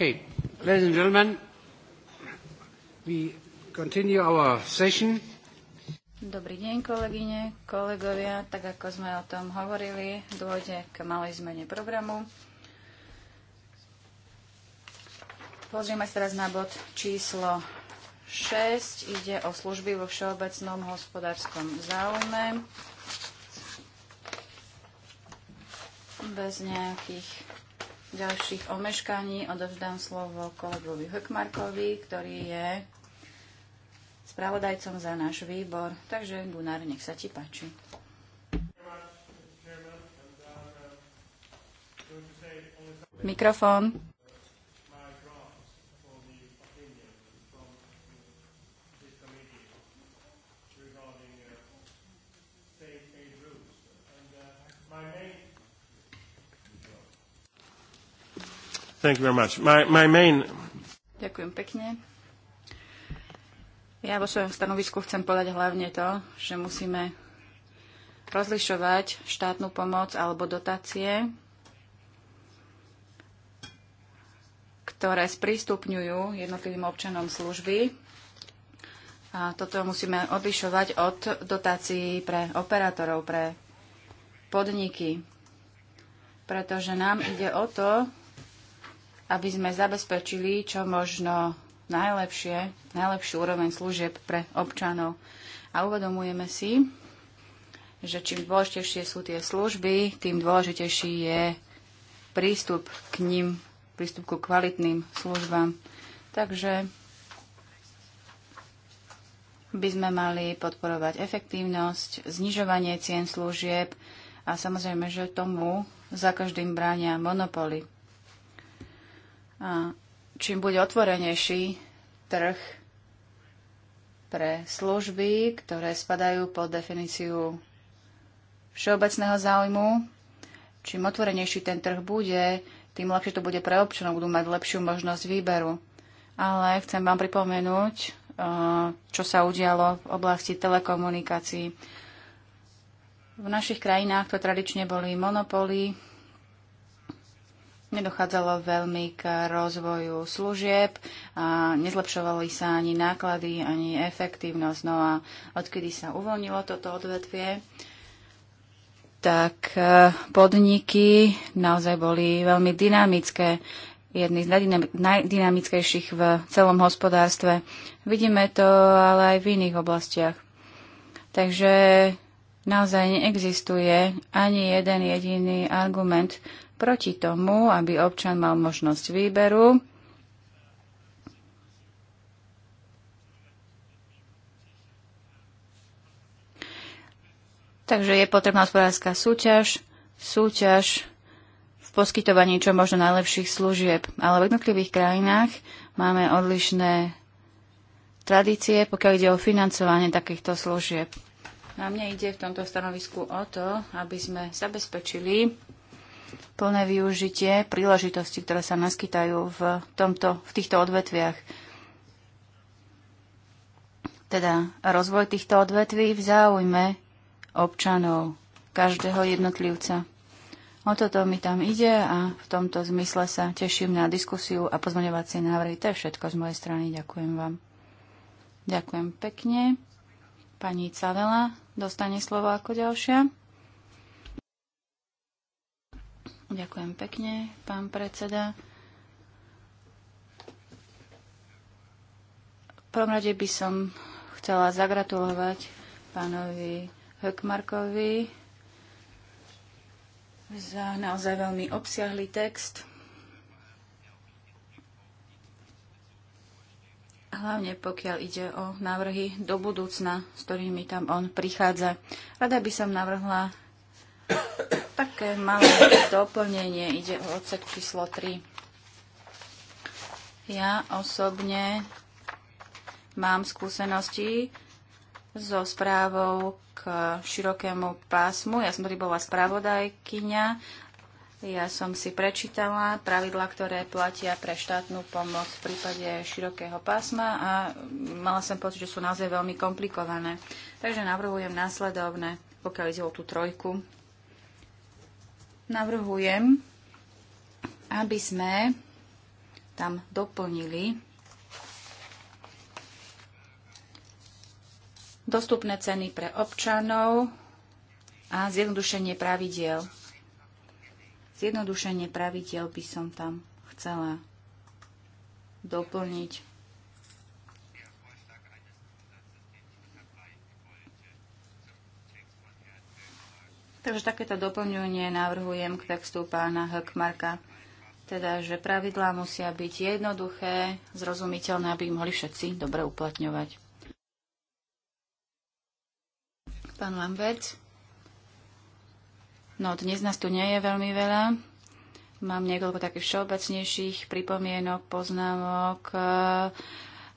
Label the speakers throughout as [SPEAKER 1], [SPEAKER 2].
[SPEAKER 1] Okay, ladies and gentlemen, we continue our session.
[SPEAKER 2] Dobrý deň, kolegyne, kolegovia. Tak ako sme o tom hovorili, dôjde k malej zmene programu. Pozrieme sa teraz na bod číslo 6. Ide o služby vo všeobecnom hospodárskom záujme. Bez nejakých ďalších omeškaní odovzdám slovo kolegovi Hökmarkovi, ktorý je spravodajcom za náš výbor. Takže Gunár, nech sa ti páči. Mikrofón. Thank you very much. My, my main... Ďakujem pekne. Ja vo svojom stanovisku chcem povedať hlavne to, že musíme rozlišovať štátnu pomoc alebo dotácie, ktoré sprístupňujú jednotlivým občanom služby. A toto musíme odlišovať od dotácií pre operátorov, pre podniky, pretože nám ide o to, aby sme zabezpečili čo možno najlepšie, najlepšiu úroveň služieb pre občanov. A uvedomujeme si, že čím dôležitejšie sú tie služby, tým dôležitejší je prístup k ním, prístup ku kvalitným službám. Takže by sme mali podporovať efektívnosť, znižovanie cien služieb a samozrejme, že tomu za každým bránia monopoly. A čím bude otvorenejší trh pre služby, ktoré spadajú pod definíciu všeobecného záujmu, čím otvorenejší ten trh bude, tým lepšie to bude pre občanov, budú mať lepšiu možnosť výberu. Ale chcem vám pripomenúť, eh, čo sa udialo v oblasti telekomunikácií. V našich krajinách to tradične boli monopóly, nedochádzalo veľmi k rozvoju služieb a nezlepšovali sa ani náklady, ani efektívnosť. No a odkedy sa uvoľnilo toto odvetvie, tak e, podniky naozaj boli veľmi dynamické, jedny z najdynamickejších v celom hospodárstve. Vidíme to ale aj v iných oblastiach. Takže naozaj neexistuje ani jeden jediný argument, proti tomu, aby občan mal možnosť výberu. Takže je potrebná hospodárska súťaž, súťaž v poskytovaní čo možno najlepších služieb. Ale v jednotlivých krajinách máme odlišné tradície, pokiaľ ide o financovanie takýchto služieb. Na mne ide v tomto stanovisku o to, aby sme zabezpečili plné využitie príležitosti, ktoré sa naskytajú v, tomto, v týchto odvetviach. Teda rozvoj týchto odvetví v záujme občanov, každého jednotlivca. O toto mi tam ide a v tomto zmysle sa teším na diskusiu a pozmaňovacie návrhy. To je všetko z mojej strany. Ďakujem vám. Ďakujem pekne. Pani Cavela dostane slovo ako ďalšia. Ďakujem pekne, pán predseda. V prvom rade by som chcela zagratulovať pánovi Hökmarkovi za naozaj veľmi obsiahlý text. Hlavne pokiaľ ide o návrhy do budúcna, s ktorými tam on prichádza. Rada by som navrhla Také malé doplnenie ide o odsek číslo 3. Ja osobne mám skúsenosti so správou k širokému pásmu. Ja som tedy bola spravodajkyňa. Ja som si prečítala pravidla, ktoré platia pre štátnu pomoc v prípade širokého pásma a mala som pocit, že sú naozaj veľmi komplikované. Takže navrhujem následovné, pokiaľ ide o tú trojku. Navrhujem, aby sme tam doplnili dostupné ceny pre občanov a zjednodušenie pravidiel. Zjednodušenie pravidiel by som tam chcela doplniť. Takže takéto doplňovanie navrhujem k textu pána Hökmarka. Teda, že pravidlá musia byť jednoduché, zrozumiteľné, aby ich mohli všetci dobre uplatňovať. Pán Lambert. No, dnes nás tu nie je veľmi veľa. Mám niekoľko takých všeobecnejších pripomienok, poznámok.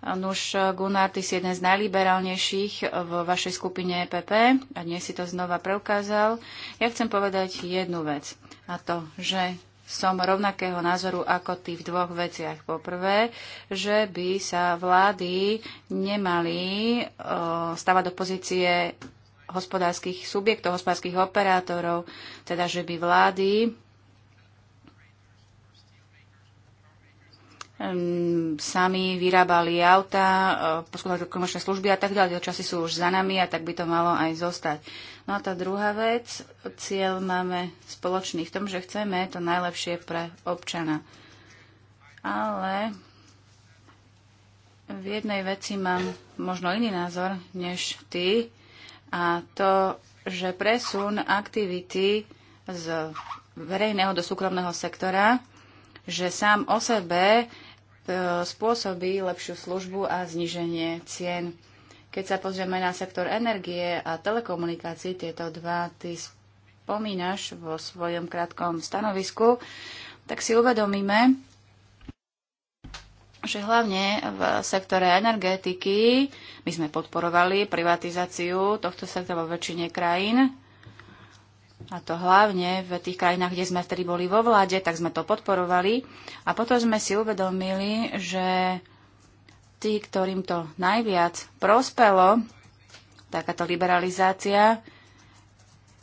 [SPEAKER 2] Nuž Gunnar, ty si jeden z najliberálnejších v vašej skupine EPP a dnes si to znova preukázal. Ja chcem povedať jednu vec a to, že som rovnakého názoru ako ty v dvoch veciach. Poprvé, že by sa vlády nemali stávať do pozície hospodárskych subjektov, hospodárskych operátorov, teda že by vlády sami vyrábali auta, e, poskytovali komerčné služby a tak ďalej. Časy sú už za nami a tak by to malo aj zostať. No a tá druhá vec, cieľ máme spoločný v tom, že chceme to najlepšie pre občana. Ale v jednej veci mám možno iný názor než ty a to, že presun aktivity z verejného do súkromného sektora, že sám o sebe E, spôsobí lepšiu službu a zniženie cien. Keď sa pozrieme na sektor energie a telekomunikácií, tieto dva ty spomínaš vo svojom krátkom stanovisku, tak si uvedomíme, že hlavne v sektore energetiky my sme podporovali privatizáciu tohto sektora vo väčšine krajín, a to hlavne v tých krajinách, kde sme vtedy boli vo vláde, tak sme to podporovali. A potom sme si uvedomili, že tí, ktorým to najviac prospelo, takáto liberalizácia,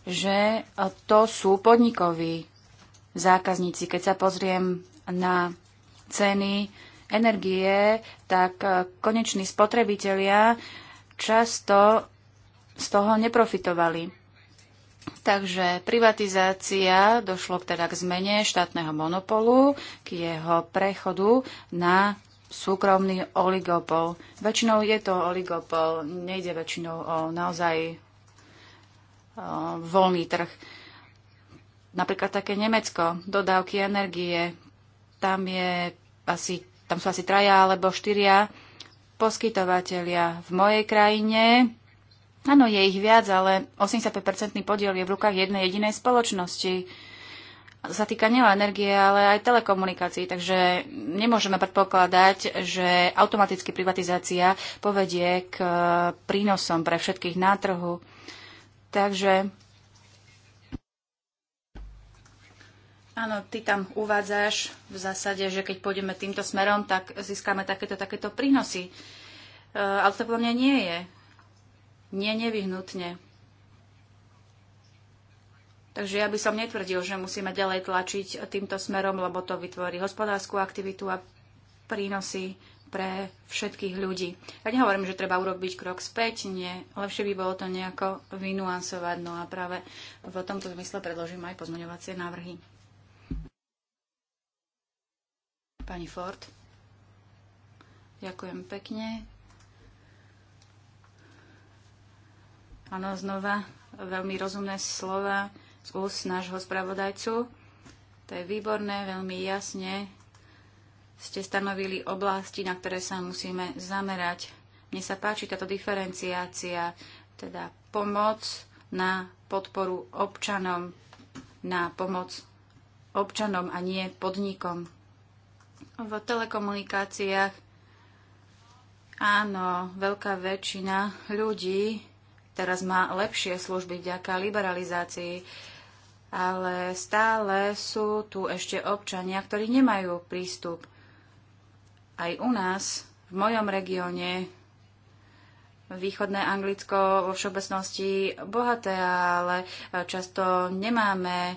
[SPEAKER 2] že to sú podnikoví zákazníci. Keď sa pozriem na ceny energie, tak koneční spotrebitelia často z toho neprofitovali. Takže privatizácia došlo teda k zmene štátneho monopolu, k jeho prechodu na súkromný oligopol. Väčšinou je to oligopol, nejde väčšinou o naozaj o, voľný trh. Napríklad také Nemecko, dodávky energie, tam, je asi, tam sú asi traja alebo štyria poskytovateľia. V mojej krajine Áno, je ich viac, ale 85-percentný podiel je v rukách jednej jedinej spoločnosti. Sa týka nielen energie, ale aj telekomunikácií, takže nemôžeme predpokladať, že automaticky privatizácia povedie k e, prínosom pre všetkých na trhu. Takže Áno, ty tam uvádzaš v zásade, že keď pôjdeme týmto smerom, tak získame takéto, takéto prínosy. E, ale to podľa mňa nie je nie nevyhnutne. Takže ja by som netvrdil, že musíme ďalej tlačiť týmto smerom, lebo to vytvorí hospodárskú aktivitu a prínosy pre všetkých ľudí. Ja nehovorím, že treba urobiť krok späť, nie. Lepšie by bolo to nejako vynuancovať. No a práve v tomto zmysle predložím aj pozmeňovacie návrhy. Pani Ford. Ďakujem pekne. Áno, znova veľmi rozumné slova z úst nášho spravodajcu. To je výborné, veľmi jasne ste stanovili oblasti, na ktoré sa musíme zamerať. Mne sa páči táto diferenciácia, teda pomoc na podporu občanom, na pomoc občanom a nie podnikom. V telekomunikáciách áno, veľká väčšina ľudí teraz má lepšie služby vďaka liberalizácii, ale stále sú tu ešte občania, ktorí nemajú prístup. Aj u nás, v mojom regióne, východné Anglicko vo všeobecnosti bohaté, ale e, často nemáme e,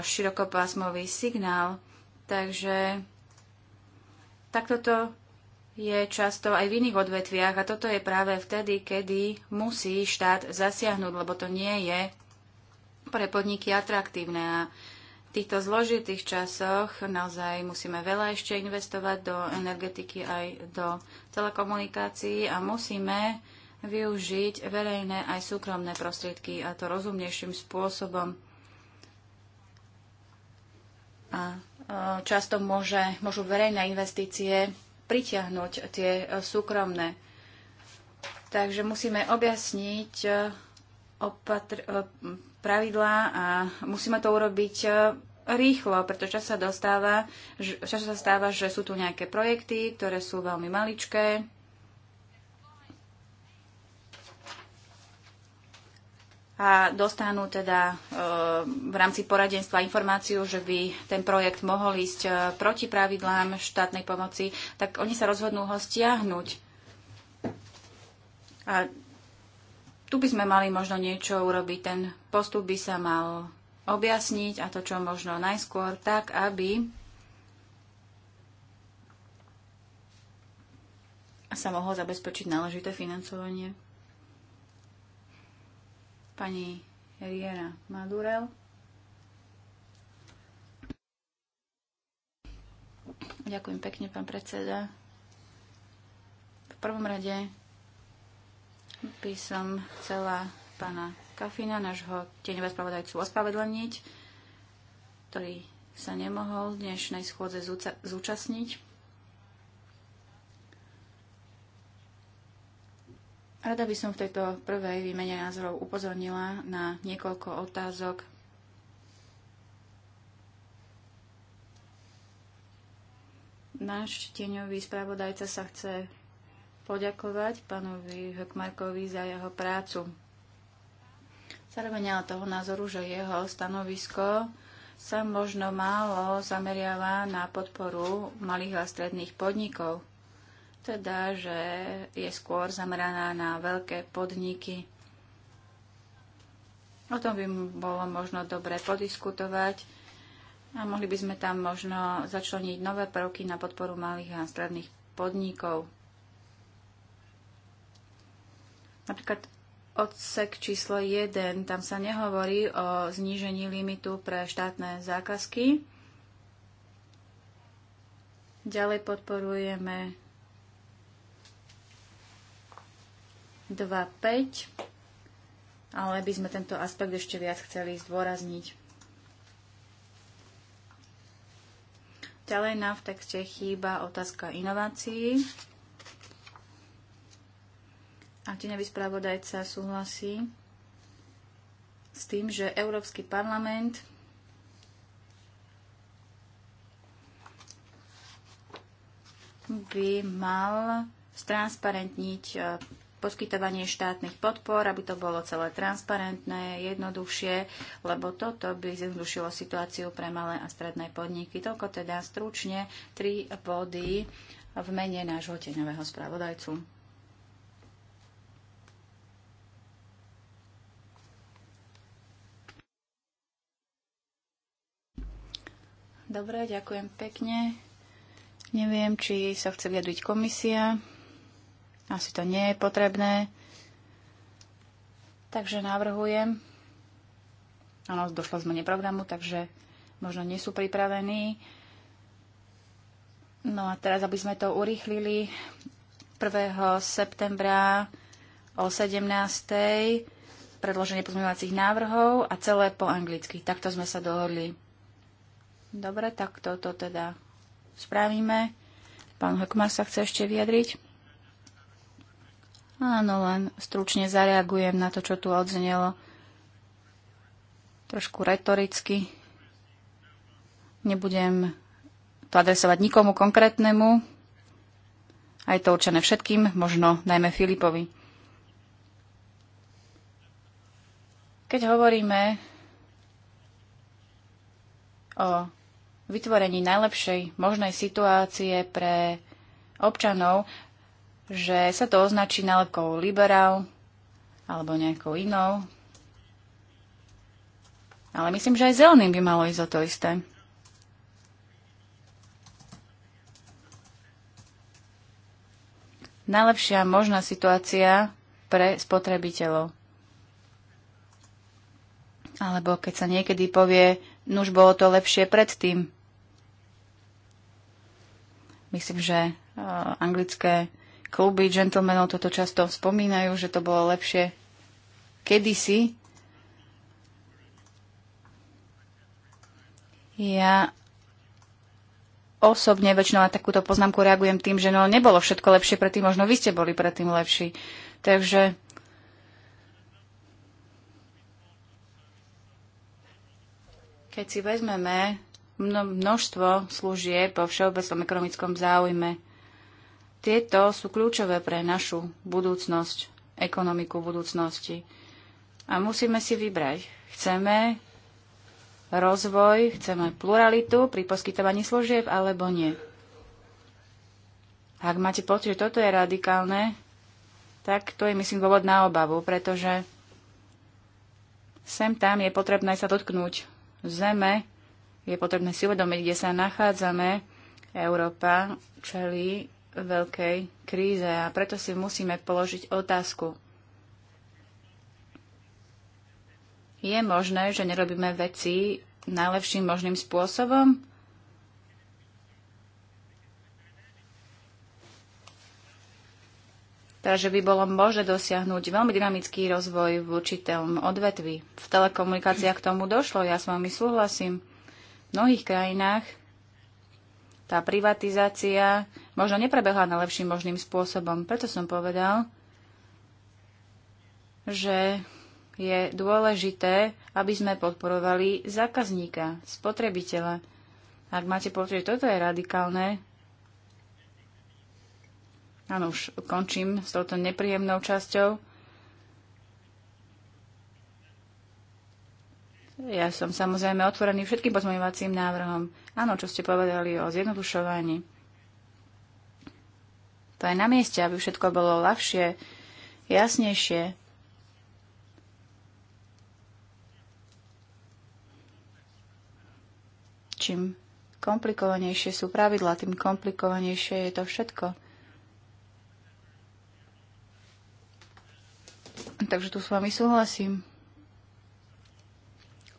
[SPEAKER 2] širokopásmový signál, takže takto to je často aj v iných odvetviach a toto je práve vtedy, kedy musí štát zasiahnuť, lebo to nie je pre podniky atraktívne. A v týchto zložitých časoch naozaj musíme veľa ešte investovať do energetiky aj do telekomunikácií a musíme využiť verejné aj súkromné prostriedky a to rozumnejším spôsobom. A e, často môže, môžu verejné investície pritiahnuť tie e, súkromné. Takže musíme objasniť e, opatr- e, pravidlá a musíme to urobiť rýchlo, pretože čas sa, dostáva, čas sa stáva, že sú tu nejaké projekty, ktoré sú veľmi maličké, a dostanú teda e, v rámci poradenstva informáciu, že by ten projekt mohol ísť e, proti pravidlám štátnej pomoci, tak oni sa rozhodnú ho stiahnuť. A tu by sme mali možno niečo urobiť. Ten postup by sa mal objasniť a to čo možno najskôr, tak aby sa mohlo zabezpečiť náležité financovanie. Pani Riera Madurel. Ďakujem pekne, pán predseda. V prvom rade by som chcela pána Kafina, nášho tieňového spravodajcu, ospravedlniť, ktorý sa nemohol dnešnej schôdze zúčastniť. Rada by som v tejto prvej výmene názorov upozornila na niekoľko otázok, Náš tieňový spravodajca sa chce poďakovať pánovi Hökmarkovi za jeho prácu. Zároveň ale toho názoru, že jeho stanovisko sa možno málo zameriava na podporu malých a stredných podnikov teda, že je skôr zameraná na veľké podniky. O tom by bolo možno dobre podiskutovať a mohli by sme tam možno začleniť nové prvky na podporu malých a stredných podnikov. Napríklad odsek číslo 1, tam sa nehovorí o znížení limitu pre štátne zákazky. Ďalej podporujeme 2, 5, ale by sme tento aspekt ešte viac chceli zdôrazniť. Ďalej nám v texte chýba otázka inovácií. A tieňový spravodajca súhlasí s tým, že Európsky parlament by mal stransparentniť eh, poskytovanie štátnych podpor, aby to bolo celé transparentné, jednoduchšie, lebo toto by zjednodušilo situáciu pre malé a stredné podniky. Toľko teda stručne tri body v mene nášho teňového spravodajcu. Dobre, ďakujem pekne. Neviem, či sa chce vyjadriť komisia. Asi to nie je potrebné. Takže navrhujem. Áno, došlo zmene programu, takže možno nie sú pripravení. No a teraz, aby sme to urýchlili, 1. septembra o 17. predloženie pozmeňovacích návrhov a celé po anglicky. Takto sme sa dohodli. Dobre, tak toto teda spravíme. Pán Hekmar sa chce ešte vyjadriť. Áno, len stručne zareagujem na to, čo tu odznelo. Trošku retoricky. Nebudem to adresovať nikomu konkrétnemu. A je to určené všetkým, možno najmä Filipovi. Keď hovoríme o vytvorení najlepšej možnej situácie pre občanov, že sa to označí nálepkou liberál alebo nejakou inou. Ale myslím, že aj zeleným by malo ísť o to isté. Najlepšia možná situácia pre spotrebiteľov. Alebo keď sa niekedy povie, nuž no bolo to lepšie predtým. Myslím, že eh, anglické Kluby džentlmenov toto často spomínajú, že to bolo lepšie kedysi. Ja osobne väčšinou na takúto poznámku reagujem tým, že no nebolo všetko lepšie predtým, možno vy ste boli predtým lepší. Takže keď si vezmeme množstvo služieb vo všeobecnom ekonomickom záujme tieto sú kľúčové pre našu budúcnosť, ekonomiku budúcnosti. A musíme si vybrať. Chceme rozvoj, chceme pluralitu pri poskytovaní služieb alebo nie. Ak máte pocit, že toto je radikálne, tak to je, myslím, dôvod na obavu, pretože sem tam je potrebné sa dotknúť zeme, je potrebné si uvedomiť, kde sa nachádzame. Európa čelí veľkej kríze a preto si musíme položiť otázku. Je možné, že nerobíme veci najlepším možným spôsobom? Takže by bolo možné dosiahnuť veľmi dynamický rozvoj v určitom odvetvi. V telekomunikáciách k tomu došlo, ja s vami súhlasím. V mnohých krajinách tá privatizácia možno neprebehla najlepším možným spôsobom. Preto som povedal, že je dôležité, aby sme podporovali zákazníka, spotrebiteľa. Ak máte pocit, že toto je radikálne, áno, už končím s touto nepríjemnou časťou. Ja som samozrejme otvorený všetkým pozmeňovacím návrhom. Áno, čo ste povedali o zjednodušovaní. To je na mieste, aby všetko bolo ľahšie, jasnejšie. Čím komplikovanejšie sú pravidla, tým komplikovanejšie je to všetko. Takže tu s vami súhlasím.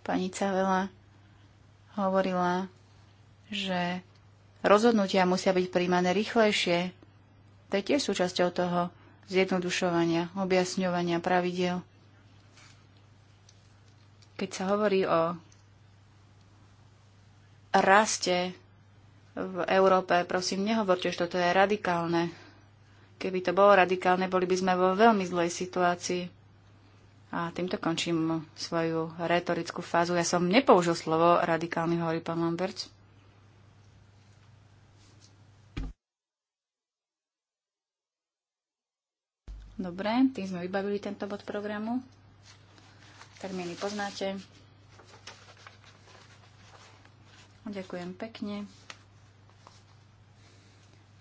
[SPEAKER 2] Pani Cavela hovorila, že rozhodnutia musia byť príjmané rýchlejšie, to je tiež súčasťou toho zjednodušovania, objasňovania pravidel. Keď sa hovorí o raste v Európe, prosím, nehovorte, že toto je radikálne. Keby to bolo radikálne, boli by sme vo veľmi zlej situácii. A týmto končím svoju retorickú fázu. Ja som nepoužil slovo radikálny, hovorí pán Lamberts. Dobre, tým sme vybavili tento bod programu. Termíny poznáte. Ďakujem pekne.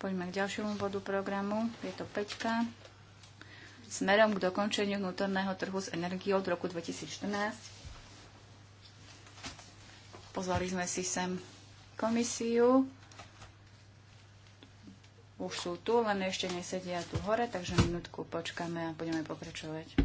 [SPEAKER 2] Poďme k ďalšiemu bodu programu. Je to Peťka. Smerom k dokončeniu vnútorného trhu s energiou od roku 2014. Pozvali sme si sem komisiu už sú tu, len ešte nesedia tu hore, takže minútku počkáme a budeme pokračovať.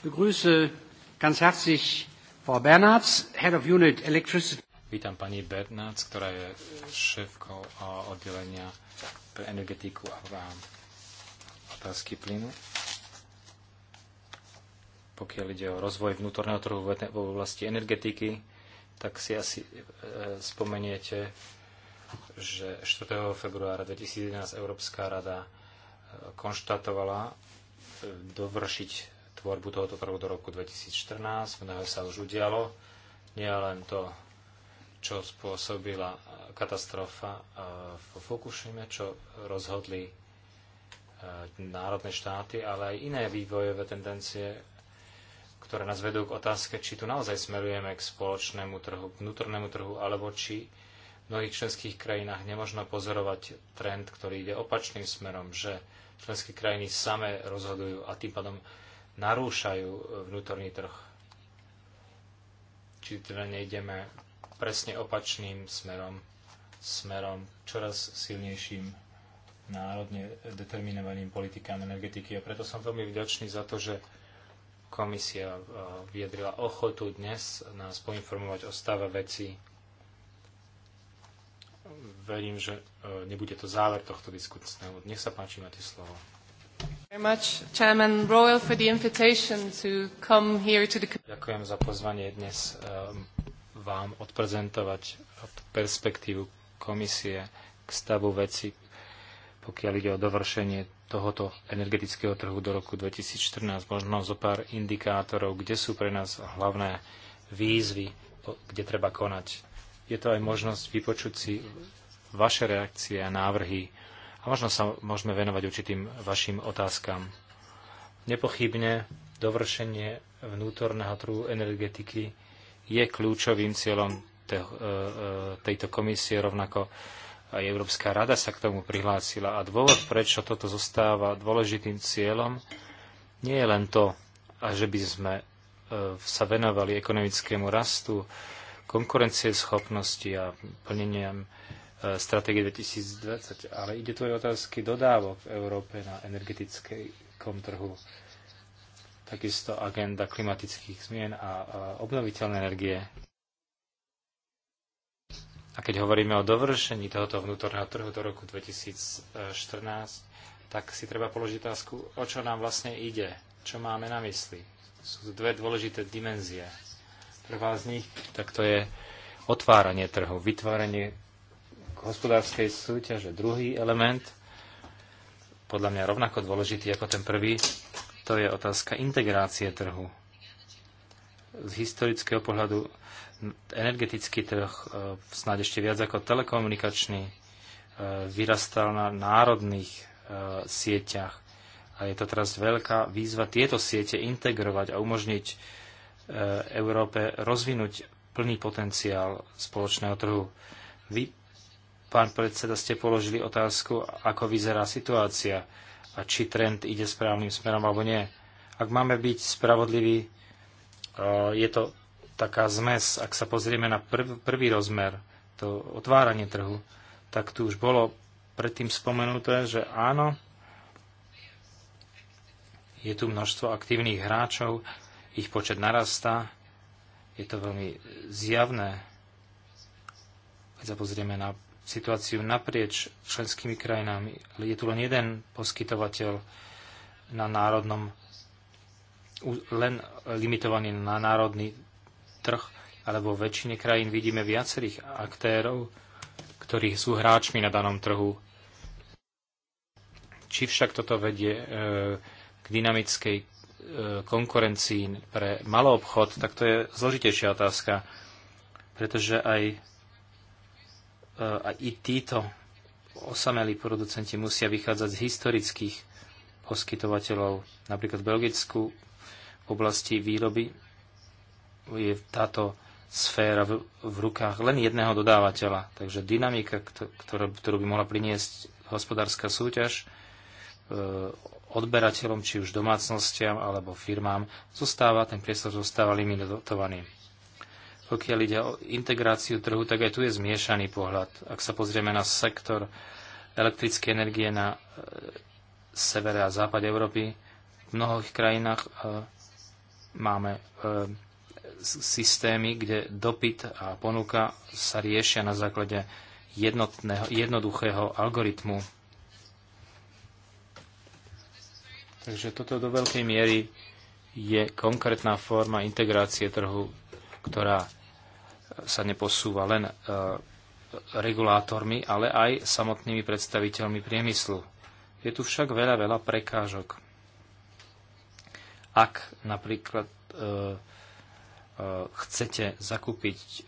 [SPEAKER 1] Begrüße ganz herzlich Frau Bernhards, Head of Unit Electricity. Vítam pani Bernards, ktorá je šéfkou eh, oddelenia pre energetiku a vám otázky plynu. Pokiaľ ide o rozvoj vnútorného trhu v oblasti energetiky, tak si asi e, spomeniete, že 4. februára 2011 Európska rada e, konštatovala e, dovršiť tvorbu tohoto trhu do roku 2014. mnoho sa už udialo. Nie len to, čo spôsobila katastrofa v Fukushime, čo rozhodli e, národné štáty, ale aj iné vývojové tendencie, ktoré nás vedú k otázke, či tu naozaj smerujeme k spoločnému trhu, k vnútornému trhu, alebo či v mnohých členských krajinách nemožno pozorovať trend, ktorý ide opačným smerom, že členské krajiny same rozhodujú a tým pádom narúšajú vnútorný trh. Či teda nejdeme presne opačným smerom smerom čoraz silnejším národne determinovaným politikám energetiky. A preto som veľmi vďačný za to, že komisia e, vyjadrila ochotu dnes nás poinformovať o stave veci. Verím, že e, nebude to záver tohto diskusného. Nech sa páči, máte slovo. Ďakujem za pozvanie dnes e, vám odprezentovať perspektívu komisie k stavu veci, pokiaľ ide o dovršenie tohoto energetického trhu do roku 2014. Možno zo pár indikátorov, kde sú pre nás hlavné výzvy, kde treba konať. Je to aj možnosť vypočuť si vaše reakcie a návrhy a možno sa môžeme venovať určitým vašim otázkam. Nepochybne dovršenie vnútorného trhu energetiky je kľúčovým cieľom E, e, tejto komisie, rovnako aj Európska rada sa k tomu prihlásila. A dôvod, prečo toto zostáva dôležitým cieľom, nie je len to, a že by sme e, sa venovali ekonomickému rastu, konkurencieschopnosti a plneniam stratégie 2020, ale ide tu aj otázky dodávok v Európe na energetickom trhu, takisto agenda klimatických zmien a obnoviteľné energie. A keď hovoríme o dovršení tohoto vnútorného trhu do roku 2014, tak si treba položiť otázku, o čo nám vlastne ide, čo máme na mysli. Sú tu dve dôležité dimenzie. Prvá z nich, tak to je otváranie trhu, vytváranie hospodárskej súťaže. Druhý element, podľa mňa rovnako dôležitý ako ten prvý, to je otázka integrácie trhu z historického pohľadu energetický trh, e, snáď ešte viac ako telekomunikačný, e, vyrastal na národných e, sieťach. A je to teraz veľká výzva tieto siete integrovať a umožniť Európe rozvinúť plný potenciál spoločného trhu. Vy, pán predseda, ste položili otázku, ako vyzerá situácia a či trend ide správnym smerom alebo nie. Ak máme byť spravodliví, Eh, je to taká zmes, ak sa pozrieme na prv, prvý rozmer, to otváranie trhu, tak tu už bolo predtým spomenuté, že áno, je tu množstvo aktívnych hráčov, ich počet narastá, je to veľmi zjavné. Keď sa pozrieme na situáciu naprieč členskými krajinami, je tu len jeden poskytovateľ na národnom len limitovaný na národný trh, ale vo väčšine krajín vidíme viacerých aktérov, ktorí sú hráčmi na danom trhu. Či však toto vedie e, k dynamickej e, konkurencii pre malý obchod, tak to je zložitejšia otázka, pretože aj, e, aj i títo osamelí producenti musia vychádzať z historických poskytovateľov. Napríklad v Belgicku oblasti výroby je táto sféra v, v rukách len jedného dodávateľa. Takže dynamika, ktorú, ktorú by mohla priniesť hospodárska súťaž, e, odberateľom, či už domácnostiam alebo firmám, zostáva, ten priestor zostáva limitovaný. Pokiaľ ide o integráciu trhu, tak aj tu je zmiešaný pohľad. Ak sa pozrieme na sektor elektrické energie na e, severe a západe Európy, v mnohých krajinách e, Máme eh, systémy, kde dopyt a ponuka sa riešia na základe jednoduchého algoritmu. Takže toto do veľkej miery je konkrétna forma integrácie trhu, ktorá sa neposúva len e, regulátormi, ale aj samotnými predstaviteľmi priemyslu. Je tu však veľa, veľa prekážok. Ak napríklad e, e, chcete zakúpiť e,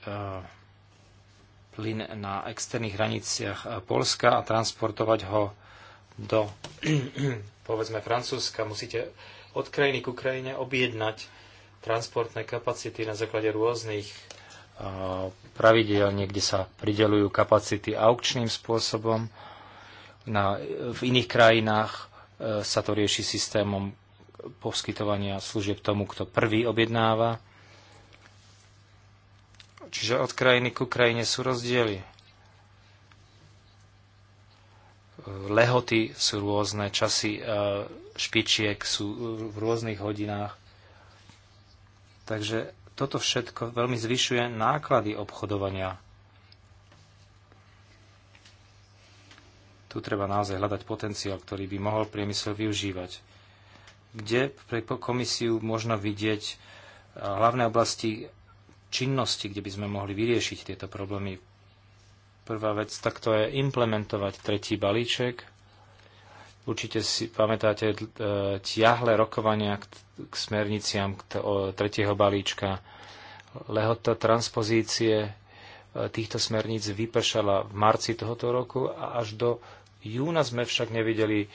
[SPEAKER 1] plyn na externých hraniciach Polska a transportovať ho do, povedzme, Francúzska, musíte od krajiny k Ukrajine objednať transportné kapacity na základe rôznych pravidel. Niekde sa pridelujú kapacity aukčným spôsobom. Na, v iných krajinách sa to rieši systémom poskytovania služieb tomu, kto prvý objednáva. Čiže od krajiny ku krajine sú rozdiely. Lehoty sú rôzne, časy e, špičiek sú v rôznych hodinách. Takže toto všetko veľmi zvyšuje náklady obchodovania. Tu treba naozaj hľadať potenciál, ktorý by mohol priemysel využívať kde pre komisiu možno vidieť e, hlavné oblasti činnosti, kde by sme mohli vyriešiť tieto problémy. Prvá vec, tak to je implementovať tretí balíček. Určite si pamätáte e, tiahle rokovania k smerniciam tretieho balíčka. Lehota transpozície e, týchto smerníc vypršala v marci tohoto roku a až do júna sme však nevideli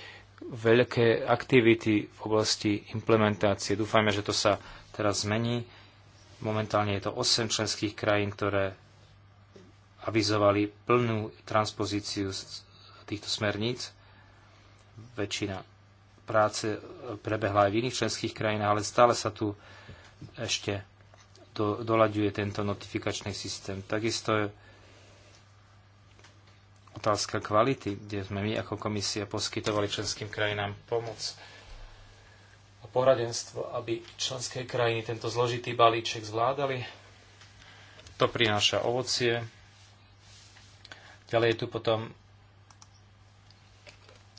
[SPEAKER 1] veľké aktivity v oblasti implementácie. Dúfajme, že to sa teraz zmení. Momentálne je to 8 členských krajín, ktoré avizovali plnú transpozíciu týchto smerníc. Väčšina práce e, prebehla aj v iných členských krajinách, ale stále sa tu ešte do, dolaďuje tento notifikačný systém. Takisto otázka kvality, kde sme my ako komisia poskytovali členským krajinám pomoc a poradenstvo, aby členské krajiny tento zložitý balíček zvládali. To prináša ovocie. Ďalej je tu potom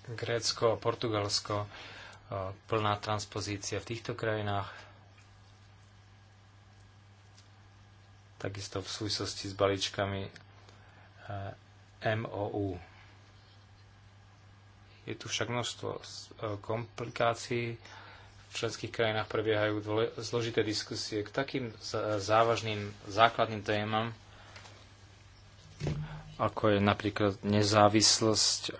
[SPEAKER 1] Grécko a Portugalsko, e, plná transpozícia v týchto krajinách. Takisto v súvislosti s balíčkami e, MOU. Je tu však množstvo e, komplikácií. V členských krajinách prebiehajú zložité diskusie k takým e, závažným základným témam, ako je napríklad nezávislosť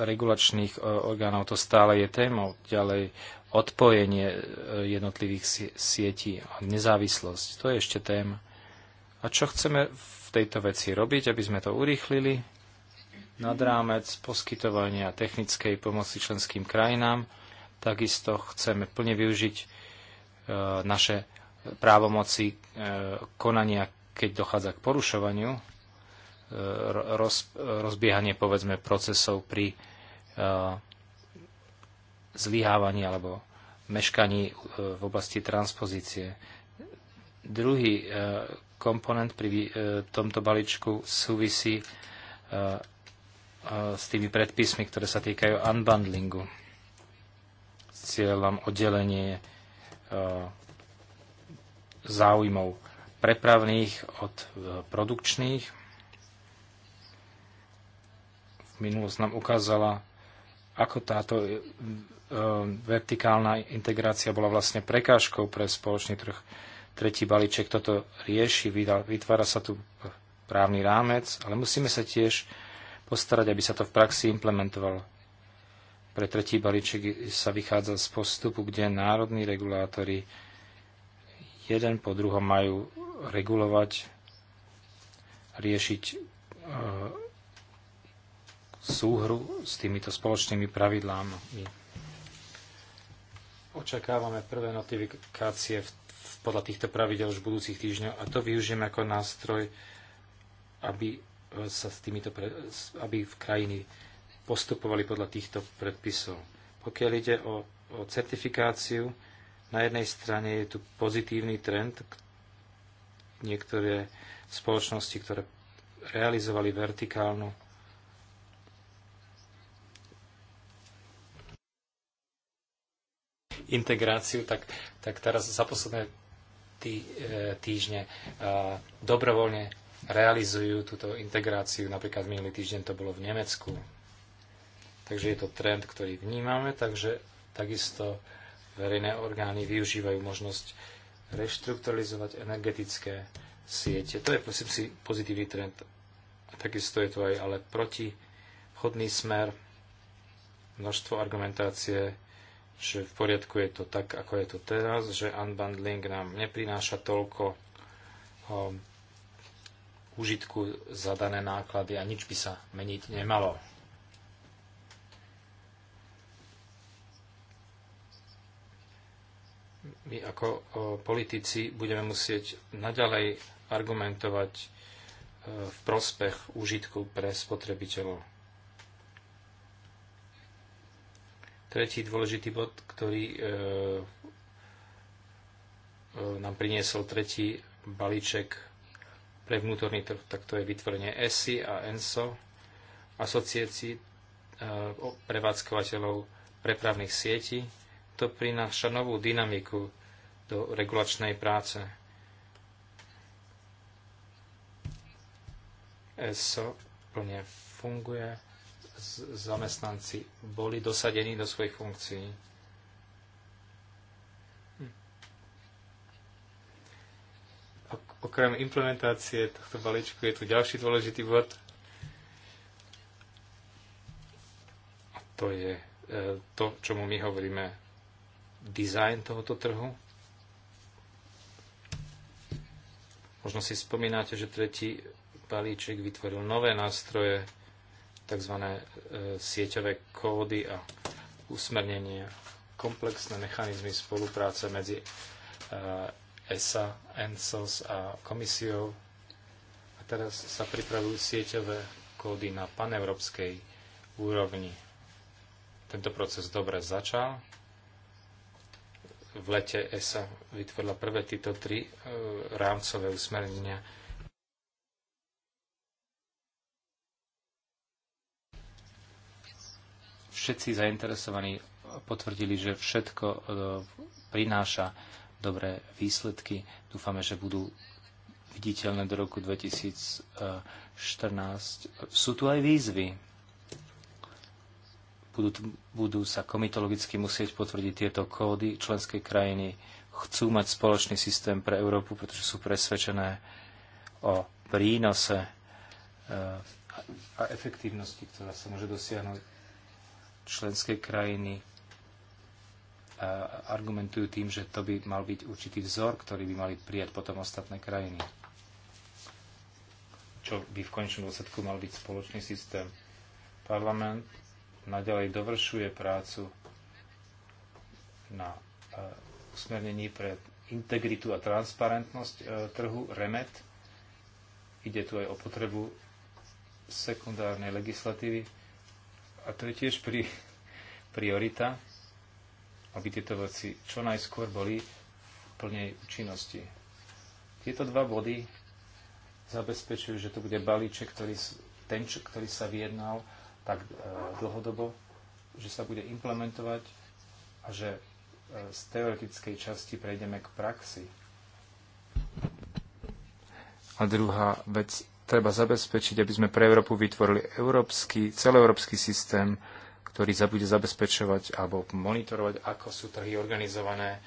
[SPEAKER 1] regulačných e, orgánov. To stále je témou. Ďalej odpojenie jednotlivých sietí a nezávislosť. To je ešte téma. A čo chceme v v tejto veci robiť, aby sme to urýchlili nad rámec poskytovania technickej pomoci členským krajinám. Takisto chceme plne využiť e, naše právomoci e, konania, keď dochádza k porušovaniu, e, roz, rozbiehanie povedzme procesov pri zlyhávaní alebo meškaní v oblasti transpozície. Druhý komponent pri e, tomto balíčku súvisí e, e, s tými predpismi, ktoré sa týkajú unbundlingu s cieľom oddelenie záujmov prepravných od produkčných. Minulosť nám ukázala, ako táto vertikálna integrácia bola vlastne prekážkou pre spoločný trh Tretí balíček toto rieši, vytvára sa tu právny rámec, ale musíme sa tiež postarať, aby sa to v praxi implementovalo. Pre tretí balíček sa vychádza z postupu, kde národní regulátori jeden po druhom majú regulovať, riešiť e, súhru s týmito spoločnými pravidlámi. Očakávame prvé notifikácie v podľa týchto pravidel už v budúcich týždňoch a to využijem ako nástroj, aby e, sa s týmito, pre, aby v krajiny postupovali podľa týchto predpisov. Pokiaľ ide o, o certifikáciu, na jednej strane je tu pozitívny trend, niektoré spoločnosti, ktoré realizovali vertikálnu integráciu, tak, tak teraz za posledné tý, e, týždne e, dobrovoľne realizujú túto integráciu. Napríklad minulý týždeň to bolo v Nemecku. Takže je to trend, ktorý vnímame, takže takisto verejné orgány využívajú možnosť reštrukturalizovať energetické siete. To je, prosím si, pozitívny trend. A takisto je to aj ale protichodný smer, množstvo argumentácie, že v poriadku je to tak, ako je to teraz, že unbundling nám neprináša toľko um, užitku za dané náklady a nič by sa meniť nemalo. My ako o, politici budeme musieť naďalej argumentovať e, v prospech užitku pre spotrebiteľov. Tretí dôležitý bod, ktorý e, e, nám priniesol tretí balíček pre vnútorný trh, tak to je vytvorenie ESI a ENSO, asociácií e, prevádzkovateľov prepravných sietí. To prináša novú dynamiku do regulačnej práce. ESO plne funguje zamestnanci boli dosadení do svojich funkcií. Hm. Okrem implementácie tohto balíčku je tu ďalší dôležitý bod. A to je e, to, čomu my hovoríme dizajn tohoto trhu. Možno si spomínate, že tretí balíček vytvoril nové nástroje tzv. E, sieťové kódy a usmernenie, komplexné mechanizmy spolupráce medzi e, ESA, ENSOS a komisiou. A teraz sa pripravujú sieťové kódy na paneurópskej úrovni. Tento proces dobre začal. V lete ESA vytvorila prvé tieto tri e, rámcové usmernenia všetci zainteresovaní potvrdili, že všetko e, prináša dobré výsledky. Dúfame, že budú viditeľné do roku 2014. Sú tu aj výzvy. Budú, budú sa komitologicky musieť potvrdiť tieto kódy. Členské krajiny chcú mať spoločný systém pre Európu, pretože sú presvedčené o prínose e, a efektívnosti, ktorá sa môže dosiahnuť členské krajiny e, argumentujú tým, že to by mal byť určitý vzor, ktorý by mali prijať potom ostatné krajiny. Čo by v konečnom dôsledku mal byť spoločný systém. Parlament naďalej dovršuje prácu na e, usmernení pre integritu a transparentnosť e, trhu REMET. Ide tu aj o potrebu sekundárnej legislatívy a to je tiež pri, priorita, aby tieto veci čo najskôr boli v plnej účinnosti. Tieto dva body zabezpečujú, že to bude balíček, ktorý, ten, ktorý sa vyjednal tak e, dlhodobo, že sa bude implementovať a že e, z teoretickej časti prejdeme k praxi. A druhá vec treba zabezpečiť, aby sme pre Európu vytvorili európsky, celoeurópsky systém, ktorý sa bude zabezpečovať alebo monitorovať, ako sú trhy organizované.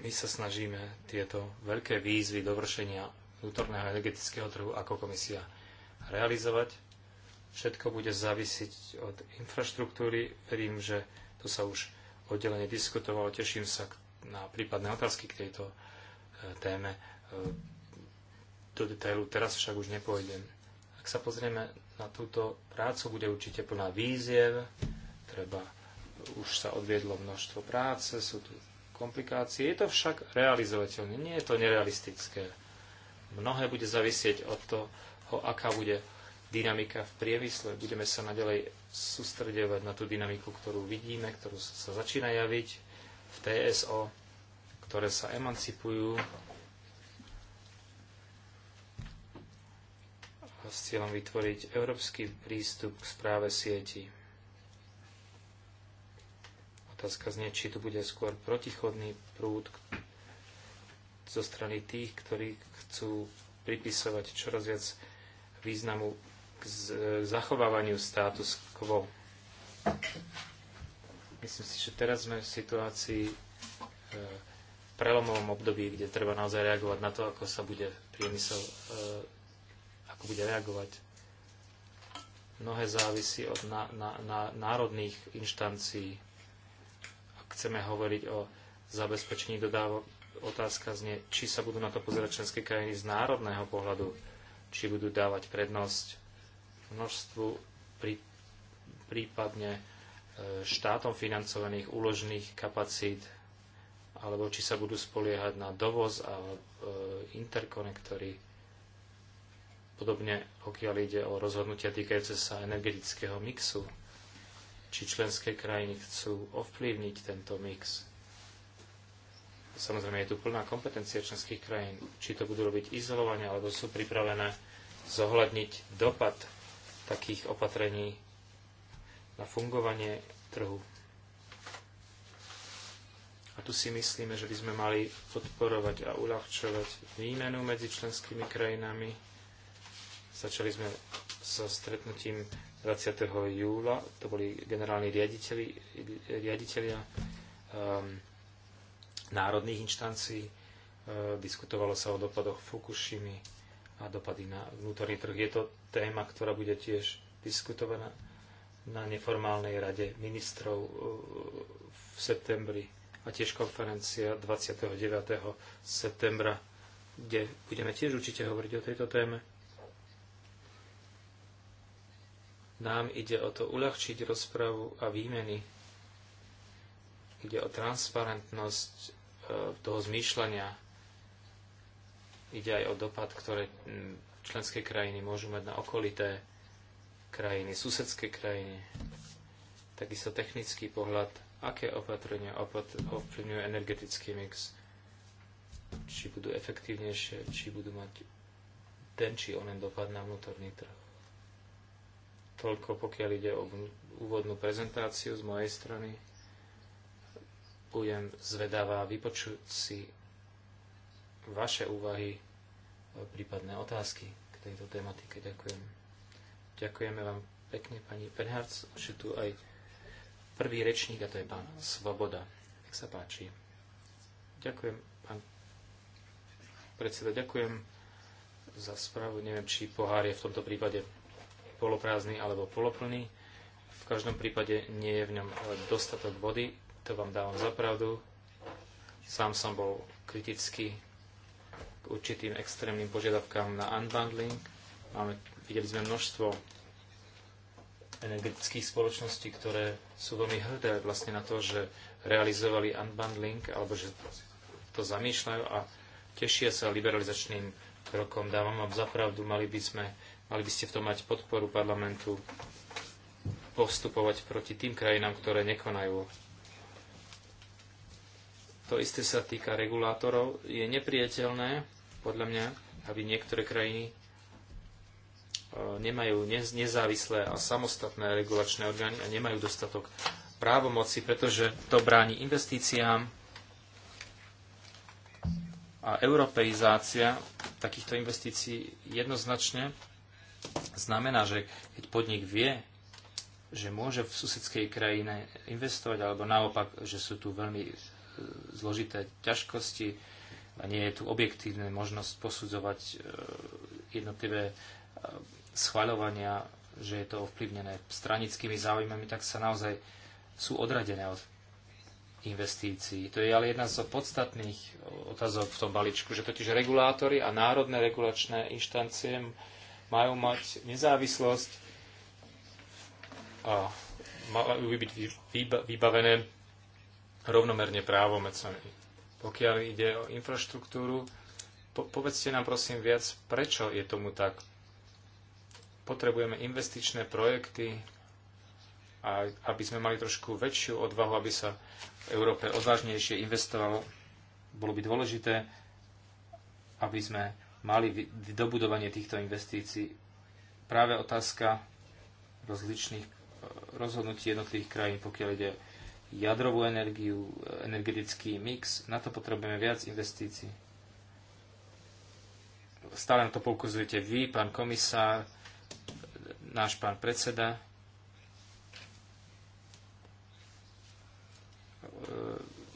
[SPEAKER 1] My sa snažíme tieto veľké výzvy dovršenia vnútorného energetického trhu ako komisia realizovať. Všetko bude závisiť od infraštruktúry. Verím, že tu sa už oddelenie diskutovalo. Teším sa na prípadné otázky k tejto e, téme E, do detailu teraz však už nepôjdem. Ak sa pozrieme na túto prácu, bude určite plná víziev, treba, už sa odviedlo množstvo práce, sú tu komplikácie. Je to však realizovateľné, nie je to nerealistické. Mnohé bude zavisieť od toho, aká bude dynamika v priemysle. Budeme sa naďalej sústredovať na tú dynamiku, ktorú vidíme, ktorú sa začína javiť v TSO, ktoré sa emancipujú s cieľom vytvoriť európsky prístup k správe sieti. Otázka znie, či tu bude skôr protichodný prúd zo strany tých, ktorí chcú pripisovať čoraz viac významu k zachovávaniu status quo. Myslím si, že teraz sme v situácii e, v prelomovom období, kde treba naozaj reagovať na to, ako sa bude priemysel e, ako bude reagovať. Mnohé závisí od na, na, na národných inštancií. Ak chceme hovoriť o zabezpečení dodávok, otázka znie, či sa budú na to pozerať členské krajiny z národného pohľadu, či budú dávať prednosť množstvu prí, prípadne e, štátom financovaných úložných kapacít, alebo či sa budú spoliehať na dovoz a e, interkonektory Podobne pokiaľ ide o rozhodnutia týkajúce sa energetického mixu, či členské krajiny chcú ovplyvniť tento mix. Samozrejme je tu plná kompetencia členských krajín, či to budú robiť izolovanie, alebo sú pripravené zohľadniť dopad takých opatrení na fungovanie trhu. A tu si myslíme, že by sme mali podporovať a uľahčovať výmenu medzi členskými krajinami Začali sme so stretnutím 20. júla, to boli generálni riaditeľi, riaditeľia um, národných inštancií. uh, diskutovalo sa o dopadoch Fukushimi a dopady na vnútorný trh. Je to téma, ktorá bude tiež diskutovaná na neformálnej rade ministrov e, v septembri a tiež konferencia 29. septembra, kde budeme tiež určite hovoriť o tejto téme. Nám ide o to uľahčiť rozpravu a výmeny. Ide o transparentnosť e, toho zmýšľania. Ide aj o dopad, ktoré členské krajiny môžu mať na okolité krajiny, susedské krajiny. Takisto technický pohľad, aké opatrenia ovplyvňujú energetický mix, či budú efektívnejšie, či budú mať ten či onen dopad na vnútorný trh. Toľko pokiaľ ide o úvodnú prezentáciu z mojej strany. Budem zvedavá vypočuť si vaše úvahy, e, prípadné otázky k tejto tematike. Ďakujem. Ďakujeme vám pekne, pani Penharc. že tu aj prvý rečník, a to je pán Svoboda. Nech sa páči. Ďakujem, pán predseda, ďakujem za správu. Neviem, či pohár je v tomto prípade poloprázdny alebo poloplný. V každom prípade nie je v ňom dostatok vody, to vám dávam za pravdu. Sám som bol kritický k určitým extrémnym požiadavkám na unbundling. Máme, videli sme množstvo energetických spoločností, ktoré sú veľmi hrdé vlastne na to, že realizovali unbundling alebo že to zamýšľajú a tešia sa liberalizačným krokom. Dávam vám zapravdu, mali by sme Mali by ste v tom mať podporu parlamentu postupovať proti tým krajinám, ktoré nekonajú. To isté sa týka regulátorov. Je nepriateľné, podľa mňa, aby niektoré krajiny e, nemajú nezávislé a samostatné regulačné orgány a nemajú dostatok právomoci, pretože to bráni investíciám a europeizácia takýchto investícií jednoznačne Znamená, že keď podnik vie, že môže v susedskej krajine investovať, alebo naopak, že sú tu veľmi e, zložité ťažkosti a nie je tu objektívne možnosť posudzovať e, jednotlivé e, schvaľovania, že je to ovplyvnené stranickými záujmami, tak sa naozaj sú odradené od investícií. To je ale jedna z podstatných otázok v tom balíčku, že totiž regulátory a národné regulačné inštancie majú mať nezávislosť a majú byť vybavené rovnomerne právomecami. Pokiaľ ide o infraštruktúru, po- povedzte nám prosím viac, prečo je tomu tak. Potrebujeme investičné projekty, a aby sme mali trošku väčšiu odvahu, aby sa v Európe odvážnejšie investovalo, bolo by dôležité, aby sme mali dobudovanie týchto investícií. Práve otázka rozličných e, rozhodnutí jednotlivých krajín, pokiaľ ide jadrovú energiu, energetický mix, na to potrebujeme viac investícií. Stále na to poukazujete vy, pán komisár, náš pán predseda.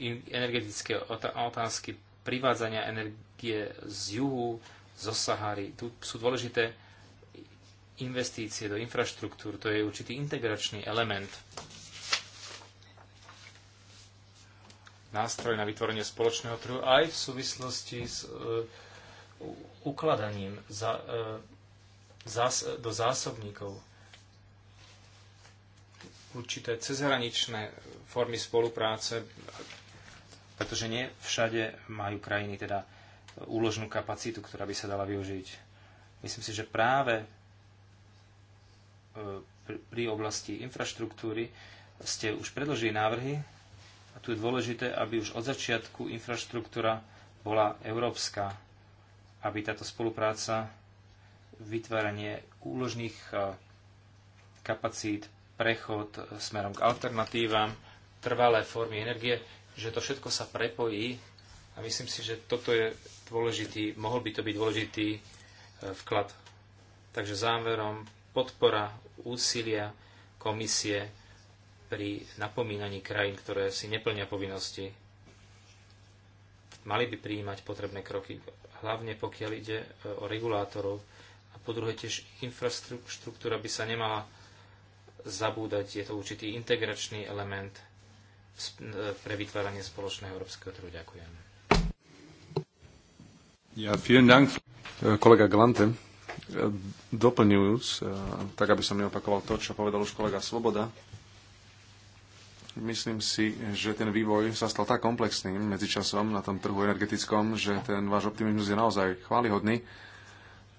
[SPEAKER 1] E, energetické otázky privádzania energie z juhu, zo Sahary. Tu sú dôležité investície do infraštruktúr, to je určitý integračný element. Nástroj na vytvorenie spoločného trhu aj v súvislosti s uh, ukladaním za, uh, zás, do zásobníkov. Určité cezhraničné formy spolupráce pretože nie všade majú krajiny teda úložnú kapacitu, ktorá by sa dala využiť. Myslím si, že práve e, pri oblasti infraštruktúry ste už predložili návrhy a tu je dôležité, aby už od začiatku infraštruktúra bola európska, aby táto spolupráca, vytváranie úložných e, kapacít, prechod e, smerom k alternatívam, trvalé formy energie, že to všetko sa prepojí a myslím si, že toto je dôležitý, mohol by to byť dôležitý e, vklad. Takže záverom podpora úsilia komisie pri napomínaní krajín, ktoré si neplnia povinnosti, mali by prijímať potrebné kroky, hlavne pokiaľ ide e, o regulátorov. A po druhé tiež infraštruktúra by sa nemala zabúdať, je to určitý integračný element – E, pre vytváranie spoločného európskeho trhu. Ďakujem.
[SPEAKER 3] Ja, vielen Dank. E, kolega Glante, e, doplňujúc, tak aby som neopakoval to, čo povedal už kolega Svoboda, myslím si, že ten vývoj sa stal tak komplexným medzičasom na tom trhu energetickom, že ten váš optimizmus je naozaj chválihodný,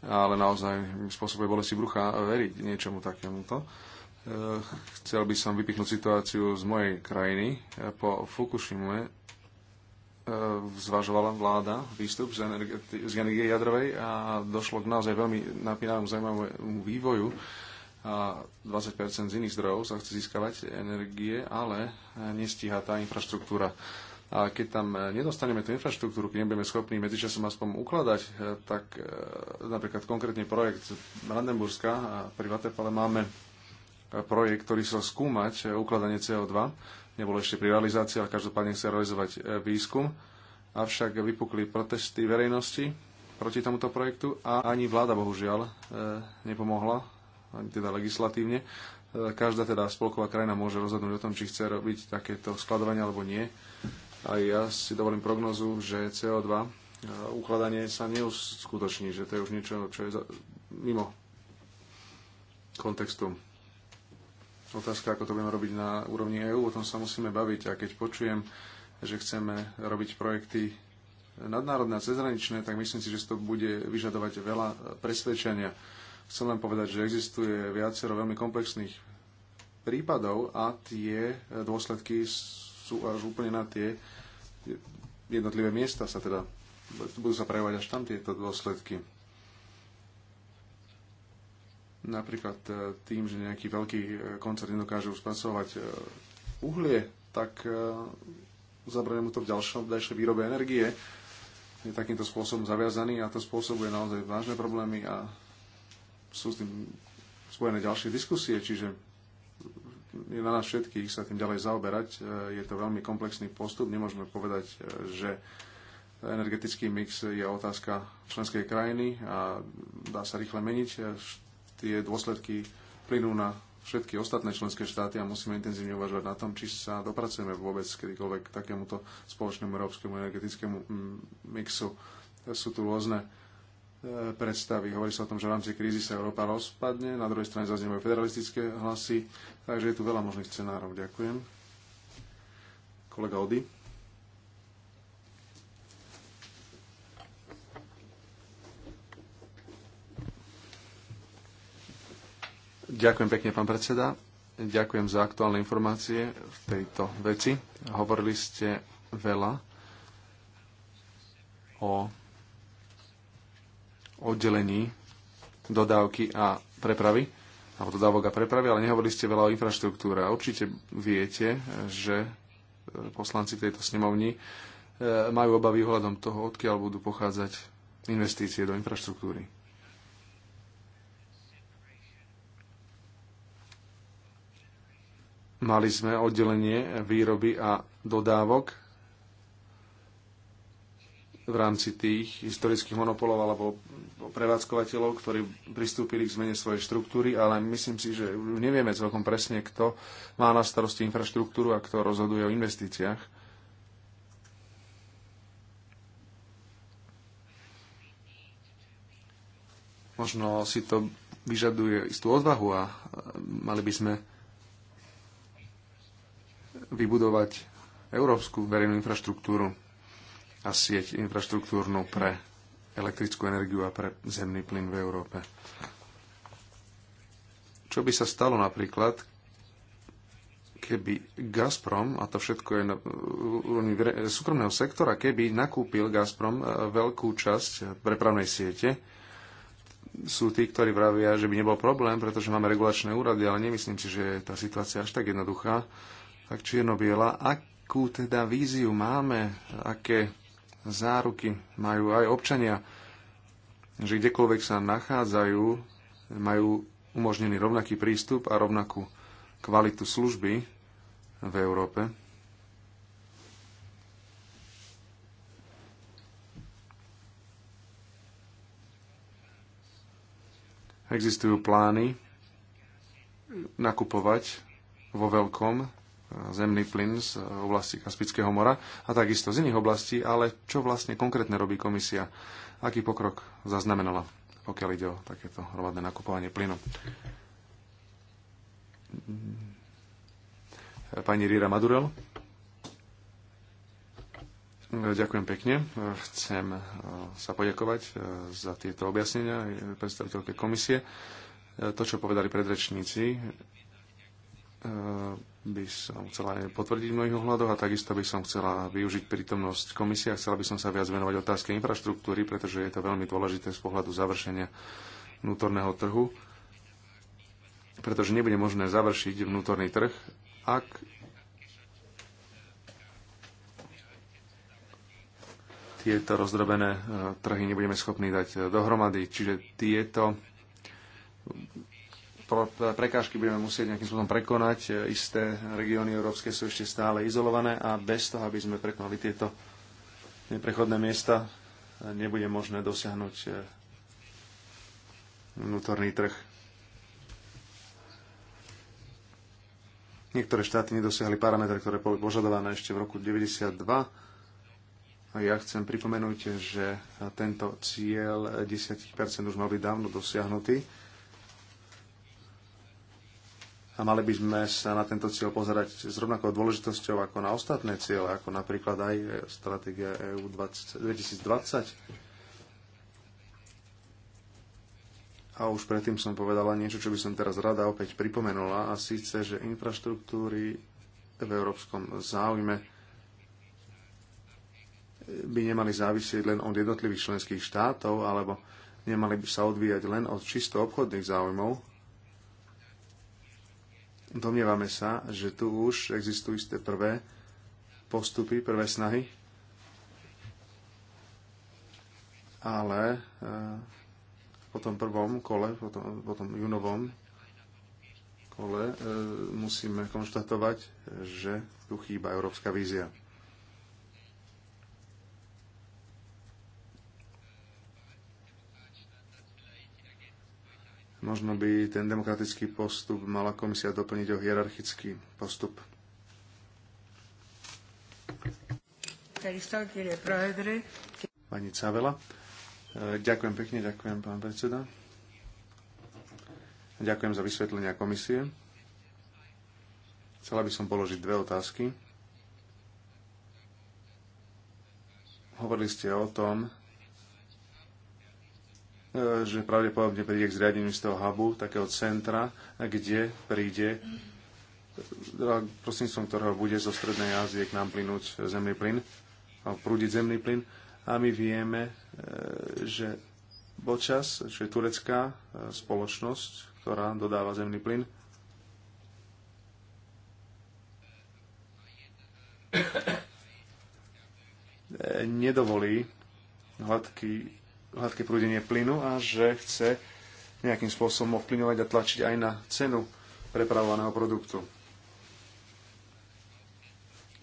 [SPEAKER 3] ale naozaj spôsobuje bolesti brucha veriť niečomu takémuto. Eh, chcel by som vypichnúť situáciu z mojej krajiny. Eh, po Fukushime eh, zvažovala vláda výstup z, energie, z energie jadrovej a došlo k naozaj veľmi napínavému zaujímavému vývoju a 20% z iných zdrojov sa chce získavať energie, ale nestíha tá infraštruktúra. A keď tam nedostaneme tú infraštruktúru, keď nebudeme schopní medzičasom aspoň ukladať, tak napríklad konkrétne projekt Brandenburska pri Vatepale máme projekt, ktorý chcel skúmať e, ukladanie CO2. Nebolo ešte pri realizácii, ale každopádne chcel realizovať e, výskum. Avšak vypukli protesty verejnosti proti tomuto projektu a ani vláda bohužiaľ e, nepomohla, ani teda legislatívne. Každá teda spolková krajina môže rozhodnúť o tom, či chce robiť takéto skladovanie alebo nie. A ja si dovolím prognozu, že CO2 ukladanie sa neuskutoční, že to je už niečo, čo je mimo kontextu Otázka, ako to budeme robiť na úrovni EÚ, o tom sa musíme baviť. A keď počujem, že chceme robiť projekty nadnárodné a cezhraničné, tak myslím si, že to bude vyžadovať veľa e, presvedčenia. Chcem len povedať, že existuje viacero veľmi komplexných prípadov a tie e, dôsledky sú až úplne na tie jednotlivé miesta sa teda budú sa prejavovať až tam tieto dôsledky. Napríklad e, tým, že nejaký veľký e, koncert nedokáže už spracovať e, uhlie, tak zabrane mu to v ďalšom, v ďalšej výrobe energie. Je takýmto spôsobom zaviazaný a to spôsobuje naozaj vážne problémy a sú s tým spojené ďalšie diskusie, čiže je na nás všetkých sa tým ďalej zaoberať. Je to veľmi komplexný postup. Nemôžeme povedať, že energetický mix je otázka členskej krajiny a dá sa rýchle meniť tie dôsledky plynú na všetky ostatné členské štáty a musíme intenzívne uvažovať na tom, či sa dopracujeme vôbec kedykoľvek k takémuto spoločnému európskemu energetickému mm, mixu. Sú tu rôzne e, predstavy. Hovorí sa o tom, že v rámci krízy sa Európa rozpadne, na druhej strane zaznievajú federalistické hlasy, takže je tu veľa možných scenárov. Ďakujem. Kolega Ody. Ďakujem pekne, pán predseda. Ďakujem za aktuálne informácie v tejto veci. Hovorili ste veľa o oddelení dodávky a prepravy, alebo dodávok a prepravy, ale nehovorili ste veľa o infraštruktúre. A určite viete, že e, poslanci tejto snemovni e, majú obavy ohľadom toho, odkiaľ budú pochádzať investície do infraštruktúry. Mali sme oddelenie výroby a dodávok v rámci tých historických monopolov alebo prevádzkovateľov, ktorí pristúpili k zmene svojej štruktúry, ale myslím si, že nevieme celkom presne, kto má na starosti infraštruktúru a kto rozhoduje o investíciách. Možno si to vyžaduje istú odvahu a mali by sme vybudovať európsku verejnú infraštruktúru a sieť infraštruktúrnu pre elektrickú energiu a pre zemný plyn v Európe. Čo by sa stalo napríklad, keby Gazprom, a to všetko je na úrovni súkromného sektora, keby nakúpil Gazprom e, veľkú časť prepravnej siete, sú tí, ktorí vravia, že by nebol problém, pretože máme regulačné úrady, ale nemyslím si, že je tá situácia až tak jednoduchá tak čierno-biela. Akú teda víziu máme, aké záruky majú aj občania, že kdekoľvek sa nachádzajú, majú umožnený rovnaký prístup a rovnakú kvalitu služby v Európe. Existujú plány nakupovať vo veľkom zemný plyn z oblasti Kaspického mora a takisto z iných oblastí, ale čo vlastne konkrétne robí komisia? Aký pokrok zaznamenala, pokiaľ ide o takéto hromadné nakupovanie plynu? Pani Rira Madurel. Ďakujem pekne. Chcem e, sa poďakovať e, za tieto objasnenia e, predstaviteľke komisie. To, čo povedali predrečníci, by som chcela aj potvrdiť v mnohých ohľadoch a takisto by som chcela využiť prítomnosť komisia. Chcela by som sa viac venovať otázke infraštruktúry, pretože je to veľmi dôležité z pohľadu završenia vnútorného trhu, pretože nebude možné završiť vnútorný trh, ak tieto rozdrobené eh, trhy nebudeme schopní dať eh, dohromady. Čiže tieto prekážky budeme musieť nejakým spôsobom prekonať. E, isté regióny európske sú ešte stále izolované a bez toho, aby sme prekonali tieto neprechodné miesta, e, nebude možné dosiahnuť e, vnútorný trh. Niektoré štáty nedosiahli parametre, ktoré boli požadované ešte v roku 1992. A ja chcem pripomenúť, že tento cieľ 10% už mal byť dávno dosiahnutý a mali by sme sa na tento cieľ pozerať s rovnakou dôležitosťou ako na ostatné ciele, ako napríklad aj e, stratégia EU 2020. A už predtým som povedala niečo, čo by som teraz rada opäť pripomenula, a síce, že infraštruktúry v európskom záujme by nemali závisieť len od jednotlivých členských štátov, alebo nemali by sa odvíjať len od čisto obchodných záujmov, Domnievame sa, že tu už existujú isté prvé postupy, prvé snahy, ale eh, po tom prvom kole, po tom, po tom junovom kole eh, musíme konštatovať, že tu chýba európska vízia. Možno by ten demokratický postup mala komisia doplniť o hierarchický postup. Pani Cavela. E, ďakujem pekne, ďakujem pán predseda. Ďakujem za vysvetlenia komisie. Chcela by som položiť dve otázky. Hovorili ste o tom, E, že pravdepodobne príde k zriadeniu z toho hubu, takého centra, kde príde e, prostredníctvom ktorého bude zo Strednej Ázie k nám plynúť zemný plyn, a prúdiť zemný plyn. A my vieme, e, že Bočas, čo je turecká spoločnosť, ktorá dodáva zemný plyn, nedovolí hladký hladké prúdenie plynu a že chce nejakým spôsobom ovplyvňovať a tlačiť aj na cenu prepravovaného produktu.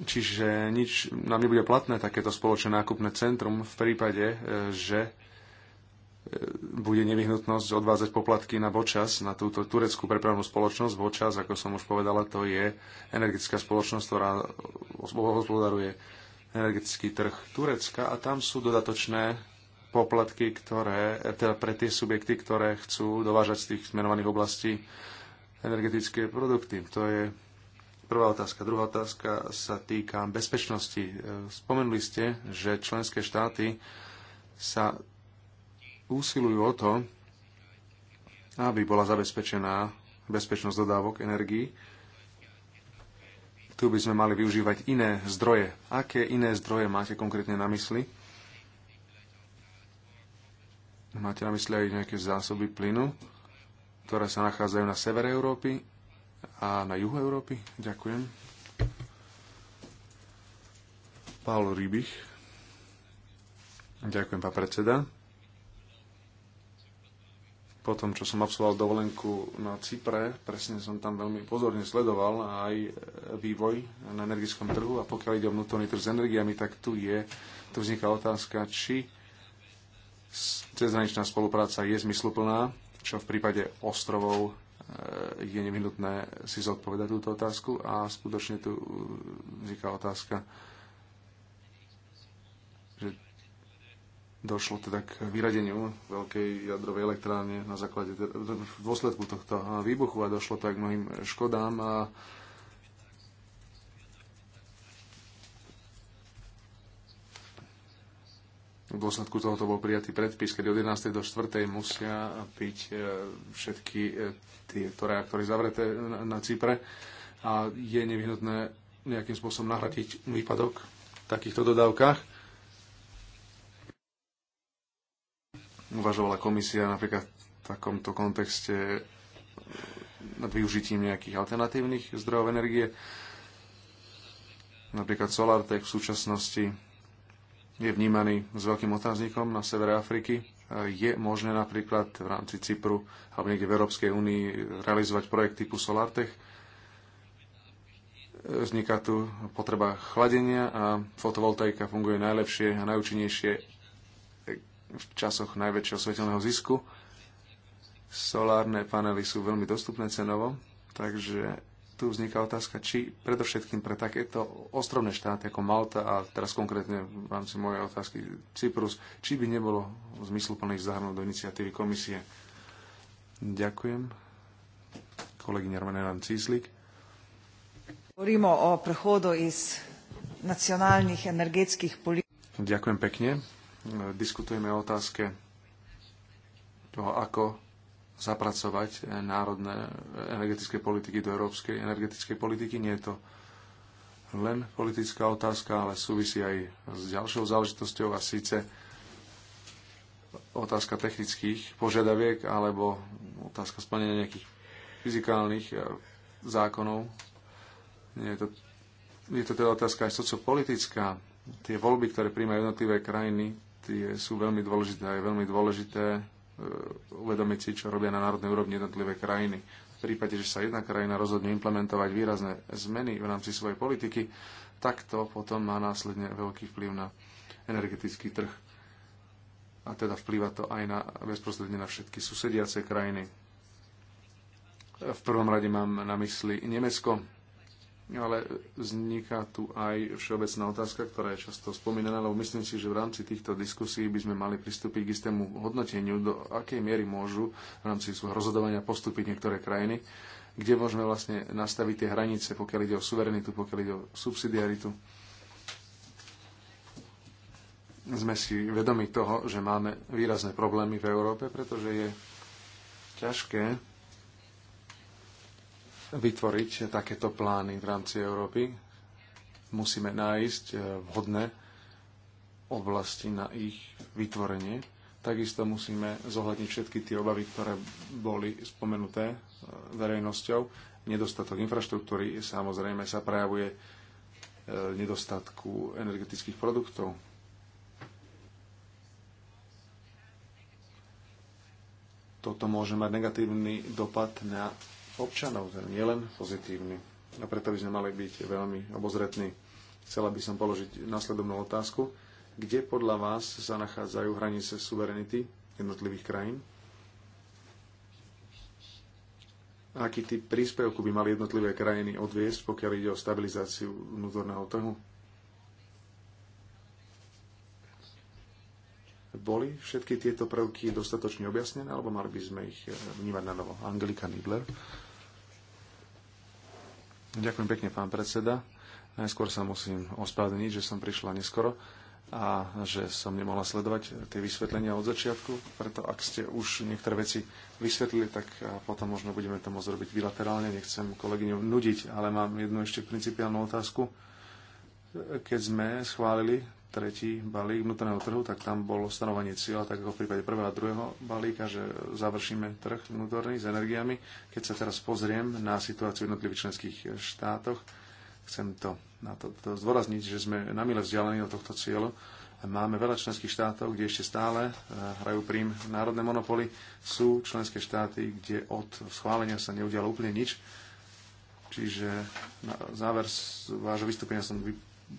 [SPEAKER 3] Čiže nič nám nebude platné takéto spoločné nákupné centrum v prípade, e, že e, bude nevyhnutnosť odvádzať poplatky na Bočas, na túto tureckú prepravnú spoločnosť. Bočas, ako som už povedala, to je energetická spoločnosť, ktorá hospodaruje energetický trh Turecka a tam sú dodatočné poplatky, ktoré, teda pre tie subjekty, ktoré chcú dovážať z tých zmenovaných oblastí energetické produkty. To je prvá otázka. Druhá otázka sa týka bezpečnosti. Spomenuli ste, že členské štáty sa úsilujú o to, aby bola zabezpečená bezpečnosť dodávok energií. Tu by sme mali využívať iné zdroje. Aké iné zdroje máte konkrétne na mysli? Máte na mysle aj nejaké zásoby plynu, ktoré sa nachádzajú na severe Európy a na juhu Európy? Ďakujem. Paul Rybich. Ďakujem, pán predseda. Po tom, čo som absolvoval dovolenku na Cypre, presne som tam veľmi pozorne sledoval aj vývoj na energickom trhu a pokiaľ ide o vnútorný trh s energiami, tak tu je, tu vzniká otázka, či Cezhraničná spolupráca je zmysluplná, čo v prípade ostrovov e, je nevyhnutné si zodpovedať túto otázku a skutočne tu e, vzniká otázka, že došlo teda k vyradeniu veľkej jadrovej elektrárne na základe teda v dôsledku tohto výbuchu a došlo to aj k mnohým škodám a v dôsledku tohoto bol prijatý predpis, kedy od 11. do 4. musia byť e, všetky e, tieto reaktory zavreté na Cypre a je nevyhnutné nejakým spôsobom nahradiť výpadok v takýchto dodávkach. Uvažovala komisia napríklad v takomto kontexte nad využitím nejakých alternatívnych zdrojov energie. Napríklad Solartech v súčasnosti je vnímaný s veľkým otáznikom na severe Afriky. Je možné napríklad v rámci Cypru alebo niekde v Európskej únii realizovať projekt typu Solartech. Vzniká tu potreba chladenia a fotovoltaika funguje najlepšie a najúčinnejšie v časoch najväčšieho svetelného zisku. Solárne panely sú veľmi dostupné cenovo, takže tu vzniká otázka, či predovšetkým pre takéto ostrovné štáty ako Malta a teraz konkrétne v rámci mojej otázky Cyprus, či by nebolo zmysluplné ich zahrnúť do iniciatívy komisie. Ďakujem. Kolegyňa Armenelan Císlik.
[SPEAKER 2] Hovoríme o prechodu z nacionálnych energetických politik.
[SPEAKER 3] Ďakujem pekne. Diskutujeme o otázke toho, ako zapracovať eh, národné eh, energetické politiky do európskej energetickej politiky. Nie je to len politická otázka, ale súvisí aj s ďalšou záležitosťou a síce otázka technických požiadaviek alebo otázka splnenia nejakých fyzikálnych eh, zákonov. Nie je, to, je to teda otázka aj sociopolitická. Tie voľby, ktoré príjmajú jednotlivé krajiny, tie sú veľmi dôležité. Je veľmi dôležité uvedomiť si, čo robia na národnej úrovni jednotlivé krajiny. V prípade, že sa jedna krajina rozhodne implementovať výrazné zmeny v rámci svojej politiky, tak to potom má následne veľký vplyv na energetický trh. A teda vplýva to aj na, bezprostredne na všetky susediace krajiny. V prvom rade mám na mysli Nemecko, ale vzniká tu aj všeobecná otázka, ktorá je často spomínaná, lebo myslím si, že v rámci týchto diskusí by sme mali pristúpiť k istému hodnoteniu, do akej miery môžu v rámci rozhodovania postúpiť niektoré krajiny, kde môžeme vlastne nastaviť tie hranice, pokiaľ ide o suverenitu, pokiaľ ide o subsidiaritu. Sme si vedomi toho, že máme výrazné problémy v Európe, pretože je ťažké vytvoriť takéto plány v rámci Európy. Musíme nájsť eh, vhodné oblasti na ich vytvorenie. Takisto musíme zohľadniť všetky tie obavy, ktoré boli spomenuté eh, verejnosťou. Nedostatok infraštruktúry samozrejme sa prejavuje eh, nedostatku energetických produktov. Toto môže mať negatívny dopad na občanov, ten nielen pozitívny. A preto by sme mali byť veľmi obozretní. Chcela by som položiť následovnú otázku. Kde podľa vás sa nachádzajú hranice suverenity jednotlivých krajín? Aký typ príspevku by mali jednotlivé krajiny odviesť, pokiaľ ide o stabilizáciu vnútorného trhu? Boli všetky tieto prvky dostatočne objasnené, alebo mali by sme ich vnímať na novo? Angelika Nibler. Ďakujem pekne, pán predseda. Najskôr sa musím ospravedlniť, že som prišla neskoro a že som nemohla sledovať tie vysvetlenia od začiatku, preto ak ste už niektoré veci vysvetlili, tak potom možno budeme to môcť robiť bilaterálne, nechcem kolegyňu nudiť, ale mám jednu ešte principiálnu otázku. Keď sme schválili tretí balík vnútorného trhu, tak tam bolo stanovanie cieľa, tak ako v prípade prvého a druhého balíka, že završíme trh vnútorný s energiami. Keď sa teraz pozriem na situáciu v jednotlivých členských štátoch, chcem to, na to, to zdôrazniť, že sme na mile vzdialení od tohto cieľu. Máme veľa členských štátov, kde ešte stále eh, hrajú prím národné monopoly. Sú členské štáty, kde od schválenia sa neudialo úplne nič. Čiže na záver vášho vystúpenia som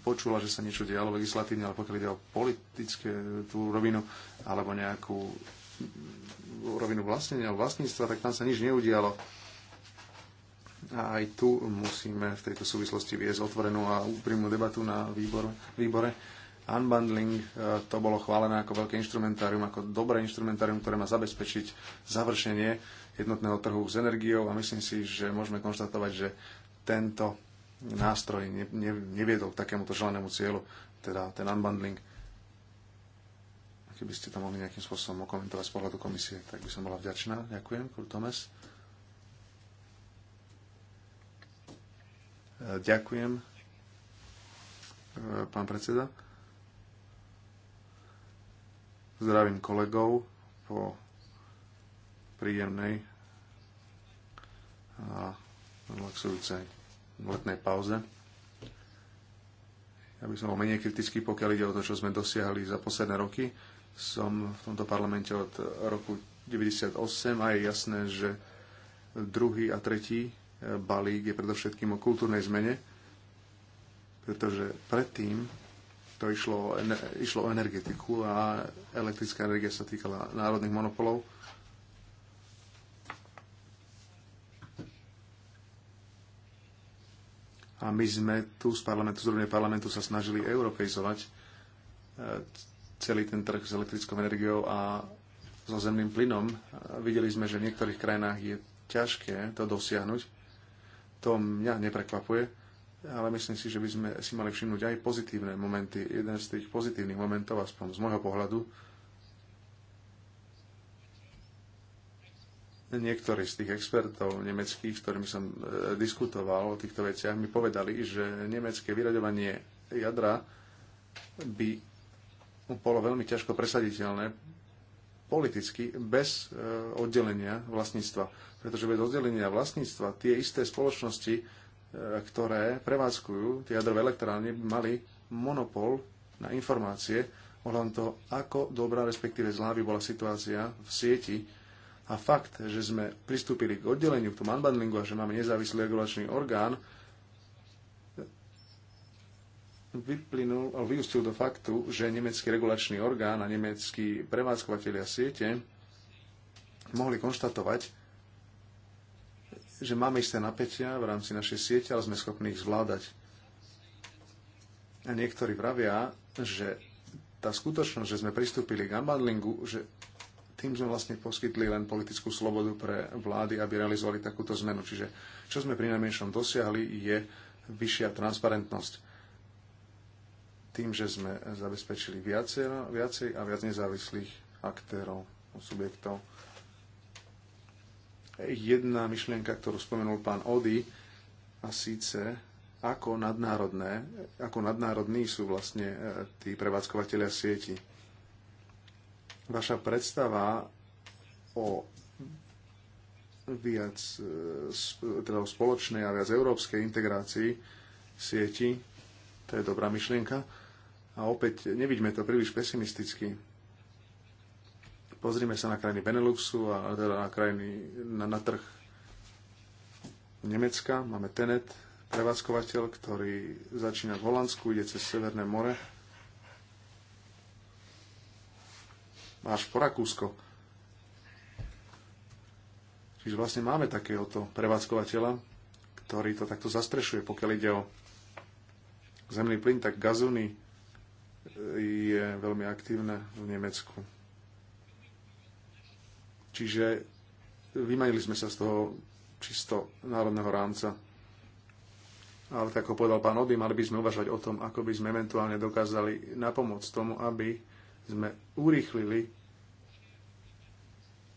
[SPEAKER 3] počula, že sa niečo dialo legislatívne, ale pokiaľ ide o politické e, tú rovinu alebo nejakú mm, rovinu vlastnenia alebo vlastníctva, tak tam sa nič neudialo. A aj tu musíme v tejto súvislosti viesť otvorenú a úprimnú debatu na výbore. výbore. Unbundling e, to bolo chválené ako veľké instrumentárium, ako dobré instrumentárium, ktoré má zabezpečiť završenie jednotného trhu s energiou a myslím si, že môžeme konštatovať, že tento nástroj ne, ne, neviedol k takémuto želenému cieľu, teda ten unbundling. Keby ste to mohli nejakým spôsobom okomentovať z pohľadu komisie, tak by som bola vďačná. Ďakujem, Kurt Tomes. E, ďakujem, e, pán predseda. Zdravím kolegov po príjemnej a relaxujúcej letnej pauze. Ja by som bol menej kritický, pokiaľ ide o to, čo sme dosiahli za posledné roky. Som v tomto parlamente od roku 1998 a je jasné, že druhý a tretí e, balík je predovšetkým o kultúrnej zmene, pretože predtým to išlo, išlo o energetiku a elektrická energia sa týkala národných monopolov A my sme tu z parlamentu, z parlamentu sa snažili europeizovať e, celý ten trh s elektrickou energiou a so zemným plynom. E, videli sme, že v niektorých krajinách je ťažké to dosiahnuť. To mňa neprekvapuje, ale myslím si, že by sme si mali všimnúť aj pozitívne momenty. Jeden z tých pozitívnych momentov, aspoň z môjho pohľadu, Niektorí z tých expertov nemeckých, s ktorými som e, diskutoval o týchto veciach, mi povedali, že nemecké vyraďovanie jadra by bolo veľmi ťažko presaditeľné politicky bez e, oddelenia vlastníctva. Pretože bez oddelenia vlastníctva tie isté spoločnosti, e, ktoré prevádzkujú tie jadrové elektrárne, mali monopol na informácie ohľadom toho, ako dobrá, respektíve zlá by bola situácia v sieti a fakt, že sme pristúpili k oddeleniu, k tomu unbundlingu a že máme nezávislý regulačný orgán, vyplynul, ale vyústil do faktu, že nemecký regulačný orgán a nemeckí prevádzkovateľia siete mohli konštatovať, že máme isté napätia v rámci našej siete, ale sme schopní ich zvládať. A niektorí vravia, že tá skutočnosť, že sme pristúpili k unbundlingu, že tým sme vlastne poskytli len politickú slobodu pre vlády, aby realizovali takúto zmenu. Čiže čo sme pri najmenšom dosiahli, je vyššia transparentnosť. Tým, že sme zabezpečili viacej, viacej a viac nezávislých aktérov, subjektov. Jedna myšlienka, ktorú spomenul pán Ody, a síce ako nadnárodné, ako nadnárodní sú vlastne e, tí prevádzkovateľia sieti Vaša predstava o viac e, teda o spoločnej a viac európskej integrácii sieti, to je dobrá myšlienka. A opäť nevidíme to príliš pesimisticky. Pozrime sa na krajiny Beneluxu a teda na krajiny na, na trh Nemecka. Máme Tenet, prevádzkovateľ, ktorý začína v Holandsku, ide cez Severné more až po Rakúsko. Čiže vlastne máme takéhoto prevádzkovateľa, ktorý to takto zastrešuje, pokiaľ ide o zemný plyn, tak Gazuni e, je veľmi aktívne v Nemecku. Čiže vymanili sme sa z toho čisto národného rámca. Ale tak ako povedal pán Ody, mali by sme uvažovať o tom, ako by sme eventuálne dokázali napomôcť tomu, aby sme urýchlili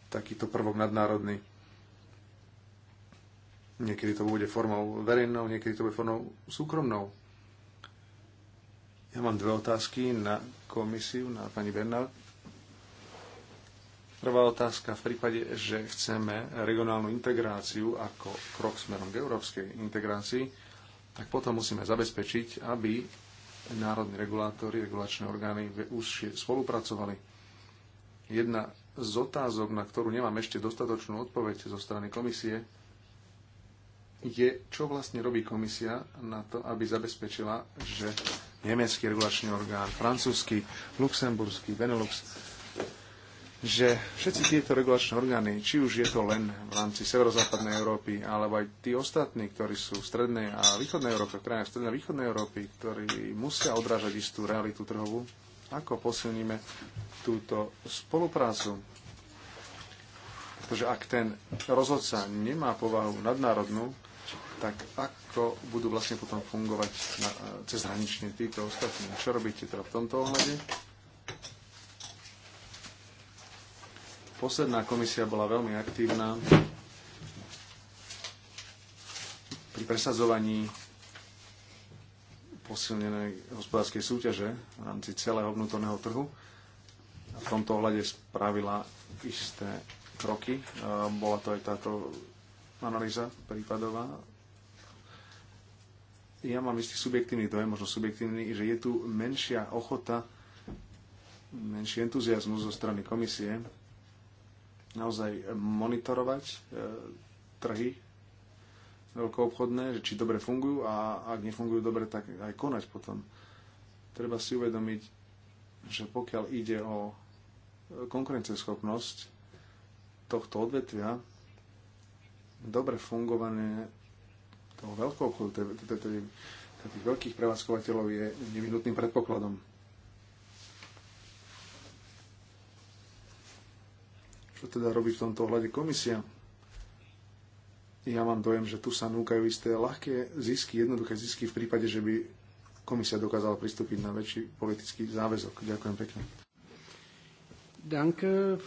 [SPEAKER 3] takýto prvok nadnárodný. Niekedy to bude formou verejnou, niekedy to bude formou súkromnou. Ja mám dve otázky na komisiu, na pani Bernard. Prvá otázka v prípade, že chceme regionálnu integráciu ako krok smerom k európskej integrácii, tak potom musíme zabezpečiť, aby národní regulátory, regulačné orgány už spolupracovali. Jedna z otázok, na ktorú nemám ešte dostatočnú odpoveď zo strany komisie, je, čo vlastne robí komisia na to, aby zabezpečila, že nemecký regulačný orgán, francúzsky, luxemburský, Benelux že všetci tieto regulačné orgány, či už je to len v rámci severozápadnej Európy, alebo aj tí ostatní, ktorí sú v strednej a východnej Európe, v strednej a východnej Európy, ktorí musia odrážať istú realitu trhovú, ako posilníme túto spoluprácu. Pretože ak ten rozhodca nemá povahu nadnárodnú, tak ako budú vlastne potom fungovať na, cezhranične títo ostatní? Čo robíte teda v tomto ohľade? Posledná komisia bola veľmi aktívna pri presadzovaní posilnenej hospodárskej súťaže v rámci celého vnútorného trhu. A v tomto ohľade spravila isté kroky. Bola to aj táto analýza prípadová. Ja mám istý subjektívny dojem, možno subjektívny, že je tu menšia ochota, menší entuziasmus zo strany komisie naozaj monitorovať e, trhy veľkoobchodné, že či dobre fungujú a ak nefungujú dobre, tak aj konať potom. Treba si uvedomiť, že pokiaľ ide o konkurenceschopnosť tohto odvetvia, dobre fungovanie toho veľkoobchodu, tých veľkých prevádzkovateľov je nevyhnutným predpokladom. teda robí v tomto ohľade komisia. Ja mám dojem, že tu sa núkajú isté ľahké zisky, jednoduché zisky v prípade, že by komisia dokázala pristúpiť na väčší politický záväzok. Ďakujem pekne.
[SPEAKER 2] Danke.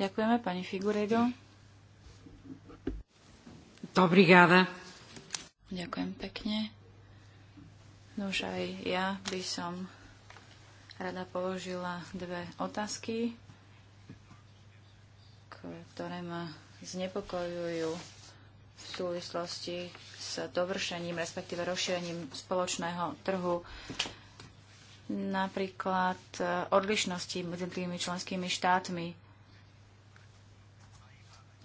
[SPEAKER 2] Ďakujeme, pani Figuredo. gáve. Ďakujem pekne. No už aj ja by som rada položila dve otázky ktoré ma znepokojujú v súvislosti s dovršením, respektíve rozšírením spoločného trhu napríklad e, odlišnosti medzi tými členskými štátmi.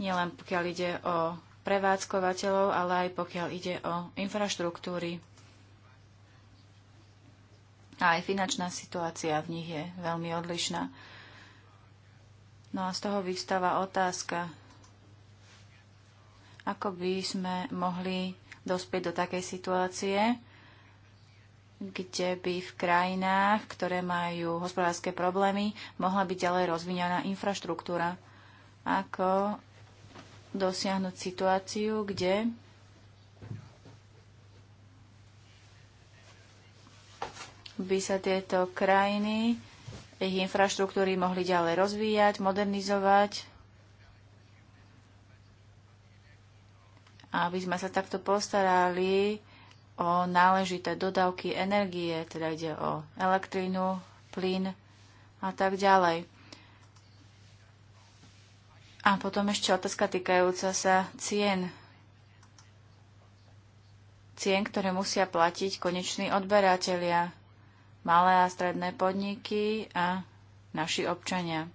[SPEAKER 2] Nielen pokiaľ ide o prevádzkovateľov, ale aj pokiaľ ide o infraštruktúry. A aj finančná situácia v nich je veľmi odlišná. No a z toho vystáva otázka, ako by sme mohli dospieť do takej situácie, kde by v krajinách, ktoré majú hospodárske problémy, mohla byť ďalej rozvíjana infraštruktúra. Ako dosiahnuť situáciu, kde by sa tieto krajiny ich infraštruktúry mohli ďalej rozvíjať, modernizovať, aby sme sa takto postarali o náležité dodávky energie, teda ide o elektrínu, plyn a tak ďalej. A potom ešte otázka týkajúca sa cien. Cien, ktoré musia platiť koneční odberatelia malé a stredné podniky a naši občania.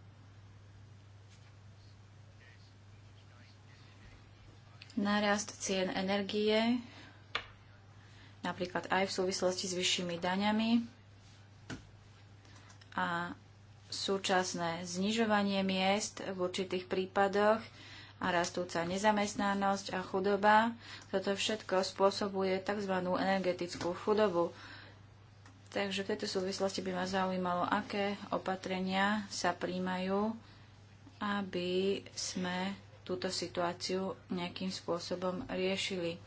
[SPEAKER 2] Nárast cien energie, napríklad aj v súvislosti s vyššími daňami a súčasné znižovanie miest v určitých prípadoch a rastúca nezamestnanosť a chudoba. Toto všetko spôsobuje tzv. energetickú chudobu. Takže v tejto súvislosti by ma zaujímalo, aké opatrenia sa príjmajú, aby sme túto situáciu nejakým spôsobom riešili.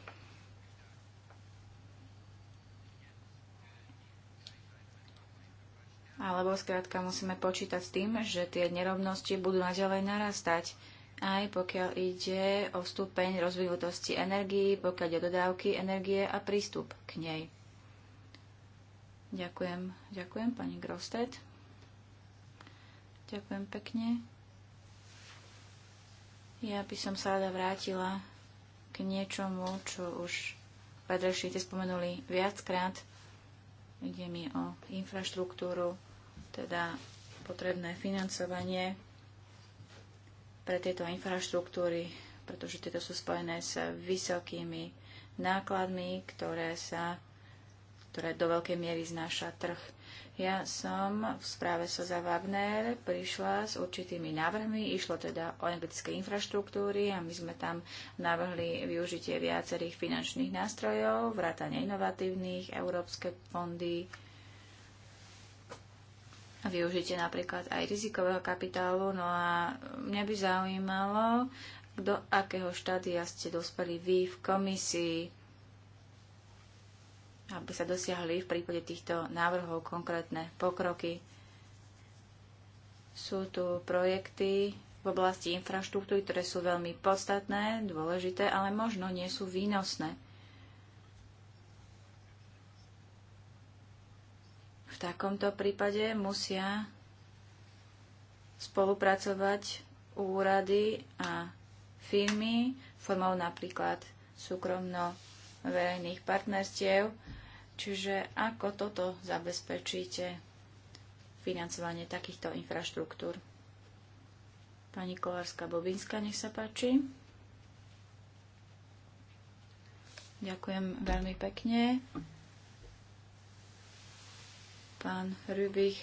[SPEAKER 2] Alebo skrátka musíme počítať s tým, že tie nerovnosti budú naďalej narastať, aj pokiaľ ide o stupeň rozvinutosti energii, pokiaľ ide o dodávky energie a prístup k nej. Ďakujem, ďakujem pani Grostet. Ďakujem pekne. Ja by som sa rada vrátila k niečomu, čo už predrečníci spomenuli viackrát. Ide mi o infraštruktúru, teda potrebné financovanie pre tieto infraštruktúry, pretože tieto sú spojené s vysokými nákladmi, ktoré sa ktoré do veľkej miery znáša trh. Ja som v správe Soza Wagner prišla s určitými návrhmi, išlo teda o energetické infraštruktúry a my sme tam navrhli využitie viacerých finančných nástrojov, vrátane inovatívnych, európske fondy, využitie napríklad aj rizikového kapitálu. No a mňa by zaujímalo, do akého štádia ste dospeli vy v komisii aby sa dosiahli v prípade týchto návrhov konkrétne pokroky. Sú tu projekty v oblasti infraštruktúry, ktoré sú veľmi podstatné, dôležité, ale možno nie sú výnosné. V takomto prípade musia spolupracovať úrady a firmy formou napríklad súkromno-verejných partnerstiev Čiže ako toto zabezpečíte financovanie takýchto infraštruktúr? Pani Kolárska-Bobinská, nech sa páči. Ďakujem veľmi pekne. Pán Rubich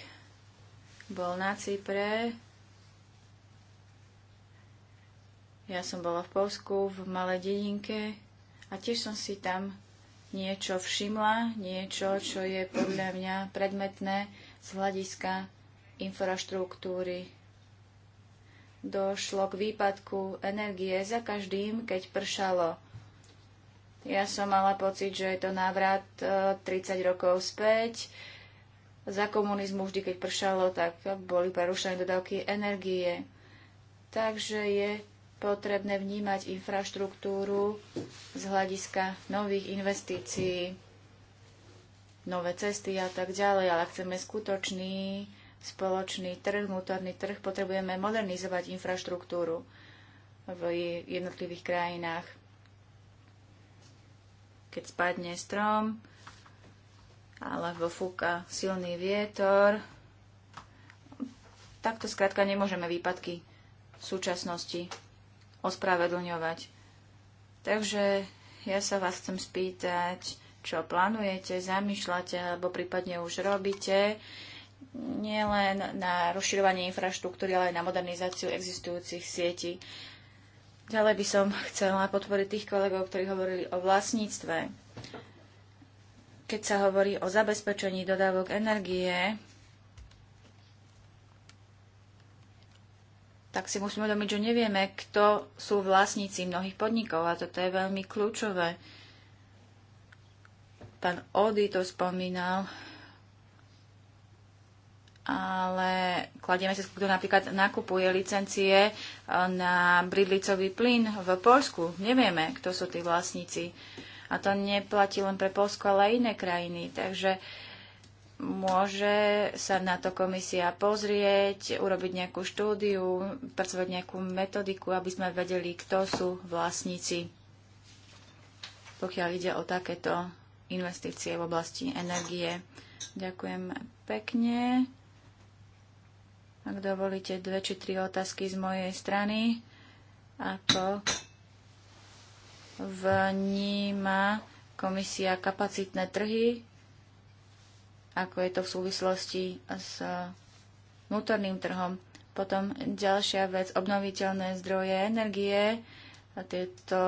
[SPEAKER 2] bol na Cypre. Ja som bola v Polsku, v malej dedinke a tiež som si tam niečo všimla, niečo, čo je podľa mňa predmetné z hľadiska infraštruktúry. Došlo k výpadku energie za každým, keď pršalo. Ja som mala pocit, že je to návrat 30 e, rokov späť. Za komunizmu vždy, keď pršalo, tak boli prerušené dodávky energie. Takže je potrebné vnímať infraštruktúru z hľadiska nových investícií, nové cesty a tak ďalej, ale ak chceme skutočný spoločný trh, vnútorný trh, potrebujeme modernizovať infraštruktúru v jednotlivých krajinách. Keď spadne strom alebo fúka silný vietor, takto skrátka nemôžeme výpadky v súčasnosti ospravedlňovať. Takže ja sa vás chcem spýtať, čo plánujete, zamýšľate alebo prípadne už robíte, nielen na rozširovanie infraštruktúry, ale aj na modernizáciu existujúcich sietí. Ďalej by som chcela podporiť tých kolegov, ktorí hovorili o vlastníctve. Keď sa hovorí o zabezpečení dodávok energie, tak si musíme uvedomiť, že nevieme, kto sú vlastníci mnohých podnikov a toto je veľmi kľúčové. Pán Ody to spomínal, ale kladieme si, kto napríklad nakupuje licencie e, na bridlicový plyn v Polsku. Nevieme, kto sú tí vlastníci. A to neplatí len pre Polsku, ale aj iné krajiny. Takže uh, môže sa na to komisia pozrieť, urobiť nejakú štúdiu, pracovať nejakú metodiku, aby sme vedeli, kto sú vlastníci, pokiaľ ide o takéto investície v oblasti energie. Ďakujem pekne. Ak dovolíte dve či tri otázky z mojej strany, ako vníma komisia kapacitné trhy ako je to v súvislosti s vnútorným trhom. Potom ďalšia vec, obnoviteľné zdroje energie, a tieto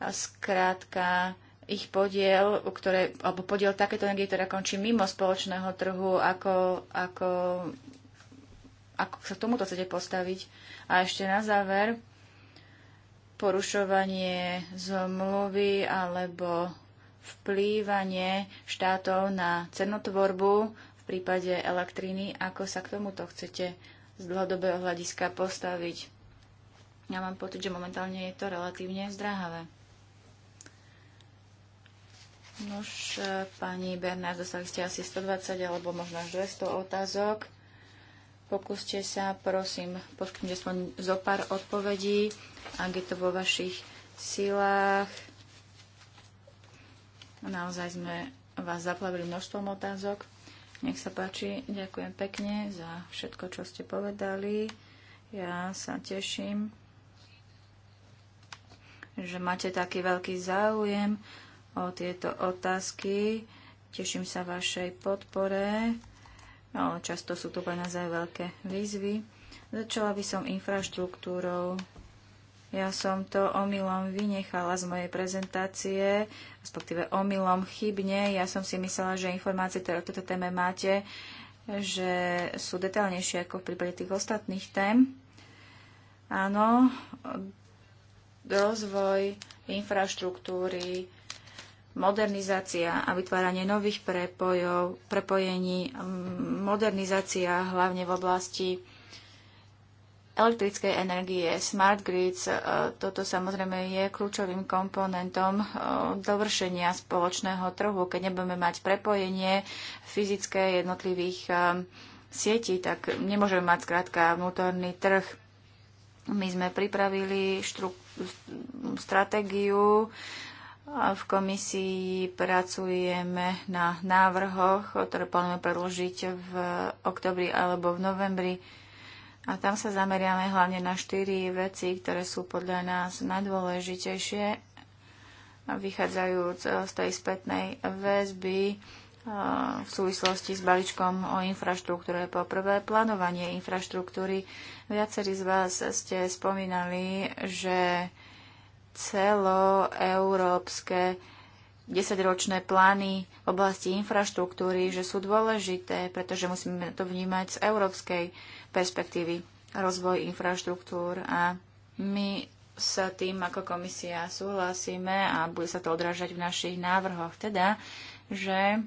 [SPEAKER 2] a skrátka ich podiel, ktoré, alebo podiel takéto energie, ktorá končí mimo spoločného trhu, ako, ako, ako sa tomuto chcete postaviť. A ešte na záver, porušovanie zmluvy alebo vplývanie štátov na cenotvorbu v prípade elektriny. Ako sa k tomuto chcete z dlhodobého hľadiska postaviť? Ja mám pocit, že momentálne je to relatívne zdráhavé. Nož, pani Bernard, dostali ste asi 120 alebo možno až 200 otázok. Pokúste sa, prosím, poskytnite aspoň zo pár odpovedí, ak je to vo vašich silách. Naozaj sme vás zaplavili množstvom otázok. Nech sa páči, ďakujem pekne za všetko, čo ste povedali. Ja sa teším, že máte taký veľký záujem o tieto otázky. Teším sa vašej podpore. No, často sú to pre nás aj veľké výzvy. Začala by som infraštruktúrou ja som to omylom vynechala z mojej prezentácie, respektíve omylom chybne. Ja som si myslela, že informácie, ktoré o tejto téme máte, že sú detaľnejšie ako v prípade tých ostatných tém. Áno, rozvoj infraštruktúry, modernizácia a vytváranie nových prepojov, prepojení, modernizácia hlavne v oblasti elektrickej energie, smart grids, e, toto samozrejme je kľúčovým komponentom e, dovršenia spoločného trhu. Keď nebudeme mať prepojenie fyzické jednotlivých e, sietí, tak nemôžeme mať skrátka vnútorný trh. My sme pripravili štru- stratégiu, v komisii pracujeme na návrhoch, ktoré plánujeme predložiť v oktobri alebo v novembri a tam sa zameriame hlavne na štyri veci, ktoré sú podľa nás najdôležitejšie, vychádzajúc e, z tej spätnej väzby e, v súvislosti s balíčkom o infraštruktúre. Po prvé, plánovanie infraštruktúry. Viacerí z vás ste spomínali, že celoeurópske 10-ročné plány v oblasti infraštruktúry, že sú dôležité, pretože musíme to vnímať z európskej perspektívy, rozvoj infraštruktúr a my sa tým ako komisia súhlasíme a bude sa to odrážať v našich návrhoch. Teda, že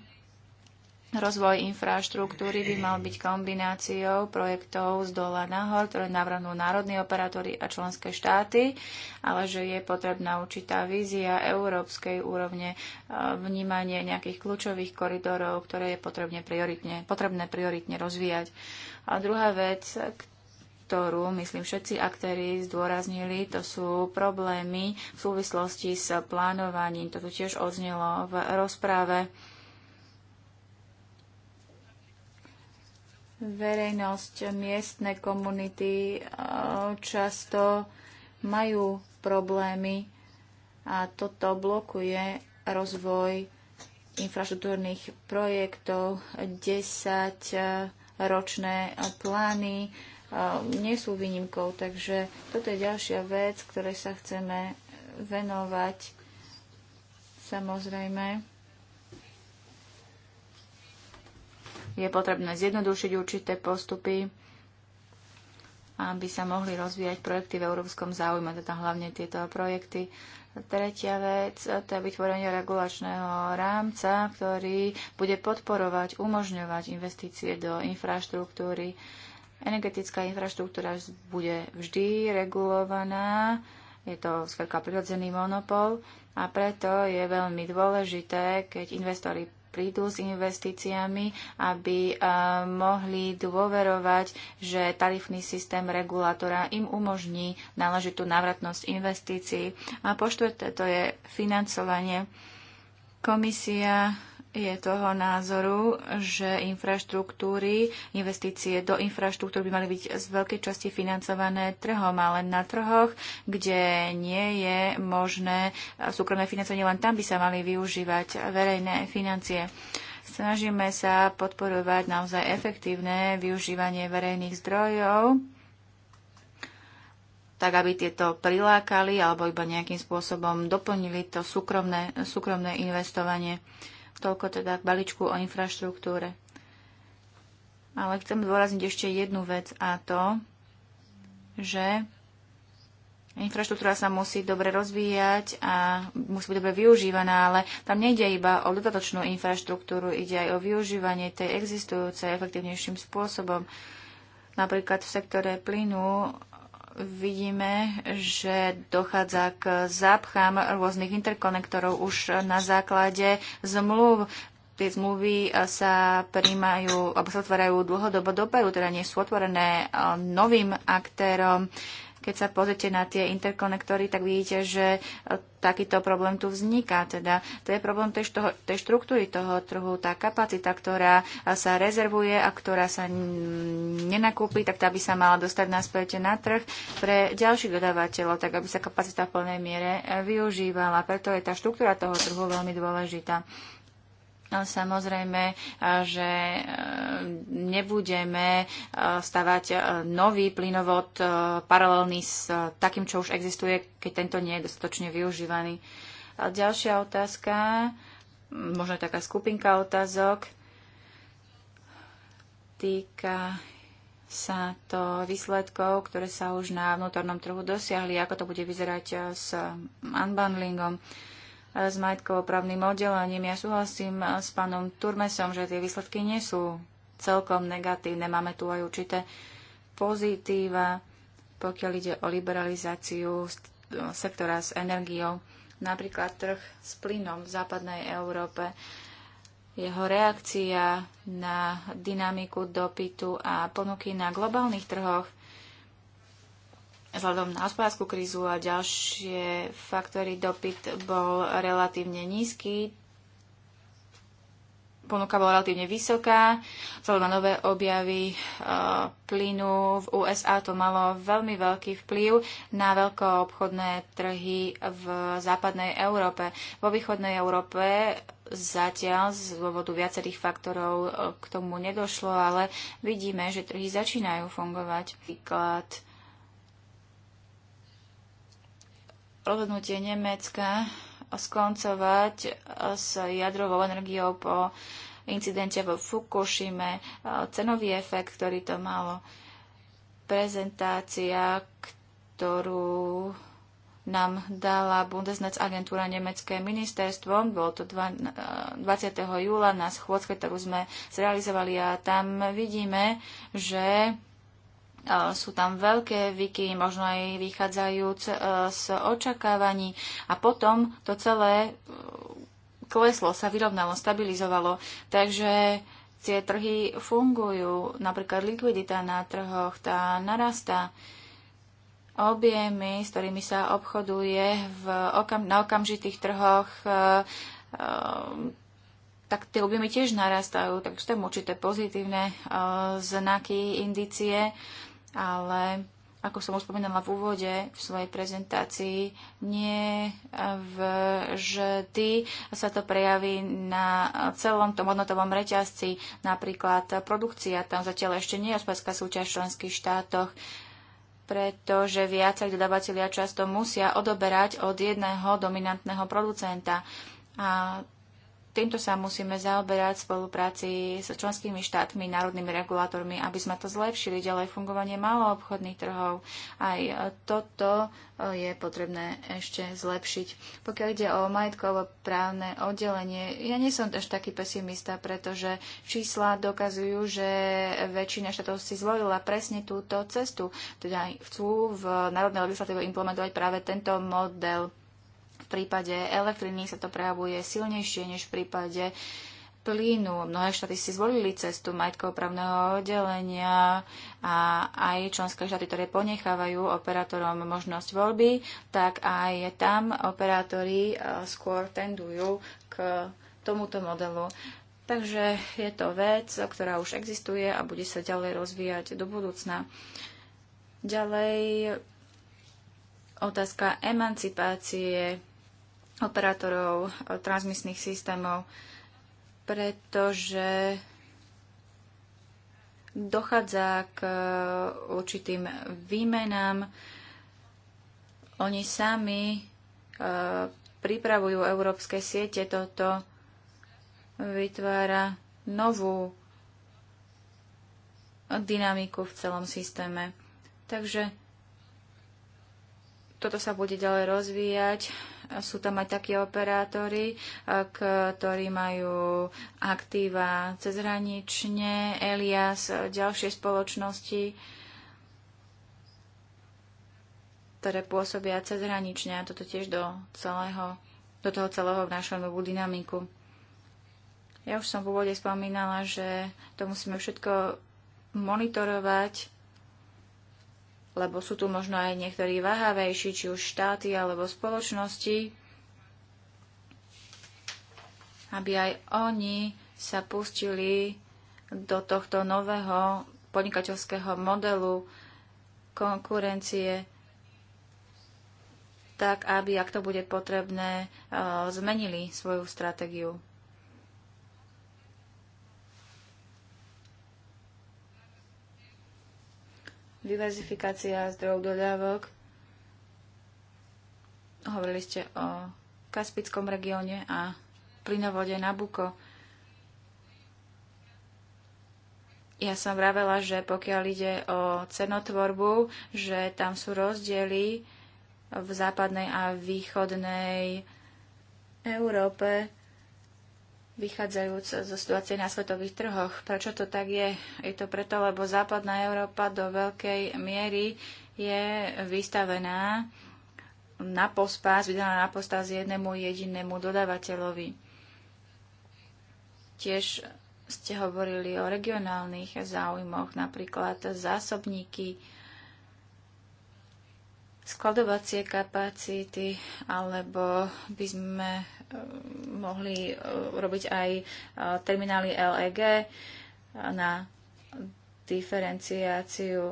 [SPEAKER 2] rozvoj infraštruktúry by mal byť kombináciou projektov z dola nahor, ktoré navrhnú národní operátory a členské štáty, ale že je potrebná určitá vízia európskej úrovne, e, vnímanie nejakých kľúčových koridorov, ktoré je potrebne prioritne, potrebné prioritne rozvíjať. A druhá vec, ktorú, myslím, všetci aktéry zdôraznili, to sú problémy v súvislosti s plánovaním. To tiež odznelo v rozprave. Verejnosť, miestne komunity e, často majú problémy a toto blokuje rozvoj infraštruktúrnych projektov. 10 ročné plány nie sú výnimkou, takže toto je ďalšia vec, ktorej sa chceme venovať. Samozrejme, je potrebné zjednodušiť určité postupy, aby sa mohli rozvíjať projekty v európskom záujme, teda hlavne tieto projekty Tretia vec, to je vytvorenie regulačného rámca, ktorý bude podporovať, umožňovať investície do infraštruktúry. Energetická infraštruktúra bude vždy regulovaná, je to skrátka prirodzený monopol a preto je veľmi dôležité, keď investori prídu s investíciami, aby eh, mohli dôverovať, že tarifný systém regulátora im umožní náležitú návratnosť investícií. A po štvrté to je financovanie. Komisia je toho názoru, že infraštruktúry, investície do infraštruktúr by mali byť z veľkej časti financované trhom, ale na trhoch, kde nie je možné súkromné financovanie, len tam by sa mali využívať verejné financie. Snažíme sa podporovať naozaj efektívne využívanie verejných zdrojov tak aby tieto prilákali alebo iba nejakým spôsobom doplnili to súkromné, súkromné investovanie. Toľko teda k balíčku o infraštruktúre. Ale chcem dôrazniť ešte jednu vec a to, že infraštruktúra sa musí dobre rozvíjať a musí byť dobre využívaná, ale tam nejde iba o dodatočnú infraštruktúru, ide aj o využívanie tej existujúcej efektívnejším spôsobom. Napríklad v sektore plynu vidíme, že dochádza k zápchám rôznych interkonektorov už na základe zmluv. Tie zmluvy sa príjmajú, alebo sa otvárajú dlhodobo dopredu, teda nie sú otvorené eh, novým aktérom. Keď sa pozrite na tie interkonektory, tak vidíte, že e, takýto problém tu vzniká. Teda to je problém tej, toho, tej štruktúry toho trhu, tá kapacita, ktorá e, sa rezervuje a ktorá sa nenakúpi, tak tá by sa mala dostať naspäť na trh pre ďalších dodávateľov, tak aby sa kapacita v plnej miere e, využívala. Preto je tá štruktúra toho trhu veľmi dôležitá. No, samozrejme, eh, že eh, nebudeme eh, stavať nový plynovod paralelný s takým, čo už existuje, keď tento nie je dostatočne využívaný. A ďalšia otázka, možno taká skupinka otázok, týka sa to výsledkov, ktoré sa už na vnútornom trhu dosiahli, ako to bude vyzerať s unbundlingom. Uh, s majetkovoprávnym oddelením. Ja súhlasím s pánom Turmesom, že tie výsledky nie sú celkom negatívne. Máme tu aj určité pozitíva, pokiaľ ide o liberalizáciu sektora s energiou. Napríklad trh s plynom v západnej Európe jeho reakcia na dynamiku dopytu a ponuky na globálnych trhoch vzhľadom na hospodárskú krízu a ďalšie faktory dopyt bol relatívne nízky, ponuka bola relatívne vysoká, vzhľadom na nové objavy e, plynu v USA to malo veľmi veľký vplyv na veľkoobchodné trhy v západnej Európe. Vo východnej Európe zatiaľ z dôvodu viacerých faktorov e, k tomu nedošlo, ale vidíme, že trhy začínajú fungovať. Výklad rozhodnutie Nemecka skoncovať eh, s jadrovou energiou po incidente vo Fukushime, eh, cenový efekt, ktorý to malo, prezentácia, ktorú nám dala agentúra nemecké ministerstvo. Bolo to 20. Eh, júla na schôdzke, ktorú sme zrealizovali a tam vidíme, že sú tam veľké výky, možno aj vychádzajúc e, z očakávaní a potom to celé e, kleslo, sa vyrovnalo, stabilizovalo. Takže tie trhy fungujú, napríklad likvidita na trhoch, tá narastá. Objemy, s ktorými sa obchoduje v okam- na okamžitých trhoch, e, e, tak tie objemy tiež narastajú, takže tam určité pozitívne e, znaky, indicie ale ako som uspomínala v úvode v svojej prezentácii, nie vždy sa to prejaví na celom tom hodnotovom reťazci, napríklad produkcia, tam zatiaľ ešte nie je hospodárska súťaž v členských štátoch, pretože viacej dodavatelia často musia odoberať od jedného dominantného producenta. A týmto sa musíme zaoberať v spolupráci s členskými štátmi, národnými regulátormi, aby sme to zlepšili ďalej fungovanie maloobchodných trhov. Aj toto eh, je potrebné ešte zlepšiť. Pokiaľ ide o majetkovo právne oddelenie, ja nie som až taký pesimista, pretože čísla dokazujú, že väčšina štátov si zvolila presne túto cestu. Teda chcú v národnej legislatíve implementovať práve tento model v prípade elektriny sa to prejavuje silnejšie než v prípade plynu. Mnohé štáty si zvolili cestu právneho oddelenia a aj členské štáty, ktoré ponechávajú operátorom možnosť voľby, tak aj tam operátori e, skôr tendujú k tomuto modelu. Takže je to vec, ktorá už existuje a bude sa ďalej rozvíjať do budúcna. Ďalej otázka emancipácie operátorov e, transmisných systémov, pretože dochádza k e, určitým výmenám. Oni sami e, pripravujú európske siete, toto vytvára novú dynamiku v celom systéme. Takže toto sa bude ďalej rozvíjať. Sú tam aj takí operátori, e, ktorí majú aktíva cezhranične, Elias, e, ďalšie spoločnosti, ktoré pôsobia cezhranične a toto tiež do, celého, do toho celého vnáša novú dynamiku. Ja už som v úvode spomínala, že to musíme všetko monitorovať lebo sú tu možno aj niektorí váhavejší, či už štáty alebo spoločnosti, aby aj oni sa pustili do tohto nového podnikateľského modelu konkurencie, tak aby, ak to bude potrebné, e, zmenili svoju stratégiu. diverzifikácia zdrojov dodávok. Hovorili ste o Kaspickom regióne a plynovode Nabuko. Ja som vravela, že pokiaľ ide o cenotvorbu, že tam sú rozdiely v západnej a východnej Európe vychádzajúc zo situácie na svetových trhoch. Prečo to tak je? Je to preto, lebo západná Európa do veľkej miery je vystavená na pospas, vydaná na pospas jednému jedinému dodávateľovi. Tiež ste hovorili o regionálnych záujmoch, napríklad zásobníky, skladovacie kapacity, alebo by sme Eh, mohli eh, robiť aj eh, terminály LEG na diferenciáciu,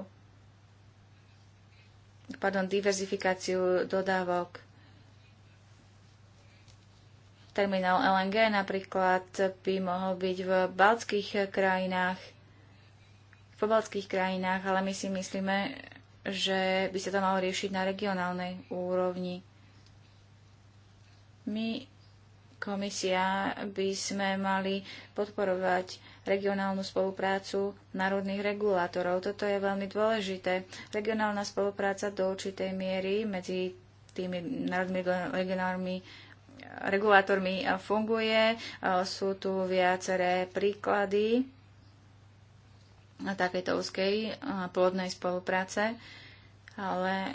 [SPEAKER 2] pardon, diverzifikáciu dodávok. Terminál LNG napríklad by mohol byť v baltských krajinách, v pobaltských krajinách, ale my si myslíme, že by sa to malo riešiť na regionálnej úrovni. My komisia by sme mali podporovať regionálnu spoluprácu národných regulátorov. Toto je veľmi dôležité. Regionálna spolupráca do určitej miery medzi tými národnými regionálnymi eh, regulátormi eh, funguje. Eh, sú tu viaceré príklady takejto úzkej plodnej spolupráce, ale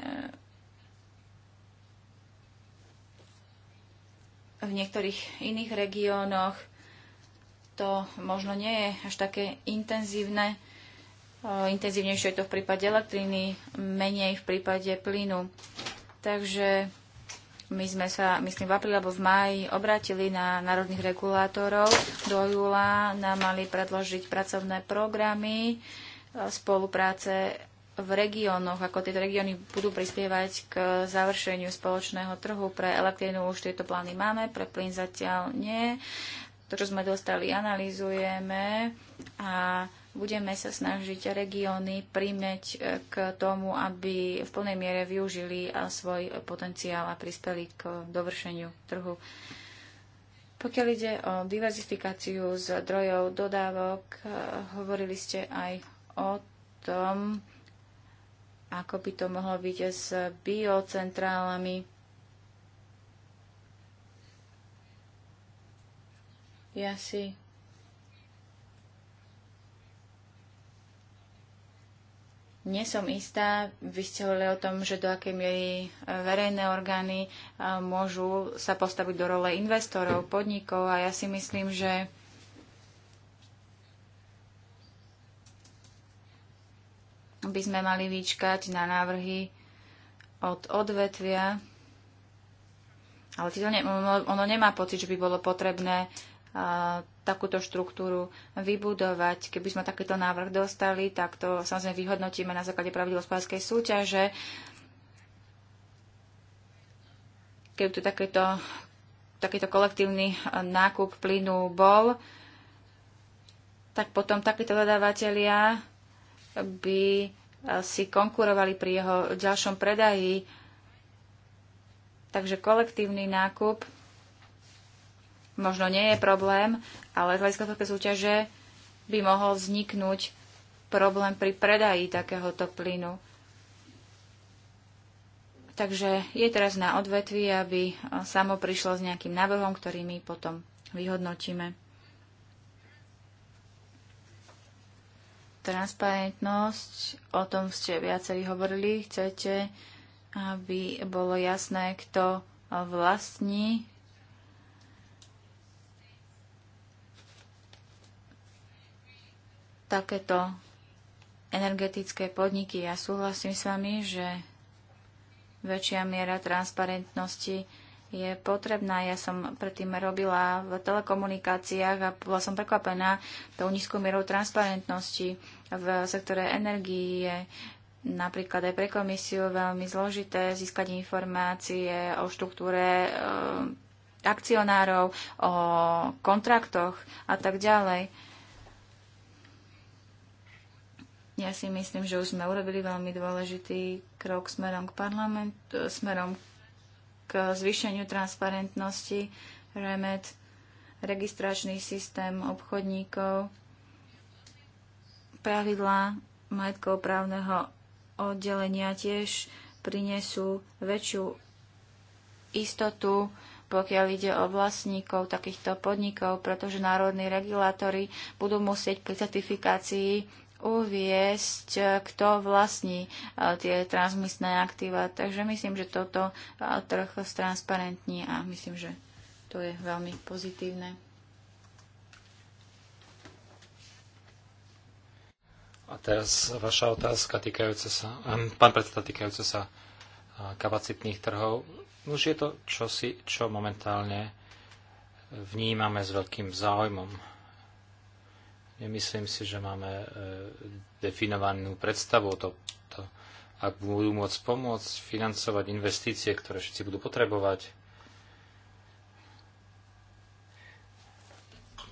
[SPEAKER 2] v niektorých iných regiónoch to možno nie je až také intenzívne. Intenzívnejšie je to v prípade elektriny, menej v prípade plynu. Takže my sme sa, myslím, v apríli alebo v máji obrátili na národných regulátorov. Do júla nám mali predložiť pracovné programy e, spolupráce v regiónoch, ako tieto regióny budú prispievať k završeniu spoločného trhu. Pre elektrínu už tieto plány máme, pre plyn zatiaľ nie. To, čo sme dostali, analýzujeme a budeme sa snažiť regióny príjmeť eh, k tomu, aby v plnej miere využili eh, svoj potenciál a prispeli k dovršeniu trhu. Pokiaľ ide o diverzifikáciu zdrojov dodávok, eh, hovorili ste aj o tom, ako by to mohlo byť s biocentrálami. Ja si Nie som istá, vy ste hovorili o tom, že do akej miery e, verejné orgány e, môžu sa postaviť do role investorov, podnikov a ja si myslím, že by sme mali vyčkať na návrhy od odvetvia, ale ono nemá pocit, že by bolo potrebné takúto štruktúru vybudovať. Keby sme takýto návrh dostali, tak to samozrejme vyhodnotíme na základe pravidel hospodárskej súťaže. Keby tu takéto, takýto kolektívny nákup plynu bol, tak potom takíto dodávateľia by eh, si konkurovali pri jeho ďalšom predaji. Takže kolektívny nákup možno nie je problém, ale z hľadiska súťaže by mohol vzniknúť problém pri predaji takéhoto plynu. Takže je teraz na odvetvi, aby eh, samo prišlo s nejakým návrhom, ktorý my potom vyhodnotíme. transparentnosť, o tom ste viacerí hovorili, chcete, aby bolo jasné, kto vlastní takéto energetické podniky. Ja súhlasím s vami, že väčšia miera transparentnosti je potrebná. Ja som predtým robila v telekomunikáciách a bola som prekvapená tou nízkou mierou transparentnosti v sektore energii je napríklad aj pre komisiu veľmi zložité získať informácie o štruktúre e, akcionárov, o kontraktoch a tak ďalej. Ja si myslím, že už sme urobili veľmi dôležitý krok smerom k parlamentu, smerom k zvýšeniu transparentnosti, remet, registračný systém obchodníkov pravidlá majetkoprávneho oddelenia tiež prinesú väčšiu istotu, pokiaľ ide o vlastníkov takýchto podnikov, pretože národní regulátory budú musieť pri certifikácii uviesť, kto vlastní e, tie transmisné aktíva. Takže myslím, že toto e, trh stransparentní a myslím, že to je veľmi pozitívne.
[SPEAKER 1] A teraz vaša otázka týkajúca sa, ehm, pán predseda, týkajúca sa kapacitných trhov. Už je to čosi, čo momentálne vnímame s veľkým záujmom. Nemyslím si, že máme e, definovanú predstavu o to, to, ak budú môcť pomôcť financovať investície, ktoré všetci budú potrebovať,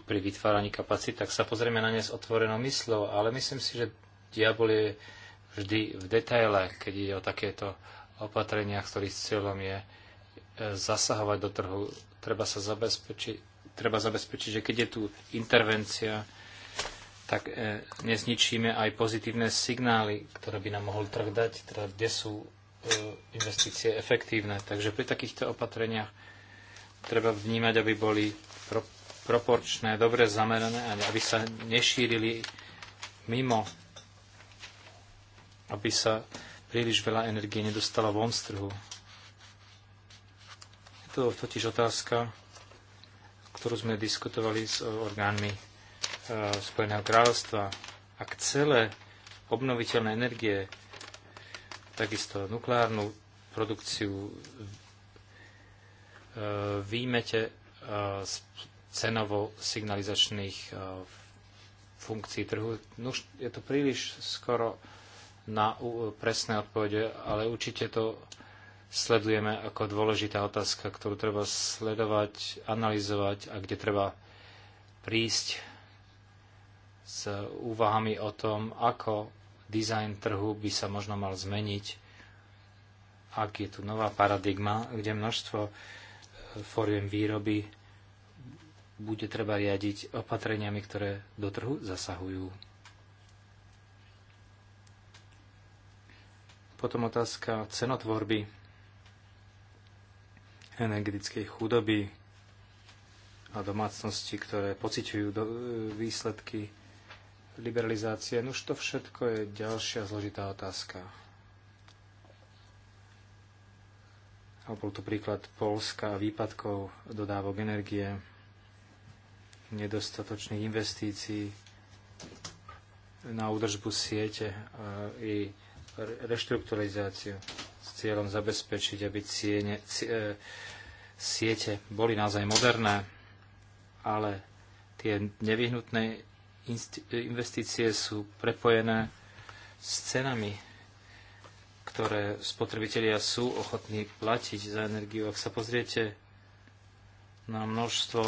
[SPEAKER 1] pri vytváraní kapacít, tak sa pozrieme na ne s otvorenou mysľou, ale myslím si, že diabol je vždy v detaile, keď ide o takéto opatrenia, ktorých cieľom je e, zasahovať do trhu. Treba sa zabezpečiť, treba zabezpečiť, že keď je tu intervencia, tak e, nezničíme aj pozitívne signály, ktoré by nám mohol trh dať, teda kde sú e, investície efektívne. Takže pri takýchto opatreniach treba vnímať, aby boli proporčné, dobre zamerané, aby sa nešírili mimo, aby sa príliš veľa energie nedostala von z trhu. Je to totiž otázka, ktorú sme diskutovali s orgánmi eh, Spojeného kráľovstva. Ak celé obnoviteľné energie, takisto nukleárnu produkciu, eh, výjmete eh, cenovo signalizačných e, funkcií trhu. No, je to príliš skoro na presné odpovede, ale určite to sledujeme ako dôležitá otázka, ktorú treba sledovať, analyzovať a kde treba prísť s úvahami o tom, ako dizajn trhu by sa možno mal zmeniť, ak je tu nová paradigma, kde množstvo e, foriem výroby bude treba riadiť opatreniami, ktoré do trhu zasahujú. Potom otázka cenotvorby, energetickej chudoby a domácnosti, ktoré pociťujú do, e, výsledky liberalizácie. No už to všetko je ďalšia zložitá otázka. A bol tu príklad Polska a výpadkov dodávok energie nedostatočných investícií na údržbu siete e, i reštrukturalizáciu s cieľom zabezpečiť, aby ciene, cie, siete boli naozaj moderné, ale tie nevyhnutné investície sú prepojené s cenami, ktoré spotrebitelia sú ochotní platiť za energiu. Ak sa pozriete na množstvo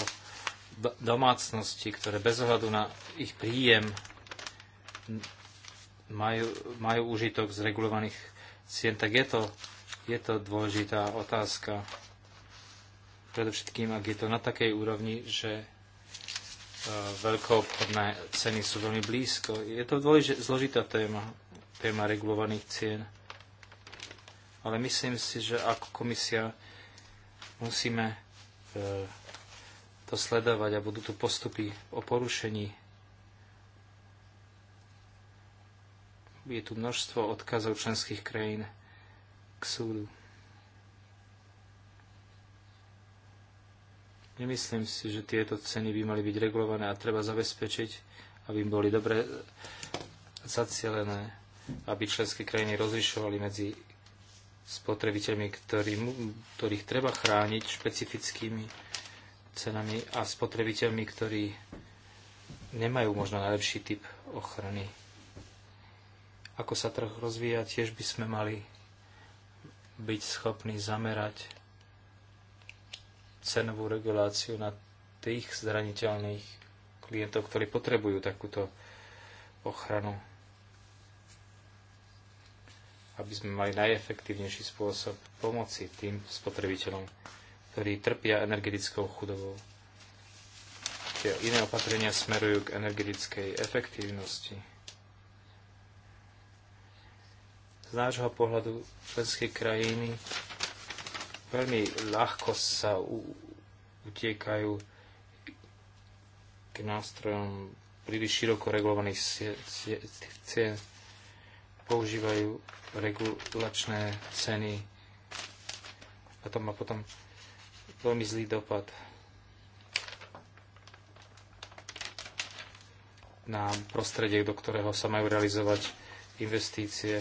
[SPEAKER 1] domácnosti, ktoré bez ohľadu na ich príjem majú, majú užitok z regulovaných cien, tak je to, je to dôležitá otázka. Predovšetkým, ak je to na takej úrovni, že e, veľkoobchodné ceny sú veľmi blízko. Je to dôležitá, zložitá téma, téma regulovaných cien. Ale myslím si, že ako komisia musíme e, to sledovať a budú tu postupy o porušení. Je tu množstvo odkazov členských krajín k súdu. Nemyslím si, že tieto ceny by mali byť regulované a treba zabezpečiť, aby boli dobre zacielené, aby členské krajiny rozlišovali medzi spotrebiteľmi, ktorým, ktorých treba chrániť špecifickými cenami a spotrebiteľmi, ktorí nemajú možno najlepší typ ochrany. Ako sa trh rozvíja, tiež by sme mali byť schopní zamerať cenovú reguláciu na tých zraniteľných klientov, ktorí potrebujú takúto ochranu, aby sme mali najefektívnejší spôsob pomoci tým spotrebiteľom ktorí trpia energetickou chudobou. Tie iné opatrenia smerujú k energetickej efektívnosti. Z nášho pohľadu členské krajiny veľmi ľahko sa utiekajú k nástrojom príliš široko regulovaných cien. Používajú regulačné ceny a to má potom veľmi zlý dopad na prostredie, do ktorého sa majú realizovať investície.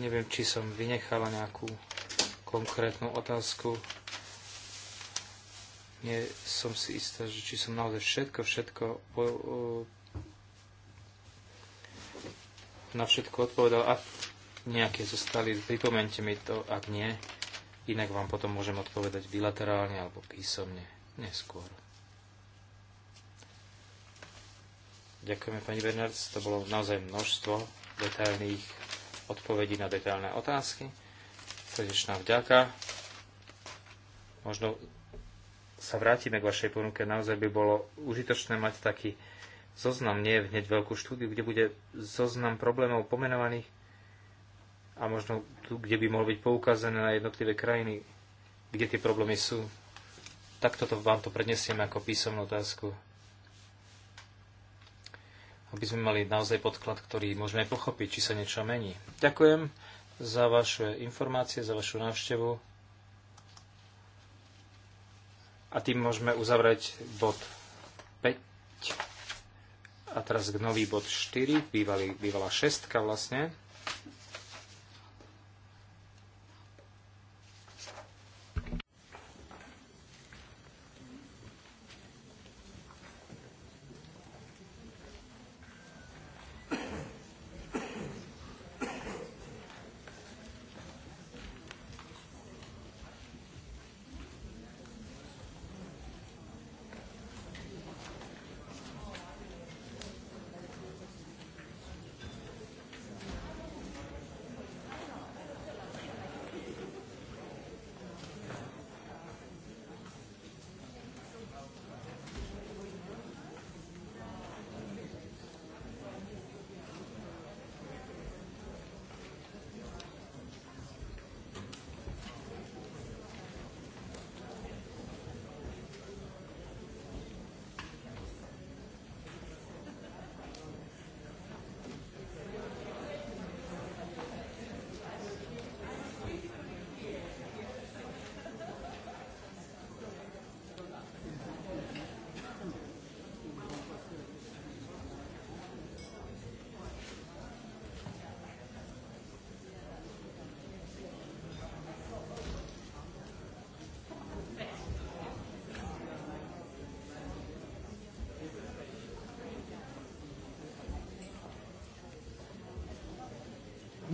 [SPEAKER 1] Neviem, či som vynechala nejakú konkrétnu otázku. Nie som si istá, že či som naozaj všetko, všetko po, o, na všetko odpovedal. a nejaké zostali, pripomente mi to, ak nie, Inak vám potom môžem odpovedať bilaterálne alebo písomne neskôr. Ďakujeme, pani Bernard. To bolo naozaj množstvo detailných odpovedí na detailné otázky. Srdečná vďaka. Možno sa vrátime k vašej ponuke. Naozaj by bolo užitočné mať taký zoznam, nie hneď veľkú štúdiu, kde bude zoznam problémov pomenovaných a možno tu, kde by mohlo byť poukázané na jednotlivé krajiny, kde tie problémy sú. Takto to vám to prednesiem ako písomnú otázku. Aby sme mali naozaj podklad, ktorý môžeme aj pochopiť, či sa niečo mení. Ďakujem za vaše informácie, za vašu návštevu. A tým môžeme uzavrieť bod 5 a teraz nový bod 4, bývalý, bývalá šestka vlastne.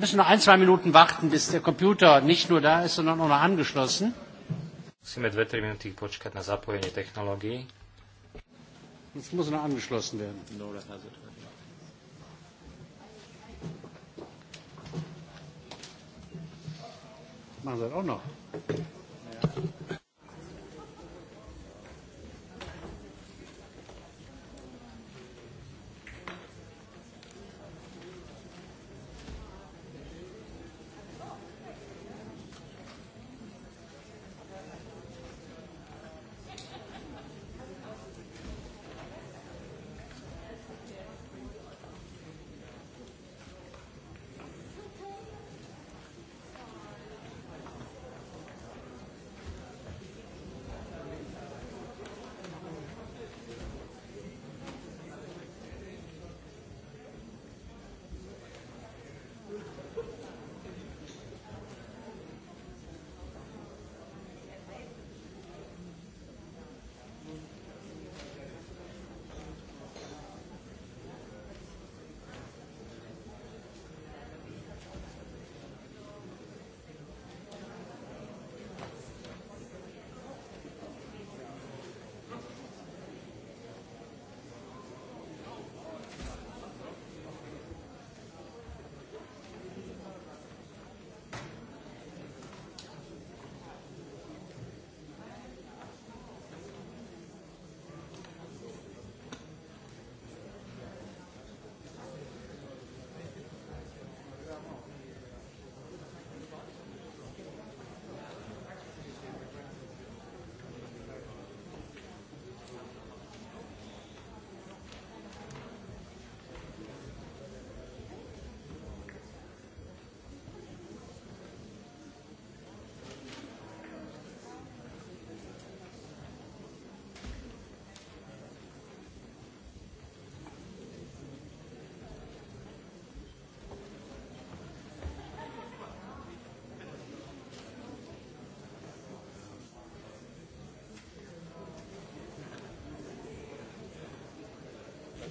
[SPEAKER 1] müssen noch ein, zwei Minuten warten, bis der Computer nicht nur da ist, sondern auch noch angeschlossen. Musíme dve, tri minúty počkať na zapojenie technológií.
[SPEAKER 2] Jetzt muss er noch angeschlossen werden. No, Machen Sie das auch noch?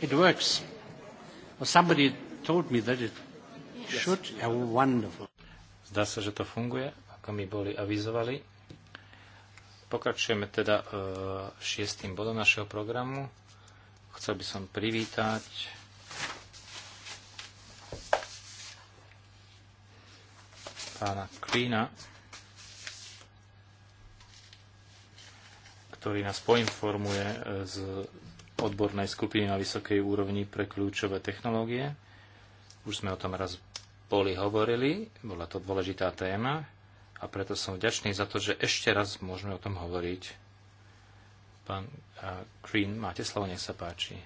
[SPEAKER 1] It works. Well, somebody told me that it should. Yes. wonderful. Zdá sa, že to funguje, ako mi boli avizovali. Pokračujeme teda uh, šiestým bodom našeho programu. Chcel by som privítať pána Klína, ktorý nás poinformuje e, z odbornej skupiny na vysokej úrovni pre kľúčové technológie. Už sme o tom raz boli hovorili, bola to dôležitá téma a preto som vďačný za to, že ešte raz môžeme o tom hovoriť. Pán Green, máte slovo, nech sa páči.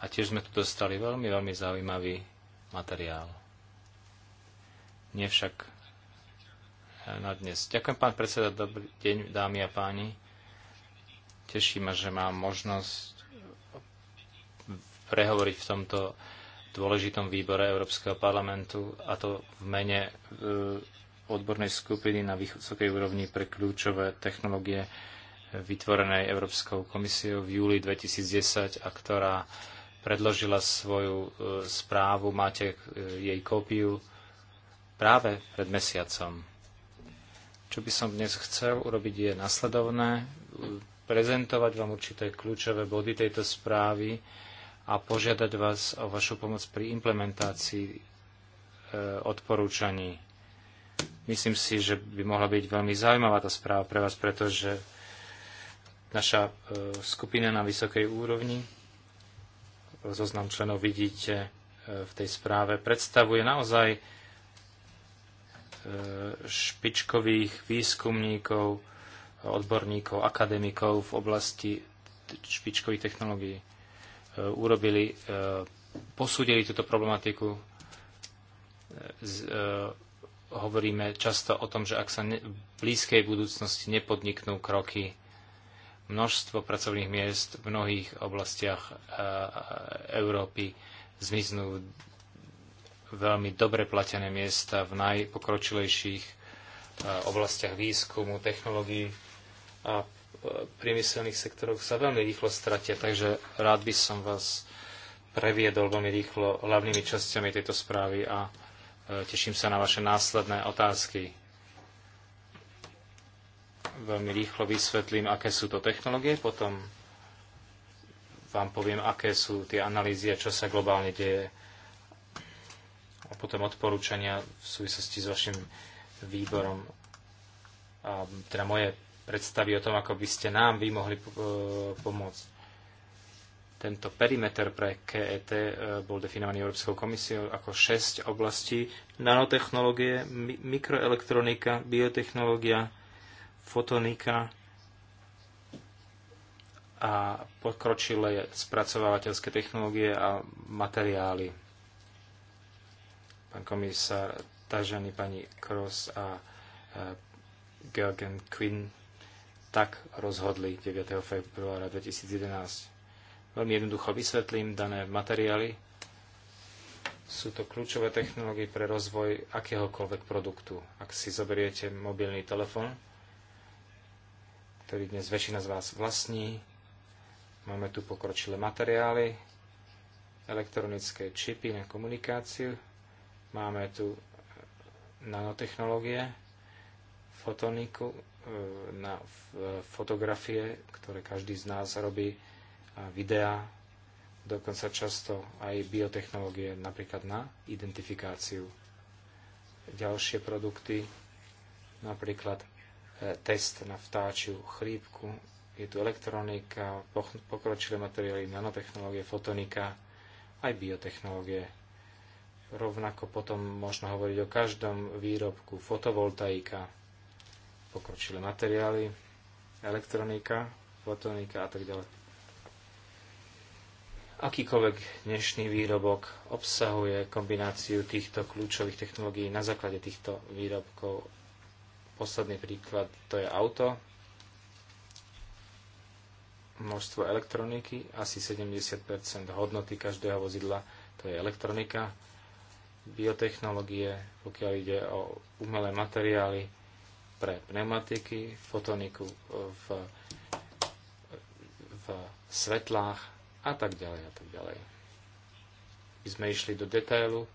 [SPEAKER 1] A tiež sme tu dostali veľmi, veľmi zaujímavý materiál. Nevšak e, na dnes. Ďakujem, pán predseda, dobrý deň, dámy a páni. Teší ma, že mám možnosť prehovoriť v tomto dôležitom výbore Európskeho parlamentu a to v mene e, odbornej skupiny na vysokej úrovni pre kľúčové technológie e, vytvorenej Európskou komisiou v júli 2010 a ktorá predložila svoju e, správu, máte jej kópiu práve pred mesiacom. Čo by som dnes chcel urobiť je nasledovné prezentovať vám určité kľúčové body tejto správy a požiadať vás o vašu pomoc pri implementácii e, odporúčaní. Myslím si, že by mohla byť veľmi zaujímavá tá správa pre vás, pretože naša e, skupina na vysokej úrovni, zoznam členov vidíte e, v tej správe, predstavuje naozaj špičkových výskumníkov, odborníkov, akademikov v oblasti špičkových technológií e, urobili, e, posúdili túto problematiku. E, hovoríme často o tom, že ak sa v blízkej budúcnosti nepodniknú kroky, množstvo pracovných miest v mnohých oblastiach Európy zmiznú veľmi dobre platené miesta v najpokročilejších oblastiach výskumu, technológií a v e, priemyselných sektoroch sa veľmi rýchlo stratia, takže rád by som vás previedol veľmi rýchlo hlavnými časťami tejto správy a e, teším sa na vaše následné otázky. Veľmi rýchlo vysvetlím, aké sú to technológie, potom vám poviem, aké sú tie analýzy a čo sa globálne deje a potom odporúčania v súvislosti s vašim výborom. A teda moje predstavy o tom, ako by ste nám vy mohli eh, pomôcť. Tento perimeter pre KET eh, bol definovaný Európskou komisiou ako 6 oblastí. Nanotechnológie, mikroelektronika, biotechnológia, fotonika a pokročilé spracovávateľské technológie a materiály. Pán komisár Tažany, pani Kross a eh, Georgen Quinn tak rozhodli 9. februára 2011. Veľmi jednoducho vysvetlím dané materiály. Sú to kľúčové technológie pre rozvoj akéhokoľvek produktu. Ak si zoberiete mobilný telefón, ktorý dnes väčšina z vás vlastní, máme tu pokročilé materiály, elektronické čipy na komunikáciu, máme tu nanotechnológie, fotoniku, E, na fotografie, ktoré každý z nás robí, a videá, dokonca často aj biotechnológie, napríklad na identifikáciu. Ďalšie produkty, napríklad e, test na vtáčiu chrípku, je tu elektronika, pokročilé materiály, nanotechnológie, fotonika, aj biotechnológie. Rovnako potom možno hovoriť o každom výrobku, fotovoltaika, pokročilé materiály, elektronika, fotonika a tak ďalej. Akýkoľvek dnešný výrobok obsahuje kombináciu týchto kľúčových technológií na základe týchto výrobkov. Posledný príklad to je auto, množstvo elektroniky, asi 70 hodnoty každého vozidla, to je elektronika, biotechnológie, pokiaľ ide o umelé materiály, pre pneumatiky, fotoniku v, v svetlách a tak ďalej a tak ďalej. My sme išli do detailu.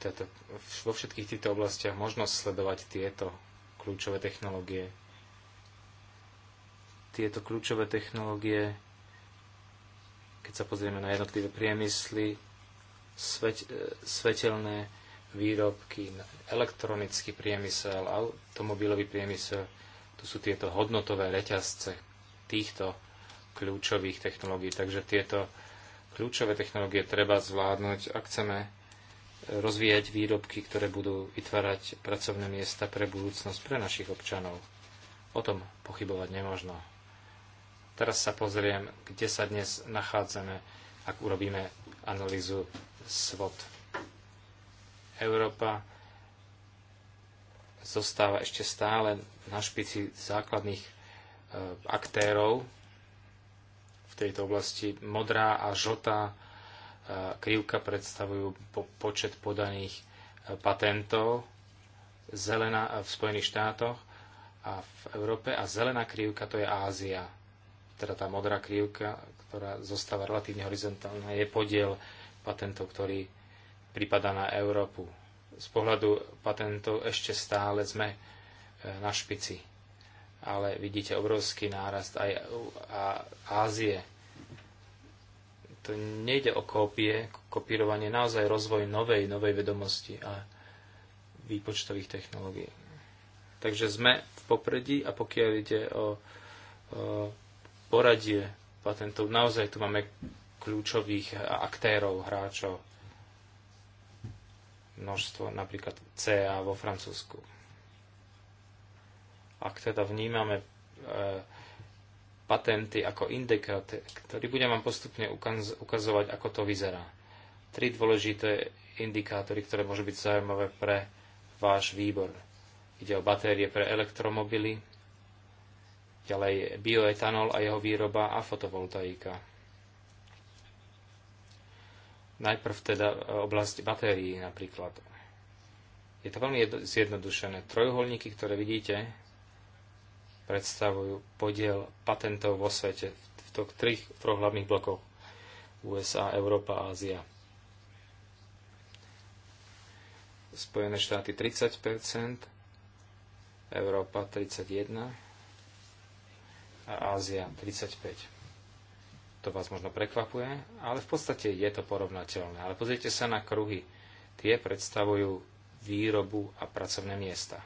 [SPEAKER 1] Tato, teda vo všetkých týchto oblastiach možnosť sledovať tieto kľúčové technológie. Tieto kľúčové technológie, keď sa pozrieme na jednotlivé priemysly, svet, e, svetelné výrobky, elektronický priemysel, automobilový priemysel. Tu sú tieto hodnotové reťazce týchto kľúčových technológií. Takže tieto kľúčové technológie treba zvládnuť, ak chceme rozvíjať výrobky, ktoré budú vytvárať pracovné miesta pre budúcnosť pre našich občanov. O tom pochybovať nemožno. Teraz sa pozriem, kde sa dnes nachádzame, ak urobíme analýzu svod. Európa zostáva ešte stále na špici základných eh, aktérov v tejto oblasti. Modrá a žltá eh, krivka predstavujú počet podaných eh, patentov, zelená v Spojených štátoch a v Európe a zelená krivka to je Ázia. Teda tá modrá krivka, ktorá zostáva relatívne horizontálna, je podiel patentov, ktorý prípada na Európu. Z pohľadu patentov ešte stále sme e, na špici. Ale vidíte obrovský nárast aj a Ázie. To nejde o kópie, kopírovanie, naozaj rozvoj novej, novej vedomosti a výpočtových technológií. Takže sme v popredí a pokiaľ ide o, o poradie patentov, naozaj tu máme kľúčových aktérov, hráčov. Množstvo, napríklad CA vo Francúzsku. Ak teda vnímame e, patenty ako indikátor, ktorý budem vám postupne ukaz- ukazovať, ako to vyzerá. Tri dôležité indikátory, ktoré môžu byť zaujímavé pre váš výbor. Ide o batérie pre elektromobily, ďalej bioetanol a jeho výroba a fotovoltaika. Najprv teda e, oblasť batérií napríklad. Je to veľmi zjednodušené. Trojuholníky, ktoré vidíte, predstavujú podiel patentov vo svete v toch troch hlavných blokoch USA, Európa a Ázia. Spojené štáty 30 Európa 31 a Ázia 35 to vás možno prekvapuje, ale v podstate je to porovnateľné. Ale pozrite sa na kruhy. Tie predstavujú výrobu a pracovné miesta.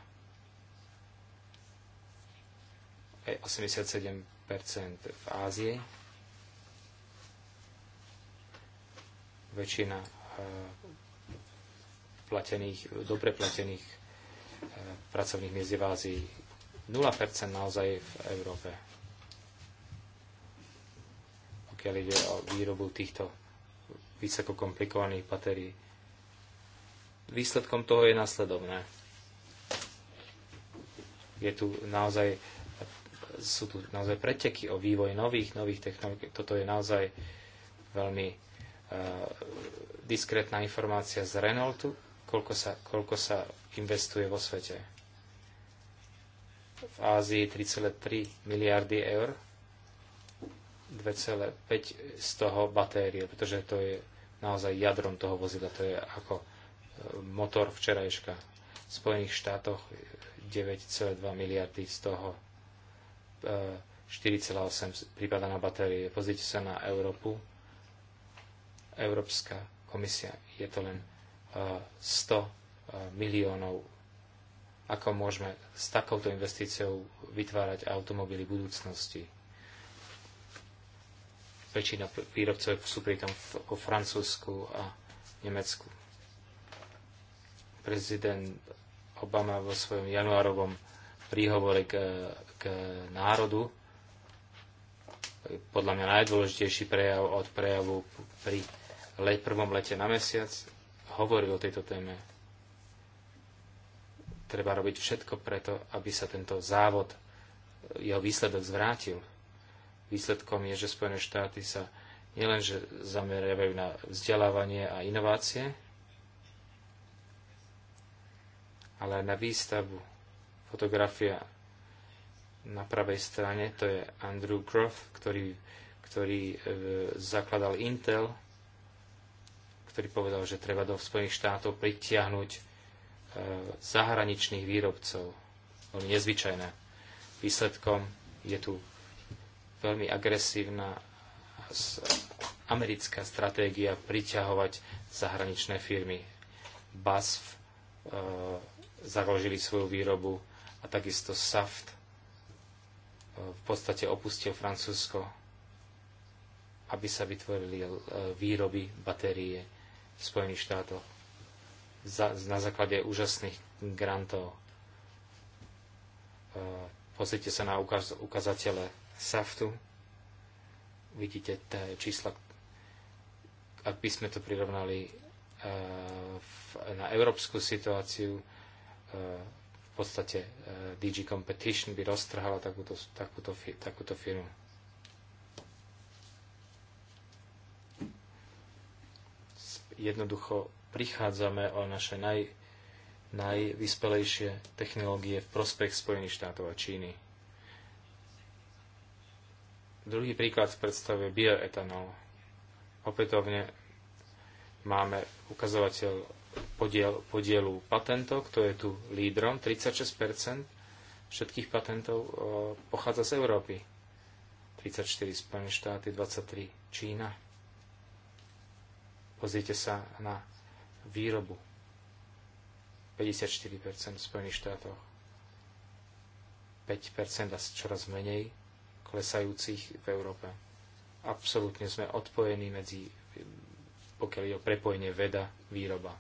[SPEAKER 1] 87% e, v Ázie. väčšina e, platených, dobre platených e, pracovných miest je v Ázii, 0% naozaj v Európe pokiaľ ide o výrobu týchto vysoko komplikovaných batérií. Výsledkom toho je nasledovné. Je tu naozaj, sú tu naozaj preteky o vývoj nových, nových technológií. Toto je naozaj veľmi uh, diskrétna informácia z Renaultu, koľko sa, koľko sa investuje vo svete. V Ázii 3,3 miliardy eur, 2,5 z toho batérie, pretože to je naozaj jadrom toho vozidla, to je ako e, motor včerajška. V Spojených štátoch 9,2 miliardy, z toho 4,8 e, prípada na batérie. Pozrite sa na Európu. Európska komisia je to len 100 e, miliónov. Ako môžeme s takouto investíciou vytvárať automobily budúcnosti? Väčšina výrobcov sú pritom po Francúzsku a Nemecku. Prezident Obama vo svojom januárovom príhovore k, k národu podľa mňa najdôležitejší prejav od prejavu pri le, prvom lete na mesiac hovoril o tejto téme. Treba robiť všetko preto, aby sa tento závod, jeho výsledok zvrátil. Výsledkom je, že Spojené štáty sa nielenže zameriavajú na vzdelávanie a inovácie, ale aj na výstavu. Fotografia na pravej strane, to je Andrew Groff, ktorý, ktorý e, zakladal Intel, ktorý povedal, že treba do Spojených štátov pritiahnuť e, zahraničných výrobcov. Veľmi nezvyčajné. Výsledkom je tu veľmi agresívna americká stratégia priťahovať zahraničné firmy. BASF e, založili svoju výrobu a takisto SAFT e, v podstate opustil Francúzsko, aby sa vytvorili e, výroby batérie v Spojených štátoch za, na základe úžasných grantov. E, pozrite sa na ukaz, ukazatele SAFTu. Vidíte tie čísla, ak by sme to prirovnali eh, na európsku situáciu, eh, v podstate eh, DG Competition by roztrhala takúto, takúto, takúto firmu. Jednoducho prichádzame o naše naj, najvyspelejšie technológie v prospech Spojených štátov a Číny. Druhý príklad predstavuje bioetanol. Opätovne máme ukazovateľ podiel, podielu patentov, kto je tu lídrom, 36% všetkých patentov o, pochádza z Európy. 34 Spojené štáty, 23 Čína. Pozrite sa na výrobu. 54% v Spojených štátoch. 5% a čoraz menej klesajúcich v Európe. Absolútne sme odpojení medzi, pokiaľ je o prepojenie veda, výroba.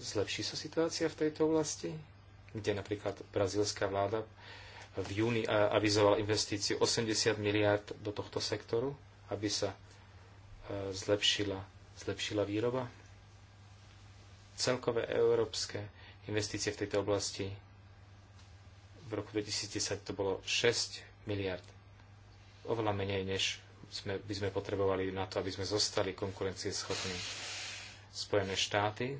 [SPEAKER 1] Zlepší sa situácia v tejto oblasti, kde napríklad brazilská vláda v júni avizovala investíciu 80 miliard do tohto sektoru, aby sa e, zlepšila, zlepšila výroba. Celkové európske investície v tejto oblasti v roku 2010 to bolo 6 miliard. Oveľa menej, než sme, by sme potrebovali na to, aby sme zostali konkurencieschopní. Spojené štáty,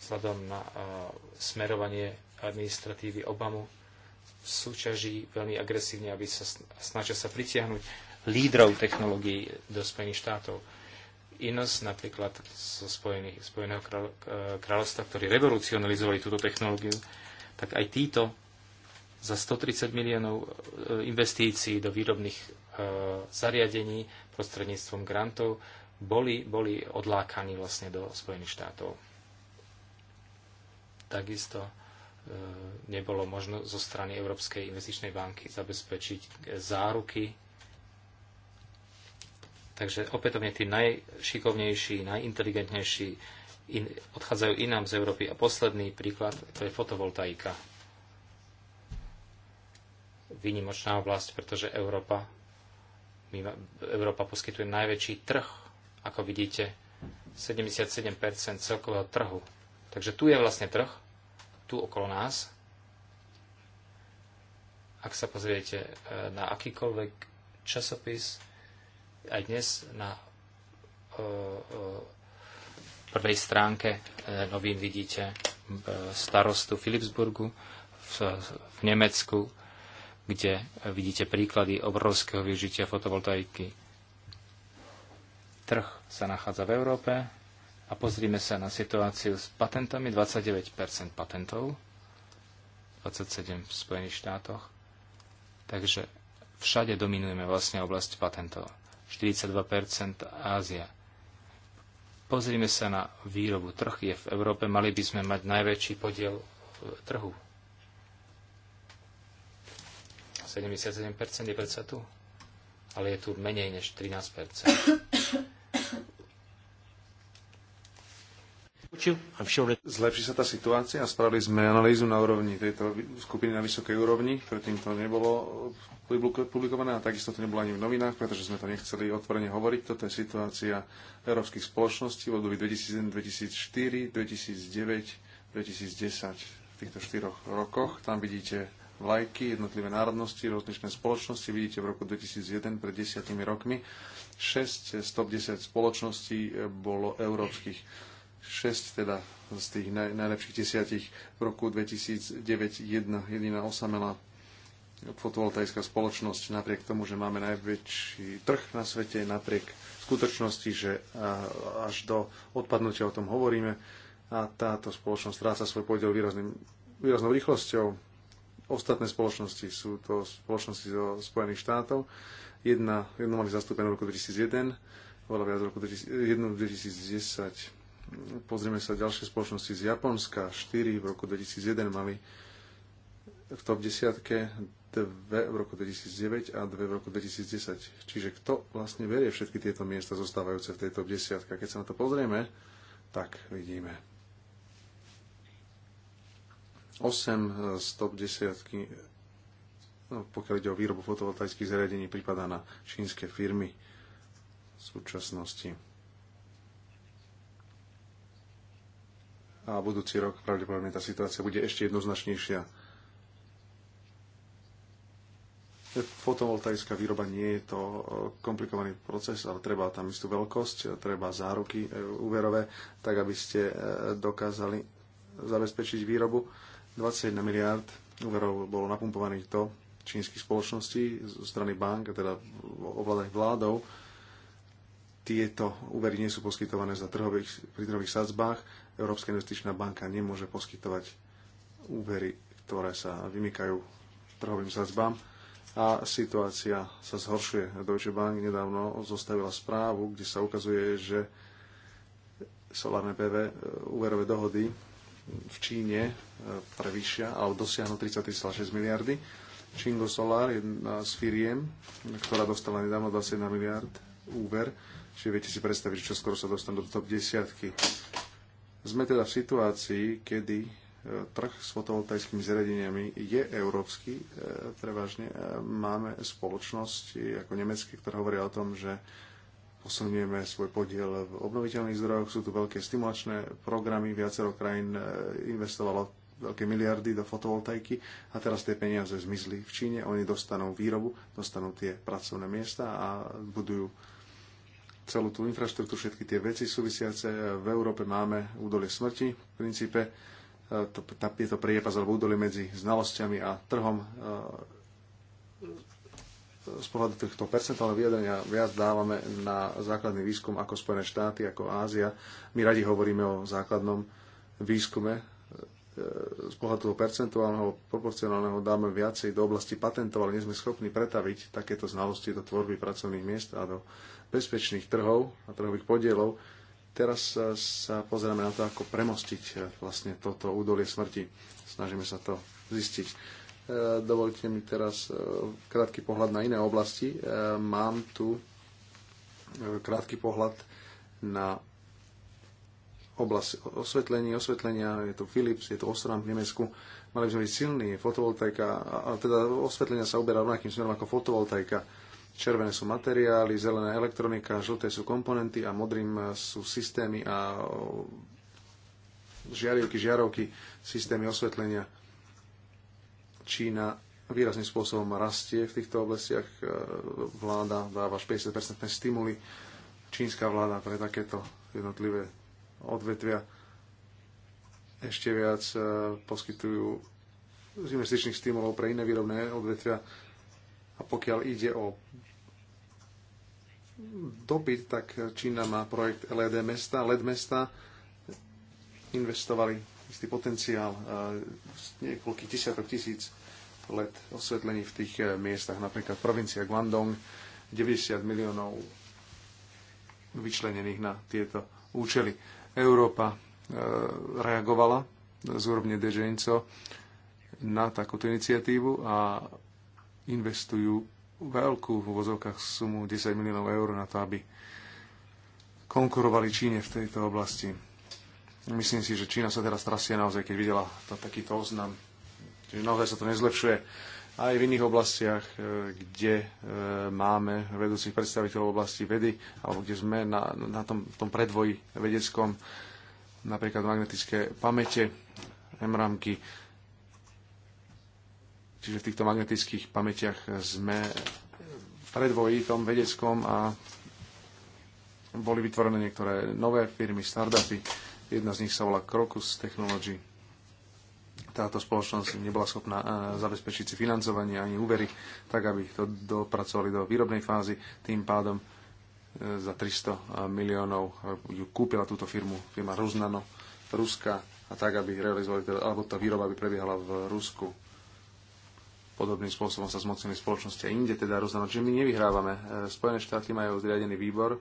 [SPEAKER 1] vzhľadom na uh, smerovanie administratívy Obamu, súťaží veľmi agresívne, aby sa snažia sa pritiahnuť lídrov technológií do Spojených štátov. Inos napríklad zo Spojených, Spojeného e, kráľovstva, ktorí revolucionalizovali túto technológiu, tak aj títo za 130 miliónov e, investícií do výrobných e, zariadení prostredníctvom grantov boli, boli odlákaní vlastne do Spojených štátov. Takisto e, nebolo možno zo strany Európskej investičnej banky zabezpečiť záruky. Takže opätovne tí najšikovnejší, najinteligentnejší odchádzajú inám z Európy. A posledný príklad, to je fotovoltaika výnimočná oblasť, pretože Európa, my, Európa poskytuje najväčší trh, ako vidíte, 77% celkového trhu. Takže tu je vlastne trh, tu okolo nás. Ak sa pozriete e, na akýkoľvek časopis, aj dnes na e, e, prvej stránke novín vidíte starostu Philipsburgu v, v Nemecku, kde vidíte príklady obrovského využitia fotovoltaiky. Trh sa nachádza v Európe a pozrime sa na situáciu s patentami. 29 patentov, 27 v Spojených štátoch. Takže všade dominujeme vlastne oblasť patentov. 42 Ázia. Pozrime sa na výrobu. Trh je v Európe, mali by sme mať najväčší podiel e, trhu 77% je predsa tu. Ale je tu menej než 13%.
[SPEAKER 3] Zlepší sa tá situácia a spravili sme analýzu na úrovni tejto skupiny na vysokej úrovni. Predtým to nebolo publikované a takisto to nebolo ani v novinách, pretože sme to nechceli otvorene hovoriť. Toto je situácia európskych spoločností v období 2001, 2004, 2009, 2010 v týchto štyroch rokoch. Tam vidíte vlajky, jednotlivé národnosti, rozličné spoločnosti. Vidíte v roku 2001, pred desiatimi rokmi, 6 z top 10 spoločností eh, bolo európskych. 6 teda z tých naj, najlepších desiatich v roku 2009 jedna jediná osamela fotovoltaická spoločnosť, napriek tomu, že máme najväčší trh na svete, napriek skutočnosti, že eh, až do odpadnutia o tom hovoríme a táto spoločnosť stráca svoj podiel výraznou rýchlosťou ostatné spoločnosti. Sú to spoločnosti zo Spojených štátov. Jedna, jednu mali zastúpenú v roku 2001, oveľa viac v roku 2000, jednu v 2010. Pozrieme sa ďalšie spoločnosti z Japonska. 4 v roku 2001 mali v top desiatke, dve v roku 2009 a dve v roku 2010. Čiže kto vlastne verie všetky tieto miesta zostávajúce v tejto desiatke? Keď sa na to pozrieme, tak vidíme 8 z top 10, pokiaľ ide o výrobu fotovoltaických zariadení, pripadá na čínske firmy v súčasnosti. A budúci rok pravdepodobne tá situácia bude ešte jednoznačnejšia. Fotovoltaická výroba nie je to e, komplikovaný proces, ale treba tam istú veľkosť, treba záruky e, úverové, tak aby ste e, dokázali zabezpečiť výrobu 21 miliard úverov bolo napumpovaných do čínskych spoločností zo strany bank, teda ovládaných vládou. Tieto úvery nie sú poskytované za trhových, pri trhových sadzbách. Európska investičná banka nemôže poskytovať úvery, ktoré sa vymykajú trhovým sadzbám. A situácia sa zhoršuje. Deutsche Bank nedávno zostavila správu, kde sa ukazuje, že solárne PV, úverové dohody v Číne e, prevýšia alebo dosiahnu 33,6 miliardy. Chingo Solar, jedna z firiem, ktorá dostala nedávno 21 miliard úver, čiže viete si predstaviť, že čoskoro sa dostanú do top desiatky. Sme teda v situácii, kedy e, trh s fotovoltaickými zariadeniami je európsky, e, prevažne máme spoločnosti ako nemecké, ktoré hovoria o tom, že posunieme svoj podiel v obnoviteľných zdrojoch. Sú tu veľké stimulačné programy, viacero krajín e, investovalo veľké miliardy do fotovoltaiky a teraz tie peniaze zmizli v Číne. Oni dostanú výrobu, dostanú tie pracovné miesta a budujú celú tú infraštruktúru, všetky tie veci súvisiace. V Európe máme údolie smrti. V princípe e, to, tá, je to priepas alebo údolie medzi znalosťami a trhom e, z pohľadu týchto percentuálneho vyjadrenia viac dávame na základný výskum ako Spojené štáty, ako Ázia. My radi hovoríme o základnom výskume. E, z pohľadu toho percentuálneho, proporcionálneho dáme viacej do oblasti patentov, ale nie sme schopní pretaviť takéto znalosti do tvorby pracovných miest a do bezpečných trhov a trhových podielov. Teraz sa pozeráme na to, ako premostiť e, vlastne toto údolie smrti. Snažíme sa to zistiť E, dovolte mi teraz e, krátky pohľad na iné oblasti. E, mám tu krátky pohľad na oblasť osvetlení, osvetlenia, je to Philips, je to Osram v Nemecku. Mali by sme byť silní, fotovoltaika, a teda osvetlenia sa uberá rovnakým smerom ako fotovoltaika. Červené sú materiály, zelená elektronika, žlté sú komponenty a modrým sú systémy a žiarivky, žiarovky, systémy osvetlenia Čína výrazným spôsobom rastie v týchto oblastiach. E, vláda dáva 50% stimuly. Čínska vláda pre takéto jednotlivé odvetvia ešte viac e, poskytujú z investičných stimulov pre iné výrobné odvetvia. A pokiaľ ide o dopyt, tak Čína má projekt LED mesta, LED mesta. Investovali istý potenciál niekoľkých desiatok tisíc let osvetlení v tých e, miestach, napríklad provincia Guangdong, 90 miliónov vyčlenených na tieto účely. Európa e, reagovala z úrovne Deženico na takúto iniciatívu a investujú veľkú v vozovkách sumu 10 miliónov eur na to, aby konkurovali Číne v tejto oblasti Myslím si, že Čína sa teraz trasie naozaj, keď videla to, takýto oznam. Čiže naozaj sa to nezlepšuje aj v iných oblastiach, e, kde e, máme vedúcich predstaviteľov oblasti vedy, alebo kde sme na, na tom, tom predvoji vedeckom, napríklad magnetické pamäte, MRAMky. Čiže v týchto magnetických pamätiach sme v predvoji tom vedeckom a boli vytvorené niektoré nové firmy, startupy, Jedna z nich sa volá Crocus Technology. Táto spoločnosť nebola schopná eh, zabezpečiť si financovanie ani úvery, tak aby to dopracovali do výrobnej fázy. Tým pádom eh, za 300 eh, miliónov ju kúpila túto firmu, firma Ruznano, Ruska, a tak, aby realizovali, alebo tá výroba by prebiehala v Rusku. Podobným spôsobom sa zmocnili spoločnosti a inde, teda Ruznano. Čiže my nevyhrávame. Spojené štáty majú zriadený výbor,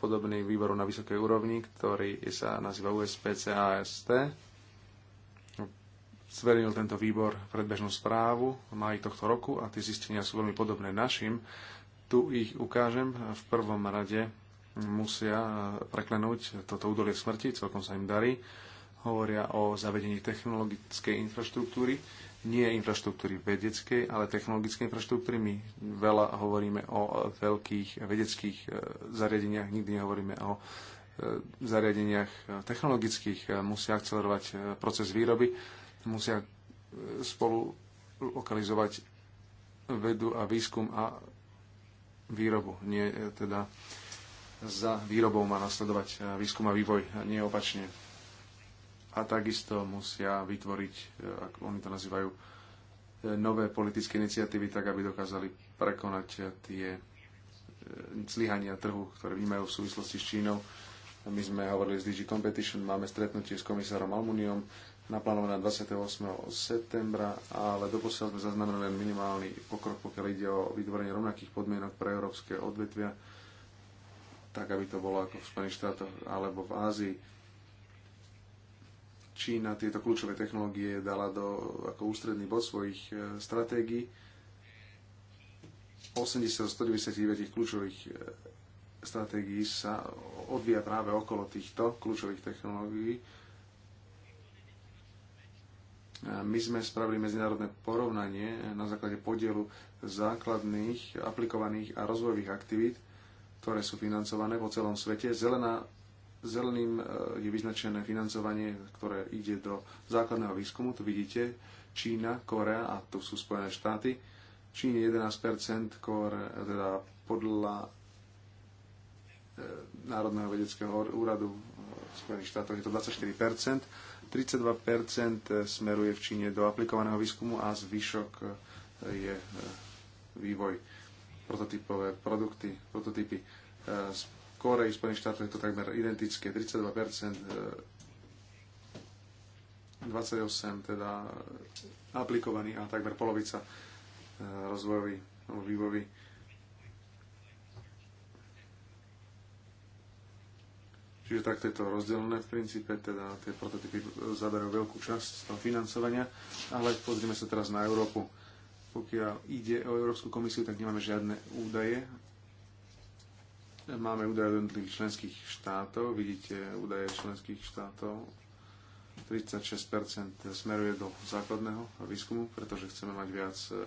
[SPEAKER 3] podobný výboru na vysokej úrovni, ktorý sa nazýva USPCAST. Zverejnil tento výbor predbežnú správu v maji tohto roku a tie zistenia sú veľmi podobné našim. Tu ich ukážem. V prvom rade musia e, preklenúť toto údolie smrti, celkom sa im darí. Hovoria o zavedení technologickej infraštruktúry nie infraštruktúry vedeckej, ale technologickej infraštruktúry. My veľa hovoríme o veľkých vedeckých e, zariadeniach, nikdy nehovoríme o e, zariadeniach e, technologických. Musia akcelerovať proces výroby, musia spolu lokalizovať vedu a výskum a výrobu. Nie teda za výrobou má nasledovať výskum a vývoj, nie opačne a takisto musia vytvoriť, e, ako oni to nazývajú, e, nové politické iniciatívy, tak aby dokázali prekonať e, tie zlyhania trhu, ktoré vnímajú v súvislosti s Čínou. My sme hovorili s DG Competition, máme stretnutie s komisárom Almuniom, naplánované 28. septembra, ale doposiaľ sme zaznamenali minimálny pokrok, pokiaľ ide o vytvorenie rovnakých podmienok pre európske odvetvia, tak aby to bolo ako v Spojených štátoch alebo v Ázii Čína tieto kľúčové technológie dala do, ako ústredný bod svojich e, stratégií. 80 z 199 kľúčových e, stratégií sa odvíja práve okolo týchto kľúčových technológií. E, my sme spravili medzinárodné porovnanie na základe podielu základných, aplikovaných a rozvojových aktivít, ktoré sú financované po celom svete. Zelená Zeleným e, je vyznačené financovanie, ktoré ide do základného výskumu. Tu vidíte Čína, Korea a tu sú Spojené štáty. Číne 11%, Kore, e, teda podľa e, Národného vedeckého úradu v Spojených štátoch je to 24%, 32% smeruje v Číne do aplikovaného výskumu a zvyšok je vývoj prototypové produkty, prototypy Koreji, Spojených štátoch je to takmer identické, 32%, 28 e, teda aplikovaný a takmer polovica e, rozvojový, vývojový. Čiže takto je to rozdelené v princípe, teda tie prototypy e, zaberajú veľkú časť toho financovania, ale pozrieme sa teraz na Európu. Pokiaľ ide o Európsku komisiu, tak nemáme žiadne údaje Máme údaje jednotlivých členských štátov, vidíte údaje členských štátov. 36% smeruje do základného výskumu, pretože chceme mať viac e,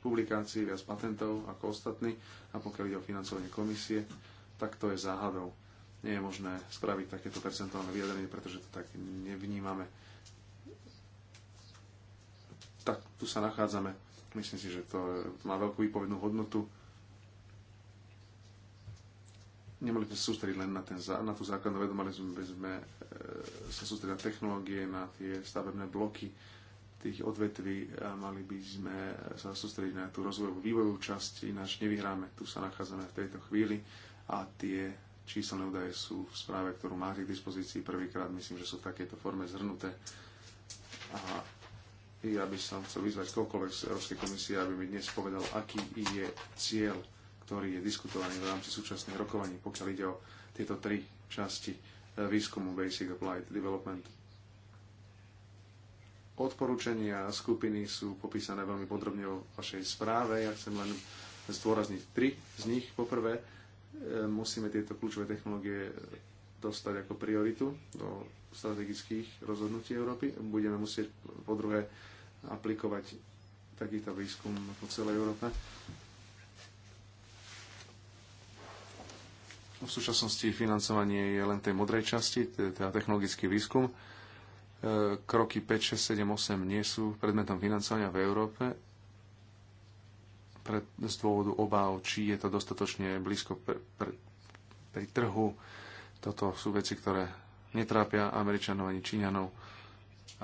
[SPEAKER 3] publikácií, viac patentov ako ostatní. A pokiaľ ide o financovanie komisie, tak to je záhadou. Nie je možné spraviť takéto percentuálne vyjadrenie, pretože to tak nevnímame. Tak tu sa nachádzame. Myslím si, že to má veľkú výpovednú hodnotu Nemali sme sa sústrediť len na, ten, na tú základnú vedu, mali sme, sme e, sa sústrediť na technológie, na tie stavebné bloky tých odvetví a mali by sme sa sústrediť na tú rozvojovú vývojovú časť, ináč nevyhráme. Tu sa nachádzame v tejto chvíli a tie číselné údaje sú v správe, ktorú máte k dispozícii prvýkrát, myslím, že sú v takejto forme zhrnuté. A ja by som chcel vyzvať kohokoľvek z Európskej komisie, aby mi dnes povedal, aký je cieľ ktorý je diskutovaný v rámci súčasných rokovaní, pokiaľ ide o tieto tri časti eh, výskumu Basic Applied Development. Odporúčania skupiny sú popísané veľmi podrobne vo vašej správe. Ja chcem len zdôrazniť tri z nich. Poprvé, eh, musíme tieto kľúčové technológie dostať ako prioritu do strategických rozhodnutí Európy. Budeme musieť po druhé aplikovať takýto výskum po celej Európe. V súčasnosti financovanie je len tej modrej časti, teda technologický výskum. E, kroky 5, 6, 7, 8 nie sú predmetom financovania v Európe pre, z dôvodu obáv, či je to dostatočne blízko pre, pre, pri trhu. Toto sú veci, ktoré netrápia Američanov ani Číňanov.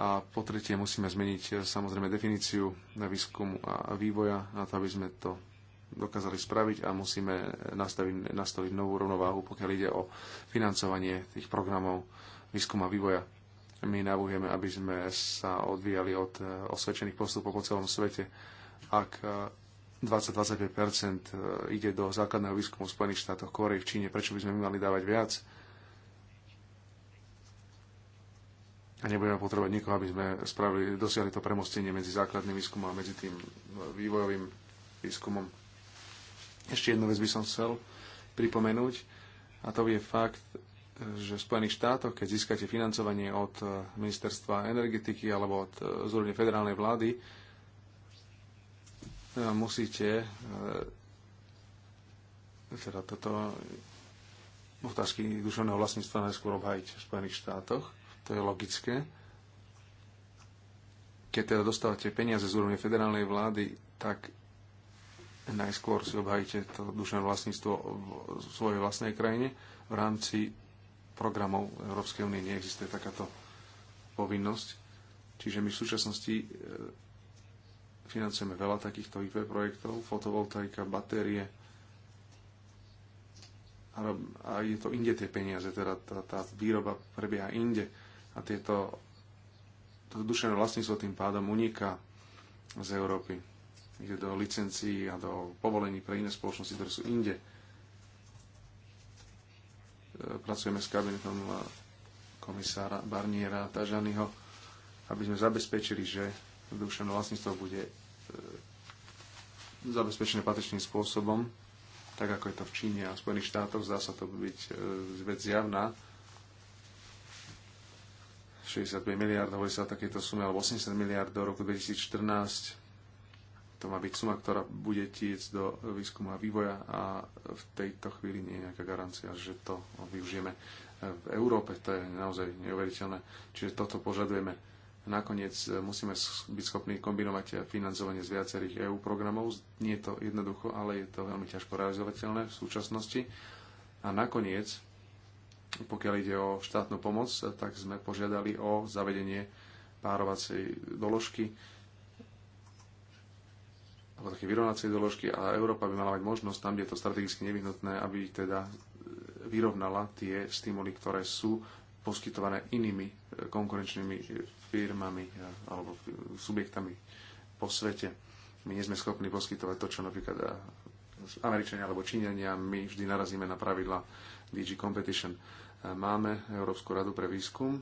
[SPEAKER 3] A po tretie musíme zmeniť e, samozrejme definíciu na výskumu a vývoja, na to, aby sme to dokázali spraviť a musíme nastaviť, nastaviť novú rovnováhu, pokiaľ ide o financovanie tých programov výskuma a vývoja. My navúhujeme, aby sme sa odvíjali od e, osvedčených postupov po celom svete. Ak 20-25 e, e, ide do základného výskumu v Spojených štátoch, Korei, v Číne, prečo by sme mali dávať viac? a nebudeme potrebovať nikoho, aby sme spravili, dosiahli to premostenie medzi základným výskumom a medzi tým vývojovým výskumom. Ešte jednu vec by som chcel pripomenúť a to je fakt, že v Spojených štátoch, keď získate financovanie od eh, ministerstva energetiky alebo od eh, zúrovne federálnej vlády, eh, musíte teda toto otázky dušovného vlastníctva najskôr obhajiť v Spojených štátoch. To je logické. Keď teda dostávate peniaze z úrovne federálnej vlády, tak najskôr si obhajíte to dušné vlastníctvo v svojej vlastnej krajine. V rámci programov Európskej únie neexistuje takáto povinnosť. Čiže my v súčasnosti e, financujeme veľa takýchto IP projektov, fotovoltaika, batérie, a je to inde tie peniaze, teda tá, tá výroba prebieha inde a tieto to duševné vlastníctvo tým pádom uniká z Európy ide do licencií a do povolení pre iné spoločnosti, ktoré sú inde. E, pracujeme s kabinetom komisára Barniera Tažanyho, aby sme zabezpečili, že duševné vlastníctvo bude e, zabezpečené patričným spôsobom, tak ako je to v Číne a v Spojených štátoch, zdá sa to byť e, vec zjavná. 65 miliard, hovorí sa o takejto sume, alebo 80 miliard do roku 2014 to má byť suma, ktorá bude tiec do výskumu a vývoja a v tejto chvíli nie je nejaká garancia, že to využijeme v Európe. To je naozaj neuveriteľné. Čiže toto požadujeme. Nakoniec e, musíme byť schopní kombinovať e, financovanie z viacerých EU programov. Nie je to jednoducho, ale je to veľmi ťažko realizovateľné v súčasnosti. A nakoniec, pokiaľ ide o štátnu pomoc, e, tak sme požiadali o zavedenie párovacej doložky alebo také vyrovnacie doložky a Európa by mala mať možnosť tam, kde je to strategicky nevyhnutné, aby teda e, vyrovnala tie stimuly, ktoré sú poskytované inými e, konkurenčnými e, firmami alebo subjektami po svete. My nie sme schopní poskytovať to, čo napríklad Američania alebo Číňania, my vždy narazíme na pravidla DG Competition. Máme Európsku radu pre výskum,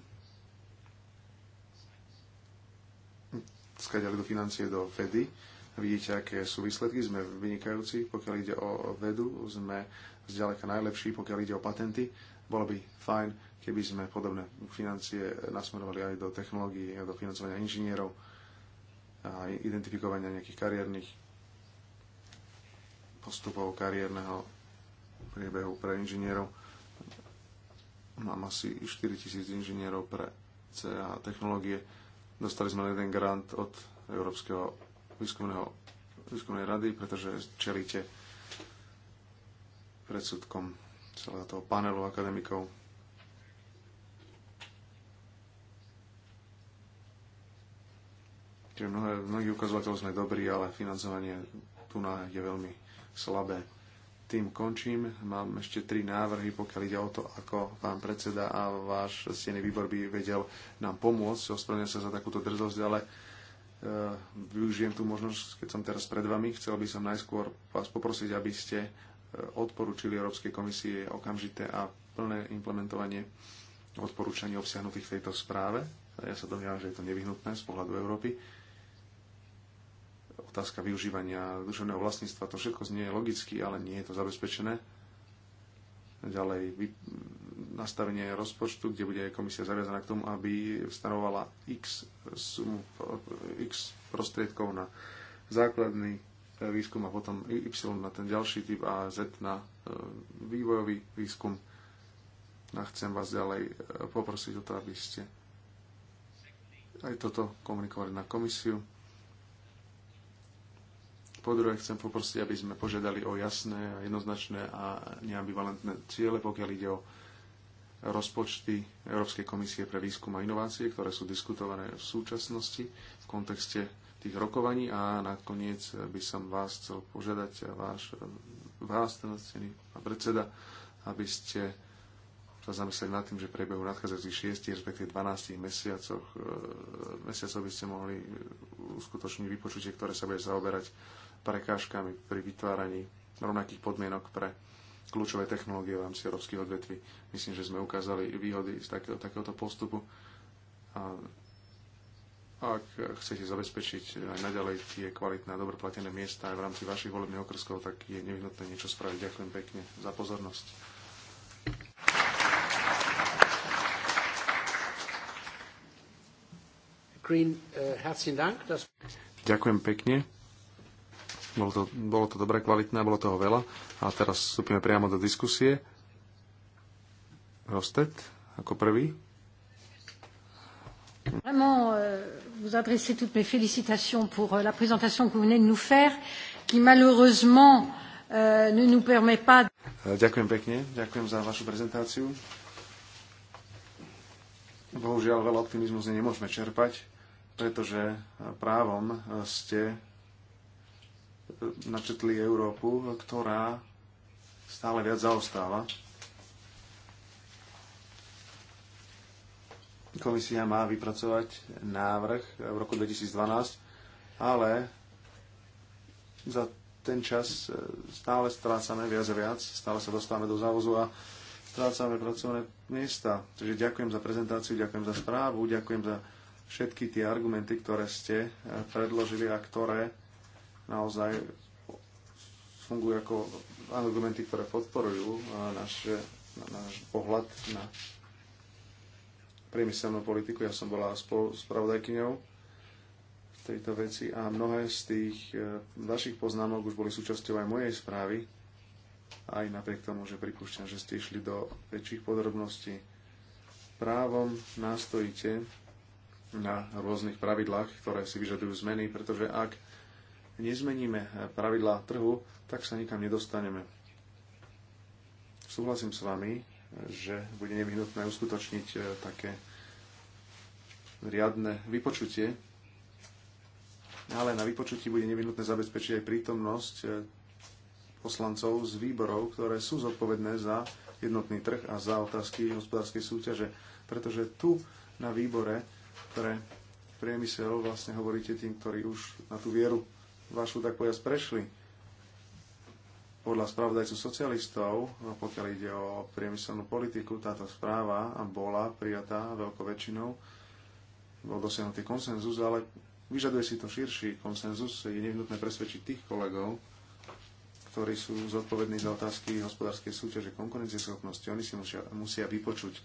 [SPEAKER 3] Skáďali do financie do Fedy Vidíte, aké sú výsledky. Sme vynikajúci, pokiaľ ide o vedu. Sme zďaleka najlepší, pokiaľ ide o patenty. Bolo by fajn, keby sme podobné financie nasmerovali aj do technológií, do financovania inžinierov a identifikovania nejakých kariérnych postupov kariérneho priebehu pre inžinierov. Mám asi 4000 inžinierov pre CA technológie. Dostali sme jeden grant od Európskeho výskumnej rady, pretože čelíte predsudkom celého toho panelu akademikov. Čiže mnohé, mnohí ukazovateľov sme dobrí, ale financovanie tu na je veľmi slabé. Tým končím. Mám ešte tri návrhy, pokiaľ ide o to, ako pán predseda a váš stený výbor by vedel nám pomôcť. Ospravedlňujem sa za takúto drzosť, ale Eh, využijem tú možnosť, keď som teraz pred vami. Chcel by som najskôr vás poprosiť, aby ste eh, odporúčili Európskej komisie okamžité a plné implementovanie odporúčaní obsiahnutých v tejto správe. Ja sa domnievam, že je to nevyhnutné z pohľadu Európy. Otázka využívania duševného vlastníctva, to všetko znie logicky, ale nie je to zabezpečené ďalej nastavenie rozpočtu, kde bude komisia zaviazaná k tomu, aby stanovala x, sum, x prostriedkov na základný eh, výskum a potom Y na ten ďalší typ a Z na eh, vývojový výskum. A chcem vás ďalej eh, poprosiť o to, aby ste aj toto komunikovali na komisiu. Po druhé, chcem poprosiť, aby sme požiadali o jasné, jednoznačné a neambivalentné ciele, pokiaľ ide o rozpočty Európskej komisie pre výskum a inovácie, ktoré sú diskutované v súčasnosti v kontexte tých rokovaní a nakoniec by som vás chcel požiadať, váš, vás, ten cený pán predseda, aby ste sa zamysleli nad tým, že priebehu nadchádzajúcich 6, respektíve 12 mesiacoch, e, mesiacov by ste mohli uskutočniť vypočutie, ktoré sa bude zaoberať prekážkami pri vytváraní rovnakých podmienok pre kľúčové technológie v rámci európskych odvetví. Myslím, že sme ukázali výhody z takého, takéhoto postupu. A ak chcete zabezpečiť aj naďalej tie kvalitné a dobre platené miesta aj v rámci vašich volebných okrskov, tak je nevyhnutné niečo spraviť. Ďakujem pekne za pozornosť.
[SPEAKER 2] Green, uh,
[SPEAKER 3] Ďakujem pekne. Bolo to, bolo to dobré, kvalitné, bolo toho veľa. A teraz vstúpime priamo do diskusie. Rostet ako prvý.
[SPEAKER 2] Vraiment, euh, vous adressez toutes mes félicitations pour euh, la présentation que vous venez de nous faire, qui malheureusement euh, ne nous permet pas.
[SPEAKER 3] Euh, ďakujem pekne, ďakujem za vašu prezentáciu. Bohužiaľ, veľa optimizmu z nej nemôžeme čerpať, pretože eh, právom eh, ste načetli Európu, ktorá stále viac zaostáva. Komisia má vypracovať návrh v roku 2012, ale za ten čas e, stále strácame viac a viac, stále sa dostávame do závozu a strácame pracovné miesta. Takže ďakujem za prezentáciu, ďakujem za správu, ďakujem za všetky tie argumenty, ktoré ste e, predložili a ktoré naozaj fungujú ako argumenty, ktoré podporujú náš, náš pohľad na priemyselnú politiku. Ja som bola spolu v tejto veci a mnohé z tých e, vašich poznámok už boli súčasťou aj mojej správy. Aj napriek tomu, že pripúšťam, že ste išli do väčších podrobností. Právom nástojíte na rôznych pravidlách, ktoré si vyžadujú zmeny, pretože ak nezmeníme eh, pravidlá trhu, tak sa nikam nedostaneme. Súhlasím s vami, eh, že bude nevyhnutné uskutočniť eh, také riadne vypočutie, ale na vypočutí bude nevyhnutné zabezpečiť aj prítomnosť poslancov z výborov, ktoré sú zodpovedné za jednotný trh a za otázky hospodárskej súťaže. Pretože tu na výbore pre priemysel vlastne hovoríte tým, ktorí už na tú vieru vašu, tak povedať, prešli. Podľa spravodajcu socialistov, pokiaľ ide o priemyselnú politiku, táto správa bola prijatá veľkou väčšinou. Bol dosiahnutý konsenzus, ale vyžaduje si to širší konsenzus. Je nevnutné presvedčiť tých kolegov, ktorí sú zodpovední za otázky hospodárskej súťaže, konkurencieschopnosti, oni si musia, musia vypočuť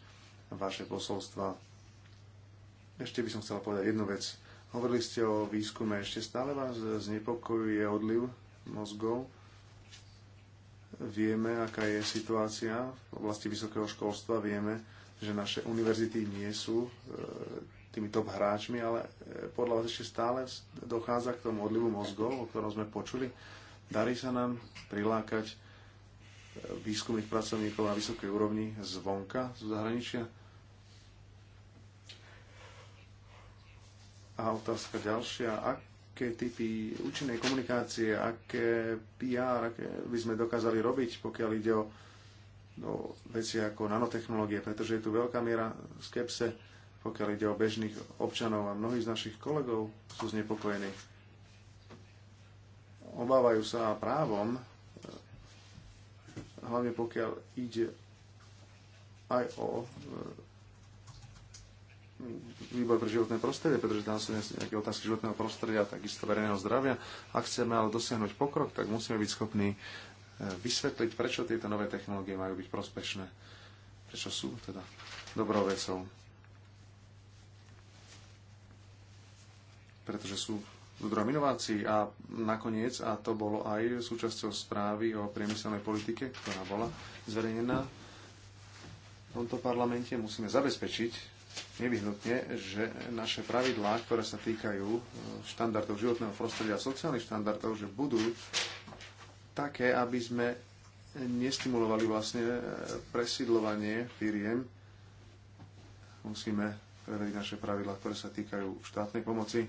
[SPEAKER 3] vaše posolstva. Ešte by som chcela povedať jednu vec. Hovorili ste o výskume. Ešte stále vás znepokojuje odliv mozgov? Vieme, aká je situácia v oblasti vysokého školstva. Vieme, že naše univerzity nie sú e, tými top hráčmi, ale e, podľa vás ešte stále dochádza k tomu odlivu mozgov, o ktorom sme počuli. Darí sa nám prilákať e, výskumných pracovníkov na vysokej úrovni zvonka, z zahraničia? A otázka ďalšia, aké typy účinnej komunikácie, aké PR, aké by sme dokázali robiť, pokiaľ ide o no, veci ako nanotechnológie, pretože je tu veľká miera skepse, pokiaľ ide o bežných občanov a mnohí z našich kolegov sú znepokojení. Obávajú sa právom, hlavne pokiaľ ide aj o výbor pre životné prostredie, pretože tam sú nejaké otázky životného prostredia, takisto verejného zdravia. Ak chceme ale dosiahnuť pokrok, tak musíme byť schopní e, vysvetliť, prečo tieto nové technológie majú byť prospešné, prečo sú teda dobrou vecou. Pretože sú zdrojom inovácií a nakoniec, a to bolo aj súčasťou správy o priemyselnej politike, ktorá bola zverejnená v tomto parlamente, musíme zabezpečiť nevyhnutne, že naše pravidlá, ktoré sa týkajú e, štandardov životného prostredia a sociálnych štandardov, že budú také, aby sme nestimulovali vlastne e, presídlovanie firiem. Musíme prevediť naše pravidlá, ktoré sa týkajú štátnej pomoci.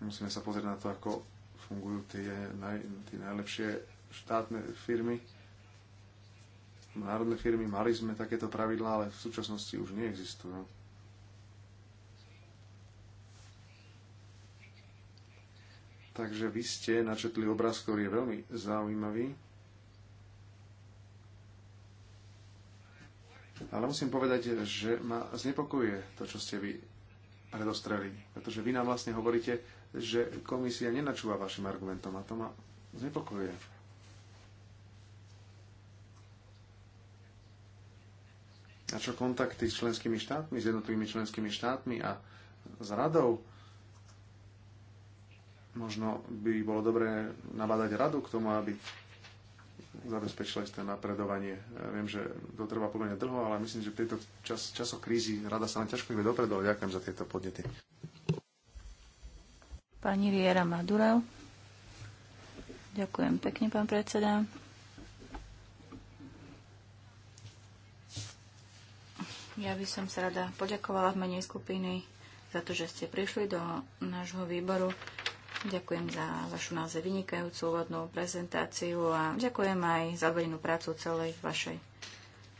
[SPEAKER 3] Musíme sa pozrieť na to, ako fungujú tie, naj, tie najlepšie štátne firmy, národné firmy, mali sme takéto pravidlá, ale v súčasnosti už neexistujú. Takže vy ste načetli obraz, ktorý je veľmi zaujímavý. Ale musím povedať, že ma znepokojuje to, čo ste vy predostreli. Pretože vy nám vlastne hovoríte, že komisia nenačúva vašim argumentom a to ma znepokojuje. čo kontakty s členskými štátmi, s jednotlivými členskými štátmi a s radou? Možno by bolo dobré nabádať radu k tomu, aby zabezpečila isté napredovanie. Ja viem, že to trvá pomerne dlho, ale myslím, že v tejto čas, časoch krízy rada sa nám ťažko vie dopredu. Ďakujem za tieto podnety.
[SPEAKER 2] Pani Viera Madurel. Ďakujem pekne, pán predseda. Ja by som sa rada poďakovala v mene skupiny za to, že ste prišli do nášho výboru. Ďakujem za vašu naozaj vynikajúcu úvodnú prezentáciu a ďakujem aj za odvedenú prácu celej vašej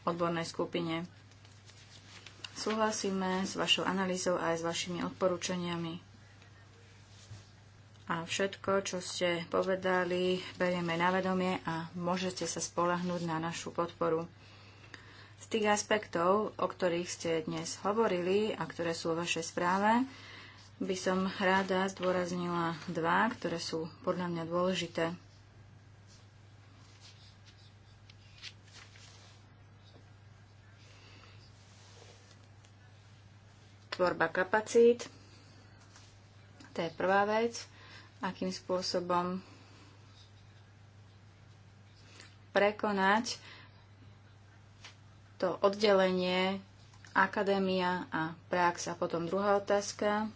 [SPEAKER 2] odbornej skupine. Súhlasíme s vašou analýzou aj s vašimi odporúčaniami. A všetko, čo ste povedali, berieme na vedomie a môžete sa spolahnúť na našu podporu. Z tých aspektov, o ktorých ste dnes hovorili a ktoré sú vo vašej správe, by som rada zdôraznila dva, ktoré sú podľa mňa dôležité. Tvorba kapacít, to je prvá vec, akým spôsobom prekonať to oddelenie akadémia a prax. A potom druhá otázka.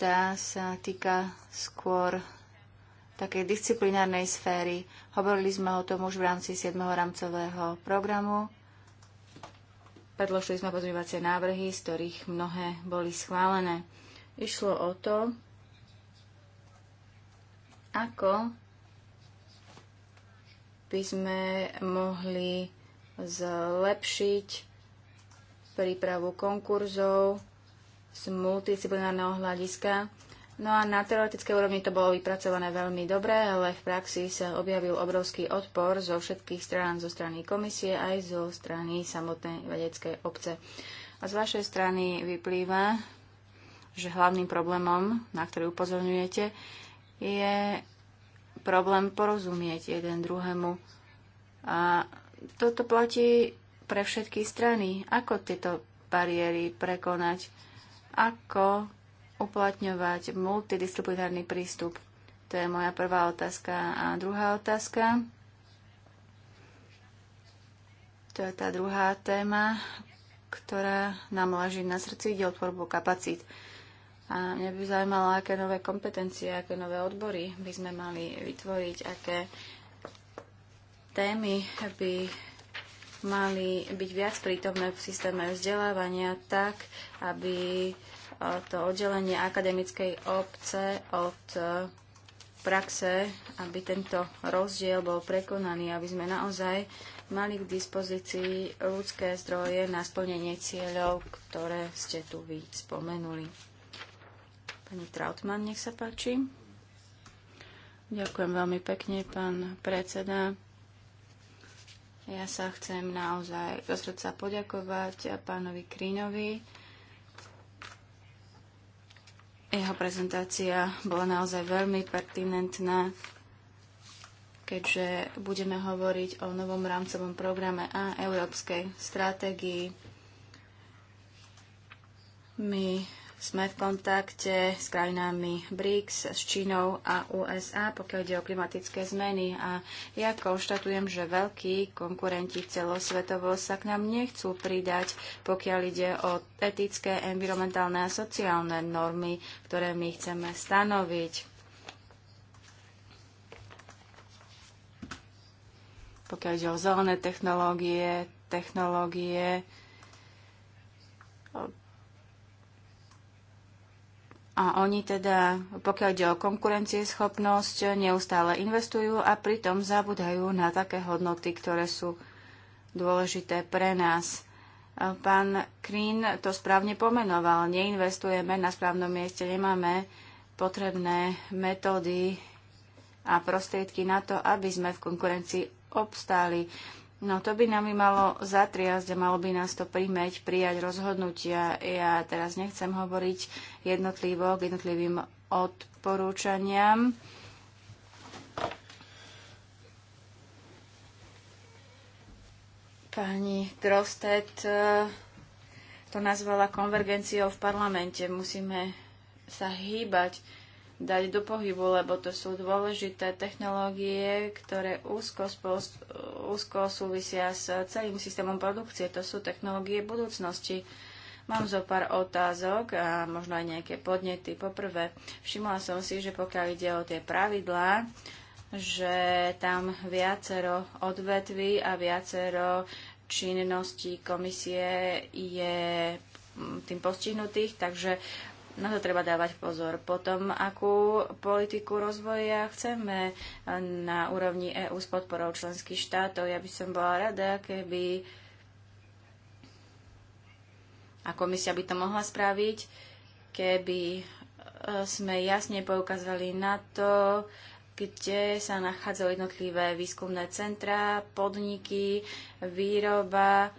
[SPEAKER 2] Tá sa týka skôr takej disciplinárnej sféry. Hovorili sme o tom už v rámci 7. rámcového programu. Predložili sme pozmývacie návrhy, z ktorých mnohé boli schválené. Išlo o to, ako by sme mohli zlepšiť prípravu konkurzov z multidisciplinárneho hľadiska. No a na teoretickej úrovni to bolo vypracované veľmi dobre, ale v praxi sa objavil obrovský odpor zo všetkých strán, zo strany komisie aj zo strany samotnej vedeckej obce. A z vašej strany vyplýva, že hlavným problémom, na ktorý upozorňujete, je problém porozumieť jeden druhému. A toto platí pre všetky strany. Ako tieto bariéry prekonať? Ako uplatňovať multidisciplinárny prístup? To je moja prvá otázka. A druhá otázka, to je tá druhá téma, ktorá nám leží na srdci, ide o tvorbu kapacít. A mňa by zaujímalo, aké nové kompetencie, aké nové odbory by sme mali vytvoriť, aké témy by mali byť viac prítomné v systéme vzdelávania tak, aby e, to oddelenie akademickej obce od e, praxe, aby tento rozdiel bol prekonaný, aby sme naozaj mali k dispozícii ľudské zdroje na splnenie cieľov, ktoré ste tu vy spomenuli. Pani Trautmann, nech sa páči. Ďakujem veľmi pekne, pán predseda. Ja sa chcem naozaj zo srdca poďakovať pánovi Krínovi. Jeho prezentácia bola naozaj veľmi pertinentná, keďže budeme hovoriť o novom rámcovom programe a európskej stratégii. My sme v kontakte s krajinami BRICS, s Čínou a USA, pokiaľ ide o klimatické zmeny. A ja konštatujem, že veľkí konkurenti celosvetovo sa k nám nechcú pridať, pokiaľ ide o etické, environmentálne a sociálne normy, ktoré my chceme stanoviť. Pokiaľ ide o zelené technológie, technológie, A oni teda, pokiaľ ide o konkurencieschopnosť, neustále investujú a pritom zabúdajú na také hodnoty, ktoré sú dôležité pre nás. Pán Krín to správne pomenoval. Neinvestujeme na správnom mieste, nemáme potrebné metódy a prostriedky na to, aby sme v konkurencii obstáli. No to by nám malo zatriasť a malo by nás to príjmeť, prijať rozhodnutia. Ja teraz nechcem hovoriť jednotlivo k jednotlivým odporúčaniam. Pani Grostet eh, to nazvala konvergenciou v parlamente. Musíme sa hýbať dať do pohybu, lebo to sú dôležité technológie, ktoré úzko, spolu, úzko súvisia s celým systémom produkcie. To sú technológie budúcnosti. Mám zo pár otázok a možno aj nejaké podnety. Poprvé, všimla som si, že pokiaľ ide o tie pravidlá, že tam viacero odvetví a viacero činností komisie je mm, tým postihnutých, takže na to treba dávať pozor. Potom, akú politiku rozvoja chceme e, na úrovni EÚ s podporou členských štátov. Ja by som bola rada, keby a komisia by to mohla spraviť, keby e, sme jasne poukázali na to, kde sa nachádzajú jednotlivé výskumné centra, podniky, výroba,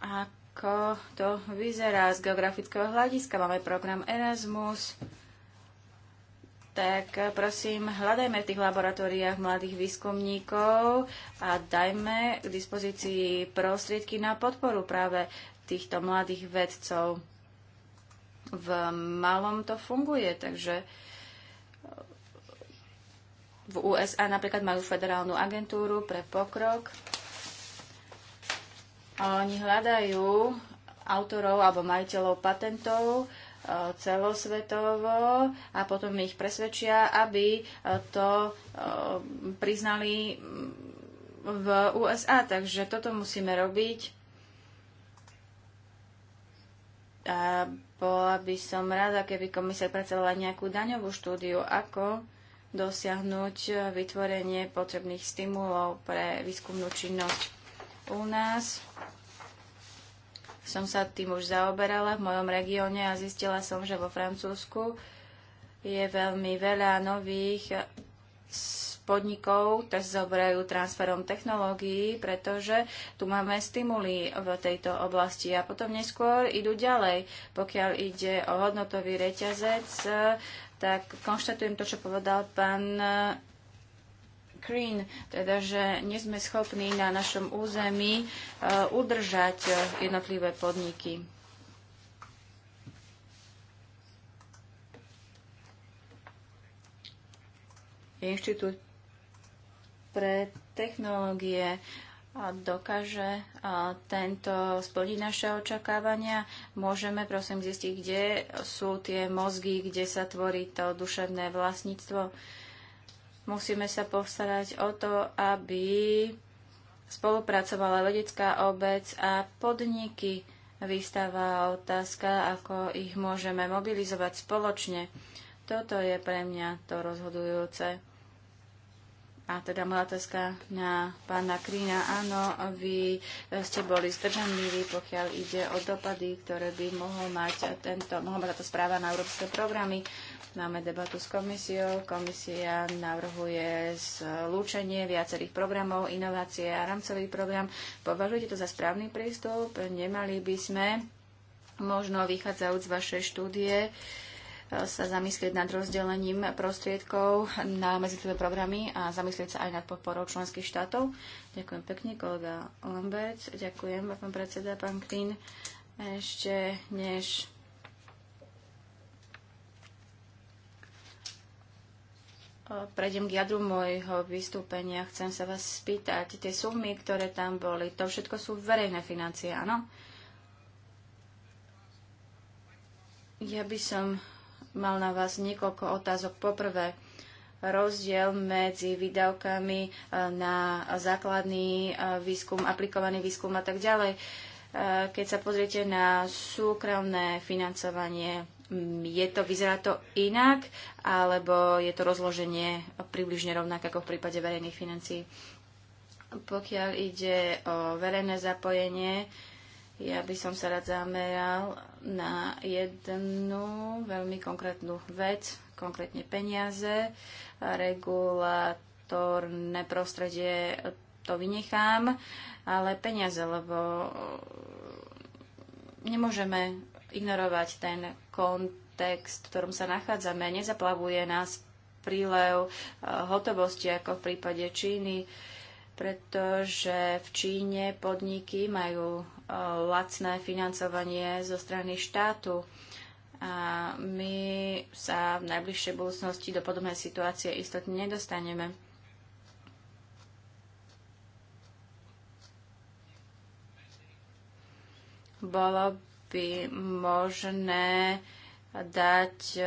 [SPEAKER 2] a ako to vyzerá z geografického hľadiska. Máme program Erasmus, tak prosím, hľadajme v tých laboratóriách mladých výskumníkov a dajme k dispozícii prostriedky na podporu práve týchto mladých vedcov. V malom to funguje, takže v USA napríklad majú federálnu agentúru pre pokrok oni hľadajú autorov alebo majiteľov patentov e, celosvetovo a potom ich presvedčia, aby e, to e, priznali mm, v USA. Takže toto musíme robiť. A bola by som rada, keby komisia pracovala nejakú daňovú štúdiu, ako dosiahnuť vytvorenie potrebných stimulov pre výskumnú činnosť u nás som sa tým už zaoberala v mojom regióne a zistila som, že vo Francúzsku je veľmi veľa nových podnikov, ktoré sa zaoberajú transferom technológií, pretože tu máme stimuly v tejto oblasti a potom neskôr idú ďalej. Pokiaľ ide o hodnotový reťazec, tak konštatujem to, čo povedal pán green, teda že nie sme schopní na našom území e, udržať e, jednotlivé podniky. Inštitút pre technológie dokáže tento splniť naše očakávania. Môžeme prosím zistiť, kde sú tie mozgy, kde sa tvorí to duševné vlastníctvo. Musíme sa postarať o to, aby spolupracovala vedecká obec a podniky. Vystáva otázka, ako ich môžeme mobilizovať spoločne. Toto je pre mňa to rozhodujúce. A teda moja otázka na pána Krína. Áno, vy ste boli zdržanliví, pokiaľ ide o dopady, ktoré by mohol mať, tento, mohol mať táto správa na európske programy. Máme debatu s komisiou. Komisia navrhuje zlúčenie viacerých programov, inovácie a rámcový program. Považujete to za správny prístup? Nemali by sme, možno vychádzajúc z vašej štúdie, e, sa zamyslieť nad rozdelením prostriedkov na medzitlivé programy a zamyslieť sa aj nad podporou členských štátov. Ďakujem pekne, kolega Lambert. Ďakujem, pán predseda, pán Klin. Ešte než prejdem k jadru môjho vystúpenia. Chcem sa vás spýtať, tie sumy, ktoré tam boli, to všetko sú verejné financie, áno? Ja by som mal na vás niekoľko otázok. Poprvé, rozdiel medzi výdavkami e, na základný e, výskum, aplikovaný výskum a tak ďalej. E, keď sa pozriete na súkromné financovanie Mm, je to, vyzerá to inak, alebo je to rozloženie približne rovnaké ako v prípade verejných financií? Pokiaľ ide o verejné zapojenie, ja by som sa rád zameral na jednu veľmi konkrétnu vec, konkrétne peniaze, Regulatorné prostredie to vynechám, ale peniaze, lebo nemôžeme ignorovať ten kontext, v ktorom sa nachádzame. Nezaplavuje nás prílev eh, hotovosti ako v prípade Číny, pretože v Číne podniky majú eh, lacné financovanie zo strany štátu. A my sa v najbližšej budúcnosti do podobnej situácie istotne nedostaneme. Bolo by možné dať e, e,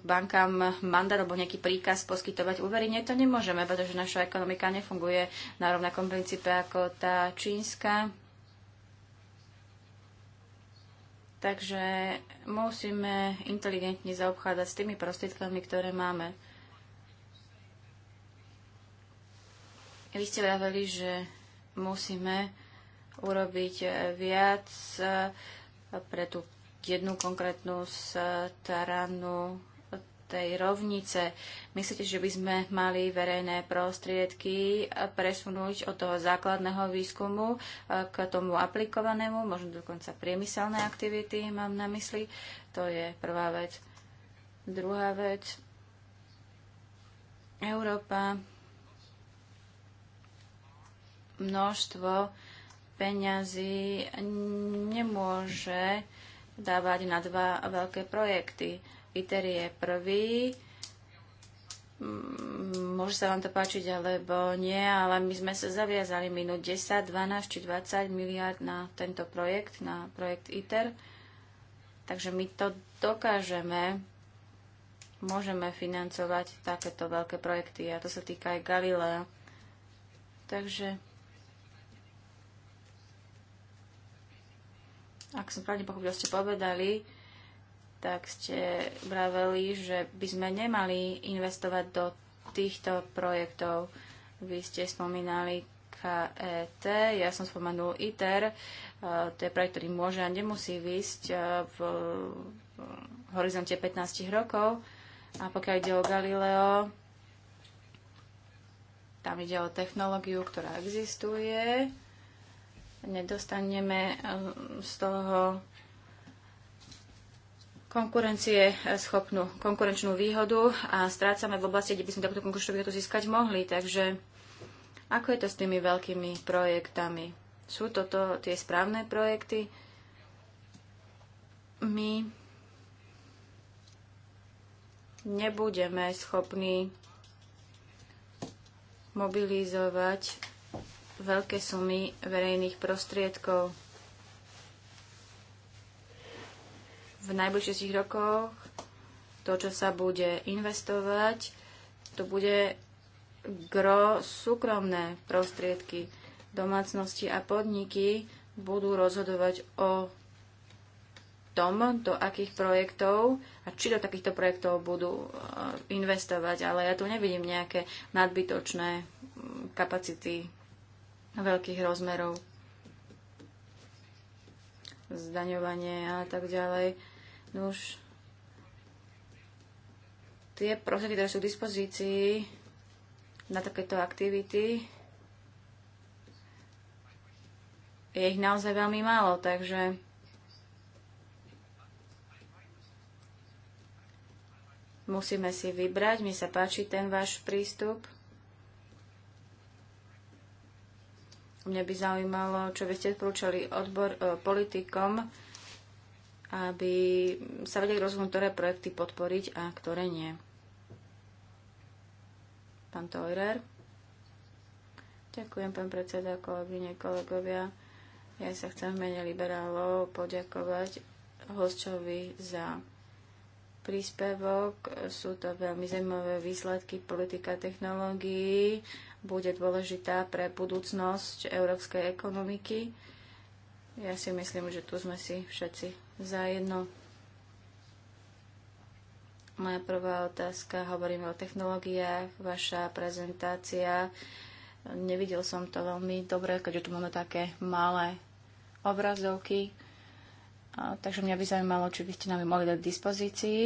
[SPEAKER 2] bankám mandát alebo nejaký príkaz poskytovať úvery. Nie, to nemôžeme, pretože naša ekonomika nefunguje na rovnakom princípe ako tá čínska. Takže musíme inteligentne zaobchádzať s tými prostriedkami, ktoré máme. Vy ste vraveli, že musíme urobiť eh, viac eh, pre tú jednu konkrétnu stranu tej rovnice. Myslíte, že by sme mali verejné prostriedky eh, presunúť od toho základného výskumu k tomu aplikovanému, možno dokonca priemyselné aktivity mám na mysli. To je prvá vec. Druhá vec. Európa množstvo peňazí nemôže dávať na dva veľké projekty. ITER je prvý, mm, môže sa vám to páčiť alebo nie, ale my sme sa zaviazali minút 10, 12 či 20 miliard na tento projekt, na projekt ITER. Takže my to dokážeme, môžeme financovať takéto veľké projekty a to sa týka aj Galilea. Takže Ak som pravde pochopila, ste povedali, tak ste vraveli, že by sme nemali investovať do týchto projektov. Vy ste spomínali KET, ja som spomenul ITER, e, to je projekt, ktorý môže a nemusí výsť e, v horizonte 15 rokov. A pokiaľ ide o Galileo, tam ide o technológiu, ktorá existuje nedostaneme ehm, z toho konkurencie e, schopnú, konkurenčnú výhodu a strácame v oblasti, kde by sme takúto konkurenčnú výhodu získať mohli. Takže ako je to s tými veľkými projektami? Sú toto tie správne projekty? My nebudeme schopní mobilizovať veľké sumy verejných prostriedkov. V najbližších rokoch to, čo sa bude investovať, to bude gro súkromné prostriedky. Domácnosti a podniky budú rozhodovať o tom, do akých projektov a či do takýchto projektov budú e, investovať, ale ja tu nevidím nejaké nadbytočné kapacity veľkých rozmerov, zdaňovanie a tak ďalej. No už tie prostriedky, ktoré sú k dispozícii na takéto aktivity, je ich naozaj veľmi málo, takže musíme si vybrať. Mi sa páči ten váš prístup. Mňa by zaujímalo, čo by ste odporúčali odbor, e, politikom, aby sa vedeli rozhodnúť, ktoré projekty podporiť a ktoré nie. Pán Tojrer. Ďakujem, pán predseda, kolegyne, kolegovia. Ja sa chcem v mene liberálov poďakovať hostovi za príspevok. Sú to veľmi zaujímavé výsledky politika technológií bude dôležitá pre budúcnosť európskej ekonomiky. Ja si myslím, že tu sme si všetci zajedno. Moja prvá otázka, hovoríme o technológiách, vaša prezentácia. Nevidel som to veľmi dobre, keďže tu máme také malé obrazovky. Takže mňa by zaujímalo, či by ste nám mohli dať k dispozícii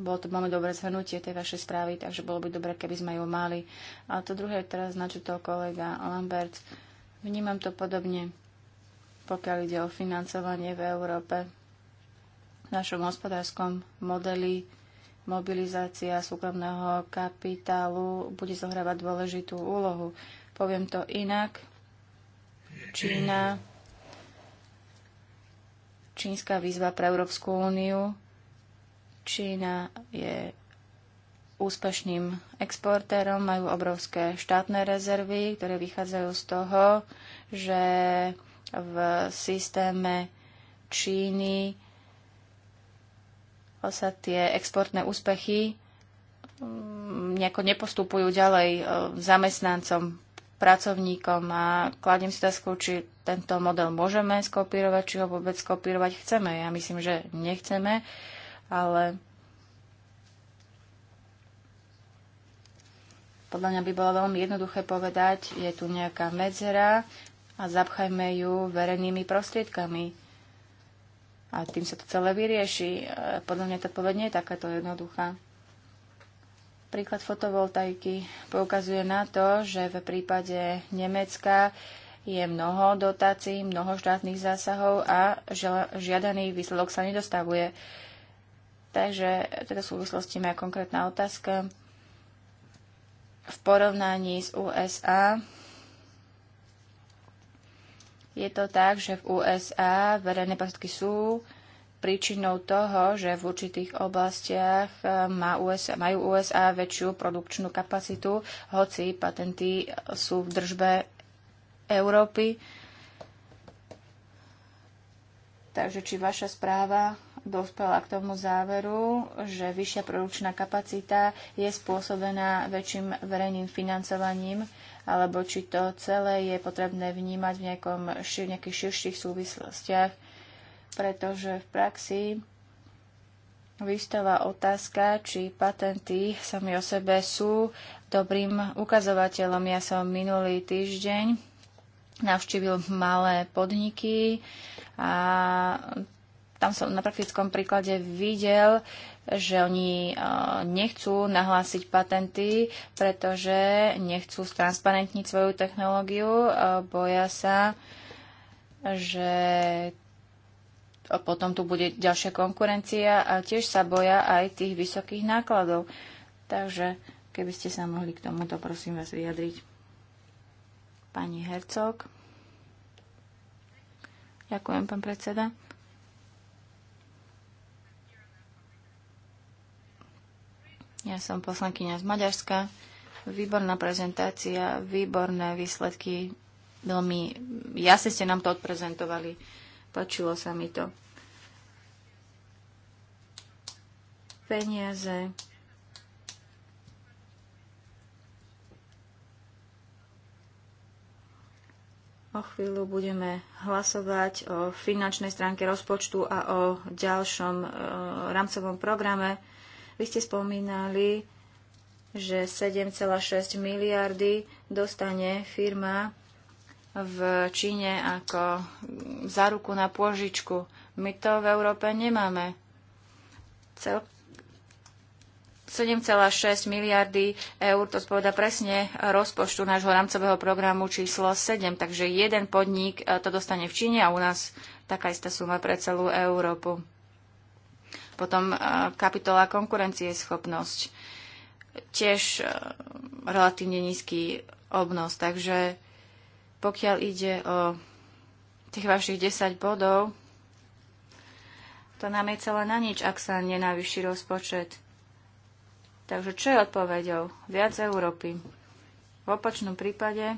[SPEAKER 2] bolo to veľmi dobré zhrnutie tej vašej správy, takže bolo by dobré, keby sme ju mali. A to druhé teraz načutil kolega Lambert. Vnímam to podobne, pokiaľ ide o financovanie v Európe. V našom hospodárskom modeli mobilizácia súkromného kapitálu bude zohrávať dôležitú úlohu. Poviem to inak. Čína, čínska výzva pre Európsku úniu Čína je úspešným exportérom, majú obrovské štátne rezervy, ktoré vychádzajú z toho, že v systéme Číny sa tie exportné úspechy mm, nejako nepostupujú ďalej e, zamestnancom, pracovníkom a kladiem si otázku, či tento model môžeme skopírovať, či ho vôbec skopírovať chceme. Ja myslím, že nechceme ale podľa mňa by bolo veľmi jednoduché povedať, je tu nejaká medzera a zapchajme ju verejnými prostriedkami. A tým sa to celé vyrieši. Podľa mňa tá odpoveď nie je takáto jednoduchá. Príklad fotovoltaiky poukazuje na to, že v prípade Nemecka je mnoho dotácií, mnoho štátnych zásahov a žiadaný výsledok sa nedostavuje. Takže v tejto súvislosti moja konkrétna otázka. V porovnaní s USA je to tak, že v USA verejné prostriedky sú príčinou toho, že v určitých oblastiach eh, má USA, majú USA väčšiu produkčnú kapacitu, hoci patenty sú v držbe Európy. Takže či vaša správa dospela k tomu záveru, že vyššia produkčná kapacita je spôsobená väčším verejným financovaním, alebo či to celé je potrebné vnímať v nejakom, nejakých širších súvislostiach, pretože v praxi vystáva otázka, či patenty sami o sebe sú dobrým ukazovateľom. Ja som minulý týždeň navštívil malé podniky a tam som na praktickom príklade videl, že oni eh, nechcú nahlásiť patenty, pretože nechcú stransparentniť svoju technológiu, eh, boja sa, že potom tu bude ďalšia konkurencia a tiež sa boja aj tých vysokých nákladov. Takže keby ste sa mohli k tomuto, prosím vás, vyjadriť. Pani Hercog. Ďakujem, pán predseda. Ja som poslankyňa z Maďarska. Výborná prezentácia, výborné výsledky. Veľmi jasne ste nám to odprezentovali. Pačilo sa mi to. Peniaze, O chvíľu budeme hlasovať o finančnej stránke rozpočtu a o ďalšom e, rámcovom programe. Vy ste spomínali, že 7,6 miliardy dostane firma v Číne ako záruku na pôžičku. My to v Európe nemáme. Cel... 7,6 miliardy eur, to spoveda presne rozpočtu nášho rámcového programu číslo 7, takže jeden podnik eh, to dostane v Číne a u nás taká istá suma pre celú Európu. Potom e, kapitola schopnosť. tiež e, relatívne nízky obnos. Takže pokiaľ ide o tých vašich 10 bodov, to nám je celé na nič, ak sa nenavýši rozpočet. Takže čo je odpovedou? Viac Európy. V opačnom prípade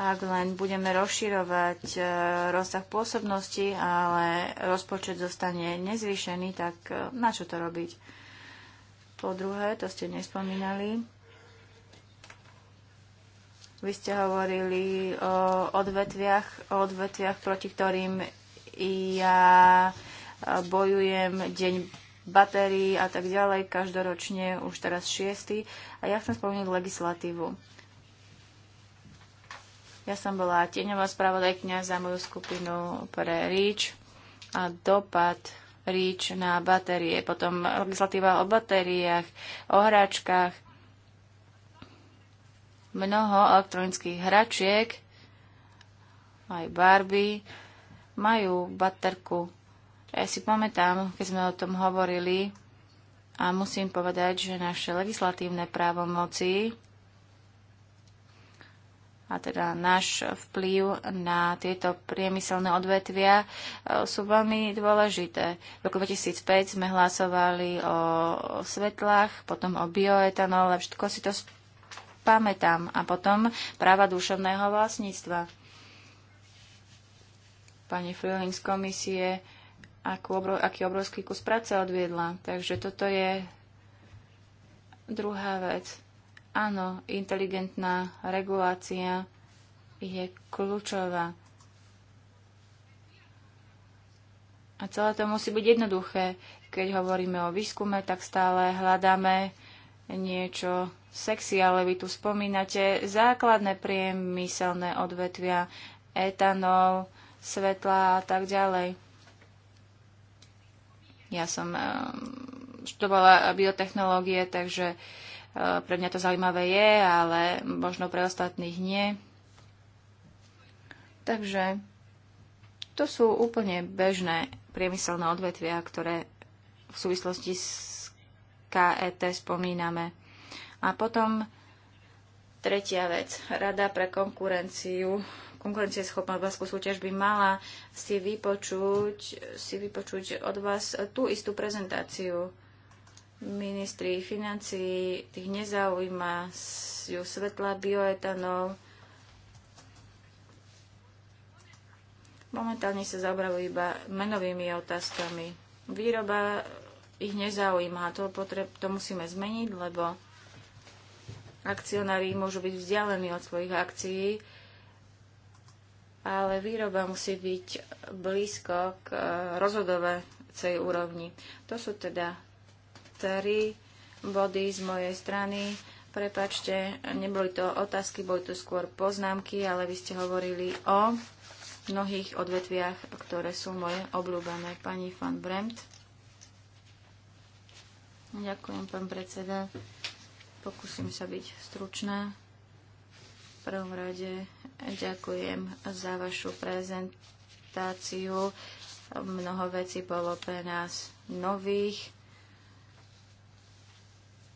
[SPEAKER 2] ak len budeme rozširovať e, rozsah pôsobnosti, ale rozpočet zostane nezvýšený, tak e, na čo to robiť? Po druhé, to ste nespomínali, vy ste hovorili o odvetviach, o odvetviach proti ktorým ja e, bojujem deň batérií a tak ďalej, každoročne už teraz šiestý. A ja chcem spomenúť legislatívu. Ja som bola tieňová spravodajkňa za moju skupinu pre REACH a dopad REACH na batérie, potom legislatíva o batériách, o hračkách, mnoho elektronických hračiek, aj Barbie, majú baterku. Ja si pamätám, keď sme o tom hovorili a musím povedať, že naše legislatívne právomoci a teda náš vplyv na tieto priemyselné odvetvia e, sú veľmi dôležité. V roku 2005 sme hlasovali o svetlách, potom o bioetanole, všetko si to pamätám. A potom práva duševného vlastníctva. Pani Freeling z komisie, obrov, aký obrovský kus práce odviedla. Takže toto je druhá vec. Áno, inteligentná regulácia je kľúčová. A celé to musí byť jednoduché. Keď hovoríme o výskume, tak stále hľadáme niečo sexy, ale vy tu spomínate základné priemyselné odvetvia, etanol, svetla a tak ďalej. Ja som študovala ehm, biotechnológie, takže uh, Eh, pre mňa to zaujímavé je, ale možno pre ostatných nie. Takže to sú úplne bežné priemyselné odvetvia, ktoré v súvislosti s KET spomíname. A potom tretia vec. Rada pre konkurenciu konkurencieschopná vlastnú súťaž by mala si vypočuť, si vypočuť od vás tú istú prezentáciu ministri financií, tých nezaujíma ju svetla bioetanol. Momentálne sa zaoberajú iba menovými otázkami. Výroba ich nezaujíma. To, potreb, to musíme zmeniť, lebo akcionári môžu byť vzdialení od svojich akcií, ale výroba musí byť blízko k eh, rozhodovacej úrovni. To sú teda Tri body z mojej strany. Prepačte, neboli to otázky, boli to skôr poznámky, ale vy ste hovorili o mnohých odvetviach, ktoré sú moje obľúbené. Pani van Bremt. Ďakujem, pán predseda. Pokúsim sa byť stručná. V prvom rade ďakujem za vašu prezentáciu. Mnoho vecí bolo pre nás nových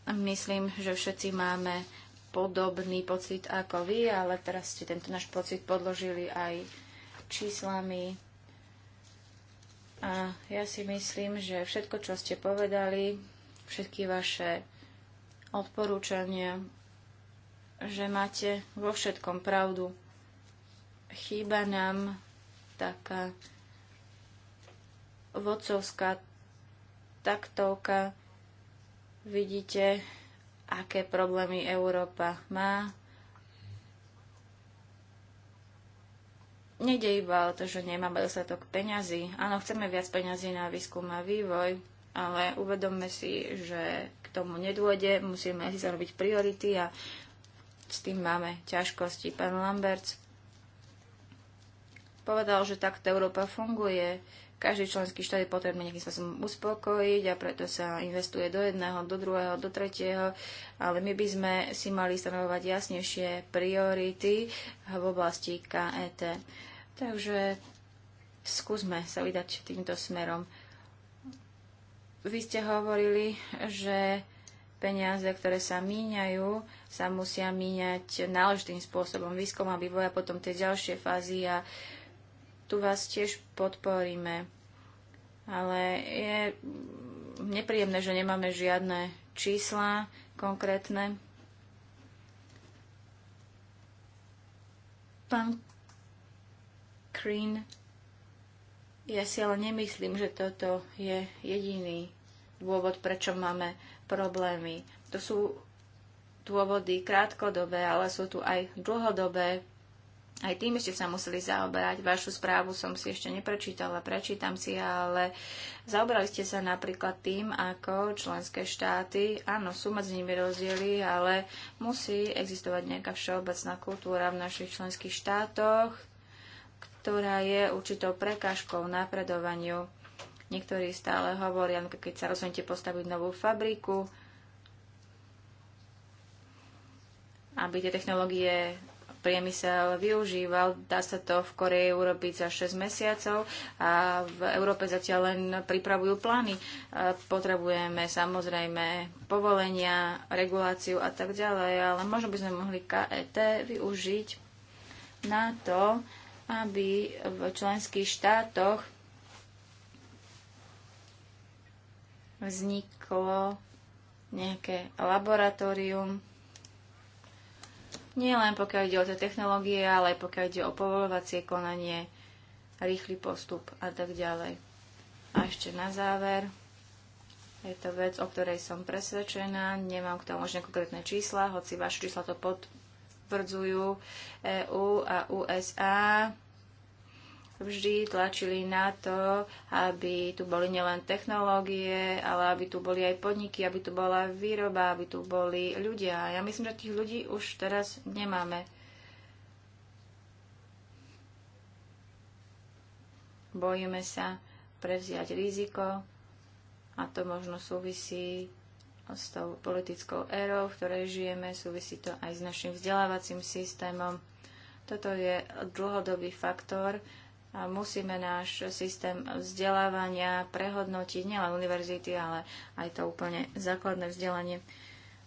[SPEAKER 2] Myslím, že všetci máme podobný pocit ako vy, ale teraz ste tento náš pocit podložili aj číslami. A ja si myslím, že všetko, čo ste povedali, všetky vaše odporúčania, že máte vo všetkom pravdu. Chýba nám taká vodcovská taktovka, vidíte, aké problémy Európa má. Nede iba o to, že nemáme dostatok peňazí. Áno, chceme viac peňazí na výskum a vývoj, ale uvedomme si, že k tomu nedôjde, musíme si zarobiť priority a s tým máme ťažkosti. Pán Lamberts povedal, že takto Európa funguje, každý členský štát je potrebný nejakým spôsobom uspokojiť a preto sa investuje do jedného, do druhého, do tretieho, ale my by sme si mali stanovovať jasnejšie priority v oblasti KET. Takže skúsme sa vydať týmto smerom. Vy ste hovorili, že peniaze, ktoré sa míňajú, sa musia míňať náležitým spôsobom výskum a vývoja, potom tie ďalšie fázy a uh, tu vás tiež podporíme. Ale je nepríjemné, že nemáme žiadne čísla konkrétne. Pán Green, ja si ale nemyslím, že toto je jediný dôvod, prečo máme problémy. To sú dôvody krátkodobé, ale sú tu aj dlhodobé aj tým ste sa museli zaoberať. Vašu správu som si ešte neprečítala, prečítam si, ale zaoberali ste sa napríklad tým, ako členské štáty, áno, sú medzi nimi rozdiely, ale musí existovať nejaká všeobecná kultúra v našich členských štátoch, ktorá je určitou prekážkou napredovaniu. Niektorí stále hovoria, no keď sa rozhodnete postaviť novú fabriku, aby tie technológie priemysel využíval. Dá sa to v Koreji urobiť za 6 mesiacov a v Európe zatiaľ len pripravujú plány. Potrebujeme samozrejme povolenia, reguláciu a tak ďalej, ale možno by sme mohli KET využiť na to, aby v členských štátoch vzniklo nejaké laboratórium, nie len pokiaľ ide o tie technológie, ale aj pokiaľ ide o povolovacie konanie, rýchly postup a tak ďalej. A ešte na záver, je to vec, o ktorej som presvedčená, nemám k tomu možné konkrétne čísla, hoci vaše čísla to potvrdzujú EU a USA vždy tlačili na to, aby tu boli nielen technológie, ale aby tu boli aj podniky, aby tu bola výroba, aby tu boli ľudia. ja myslím, že tých ľudí už teraz nemáme. Bojíme sa prevziať riziko a to možno súvisí s tou politickou érou, v ktorej žijeme, súvisí to aj s našim vzdelávacím systémom. Toto je dlhodobý faktor, musíme náš systém vzdelávania prehodnotiť, nielen univerzity, ale aj to úplne základné vzdelanie.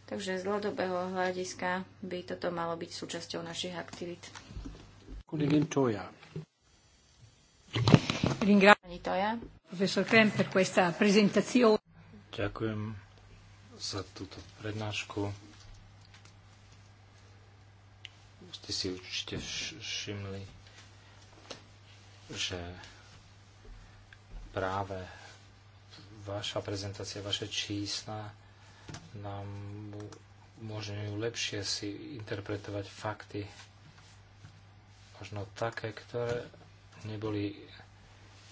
[SPEAKER 2] Takže z dlhodobého hľadiska by toto malo byť súčasťou našich aktivít.
[SPEAKER 1] Ďakujem za túto prednášku. Ste si určite všimli že práve vaša prezentácia, vaše čísla nám umožňujú lepšie si interpretovať fakty, možno také, ktoré neboli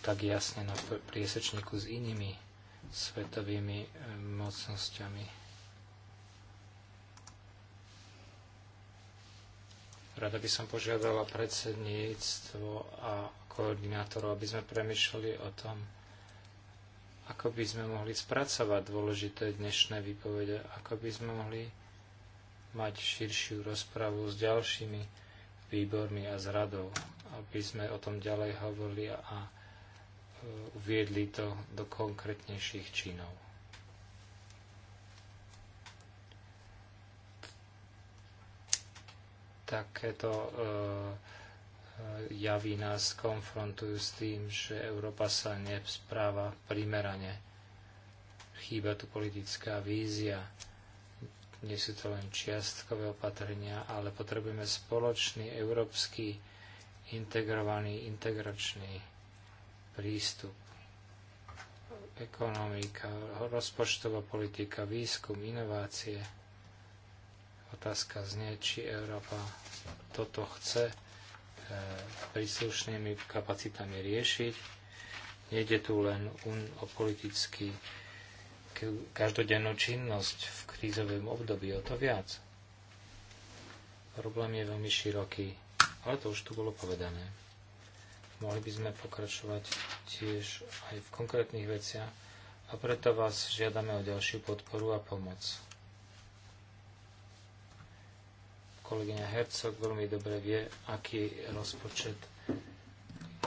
[SPEAKER 1] tak jasne na priesečníku s inými svetovými eh, mocnosťami. Rada by som požiadala predsedníctvo a koordinátorov, aby sme premyšľali o tom, ako by sme mohli spracovať dôležité dnešné výpovede, ako by sme mohli mať širšiu rozpravu s ďalšími výbormi a s radou, aby sme o tom ďalej hovorili a e, uviedli to do konkrétnejších činov. takéto eh, javy nás konfrontujú s tým, že Európa sa nespráva primerane. Chýba tu politická vízia. Nie sú to len čiastkové opatrenia, ale potrebujeme spoločný európsky integrovaný, integračný prístup. Ekonomika, rozpočtová politika, výskum, inovácie – Otázka znie, či Európa toto chce eh, príslušnými kapacitami riešiť. Nejde tu len o politický každodennú činnosť v krízovom období, o to viac. Problém je veľmi široký, ale to už tu bolo povedané. Mohli by sme pokračovať tiež aj v konkrétnych veciach a preto vás žiadame o ďalšiu podporu a pomoc. Kolegyňa Hercog veľmi dobre vie, aký rozpočet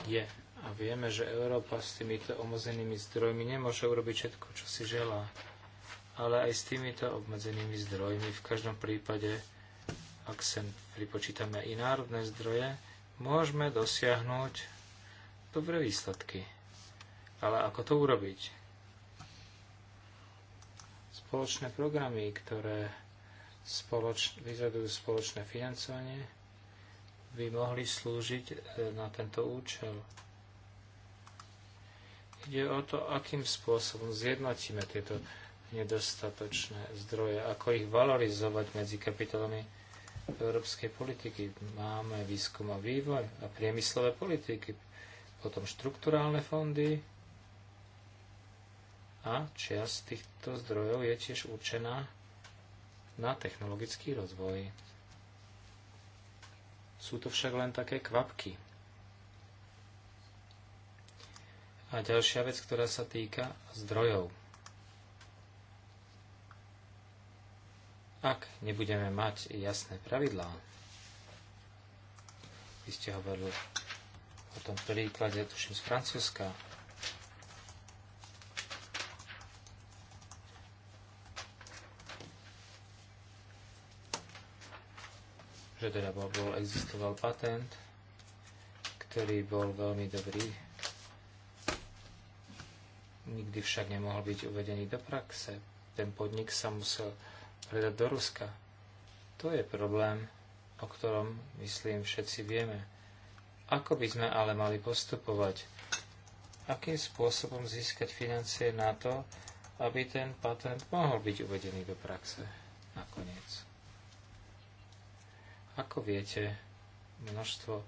[SPEAKER 1] je. A vieme, že Európa s týmito obmedzenými zdrojmi nemôže urobiť všetko, čo si želá. Ale aj s týmito obmedzenými zdrojmi v každom prípade, ak sem pripočítame i národné zdroje, môžeme dosiahnuť dobré výsledky. Ale ako to urobiť? Spoločné programy, ktoré spoloč, vyžadujú spoločné financovanie, by mohli slúžiť e, na tento účel. Ide o to, akým spôsobom zjednotíme tieto nedostatočné zdroje, ako ich valorizovať medzi kapitolami európskej politiky. Máme výskum a vývoj a priemyslové politiky, potom štrukturálne fondy a časť týchto zdrojov je tiež určená na technologický rozvoj. Sú to však len také kvapky. A ďalšia vec, ktorá sa týka zdrojov. Ak nebudeme mať jasné pravidlá, vy ste hovorili o tom príklade, tuším z Francúzska, že teda bol, bol, existoval patent, ktorý bol veľmi dobrý, nikdy však nemohol byť uvedený do praxe. Ten podnik sa musel predať do Ruska. To je problém, o ktorom, myslím, všetci vieme. Ako by sme ale mali postupovať? Akým spôsobom získať financie na to, aby ten patent mohol byť uvedený do praxe nakoniec? Ako viete, množstvo e,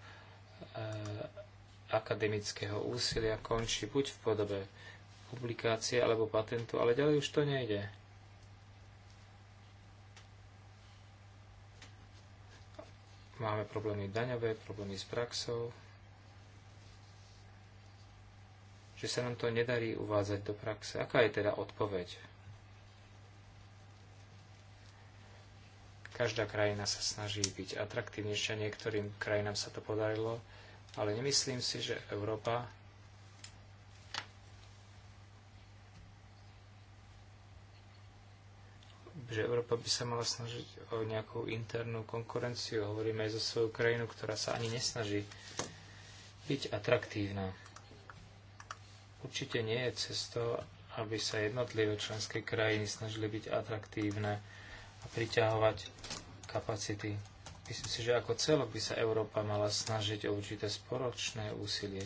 [SPEAKER 1] akademického úsilia končí buď v podobe publikácie alebo patentu, ale ďalej už to nejde. Máme problémy daňové, problémy s praxou, že sa nám to nedarí uvádzať do praxe. Aká je teda odpoveď? Každá krajina sa snaží byť atraktívnejšia, niektorým krajinám sa to podarilo, ale nemyslím si, že Európa že Európa by sa mala snažiť o nejakú internú konkurenciu. Hovoríme aj za svoju krajinu, ktorá sa ani nesnaží byť atraktívna. Určite nie je cesto, aby sa jednotlivé členské krajiny snažili byť atraktívne a priťahovať kapacity. Myslím si, že ako celok by sa Európa mala snažiť o určité sporočné úsilie.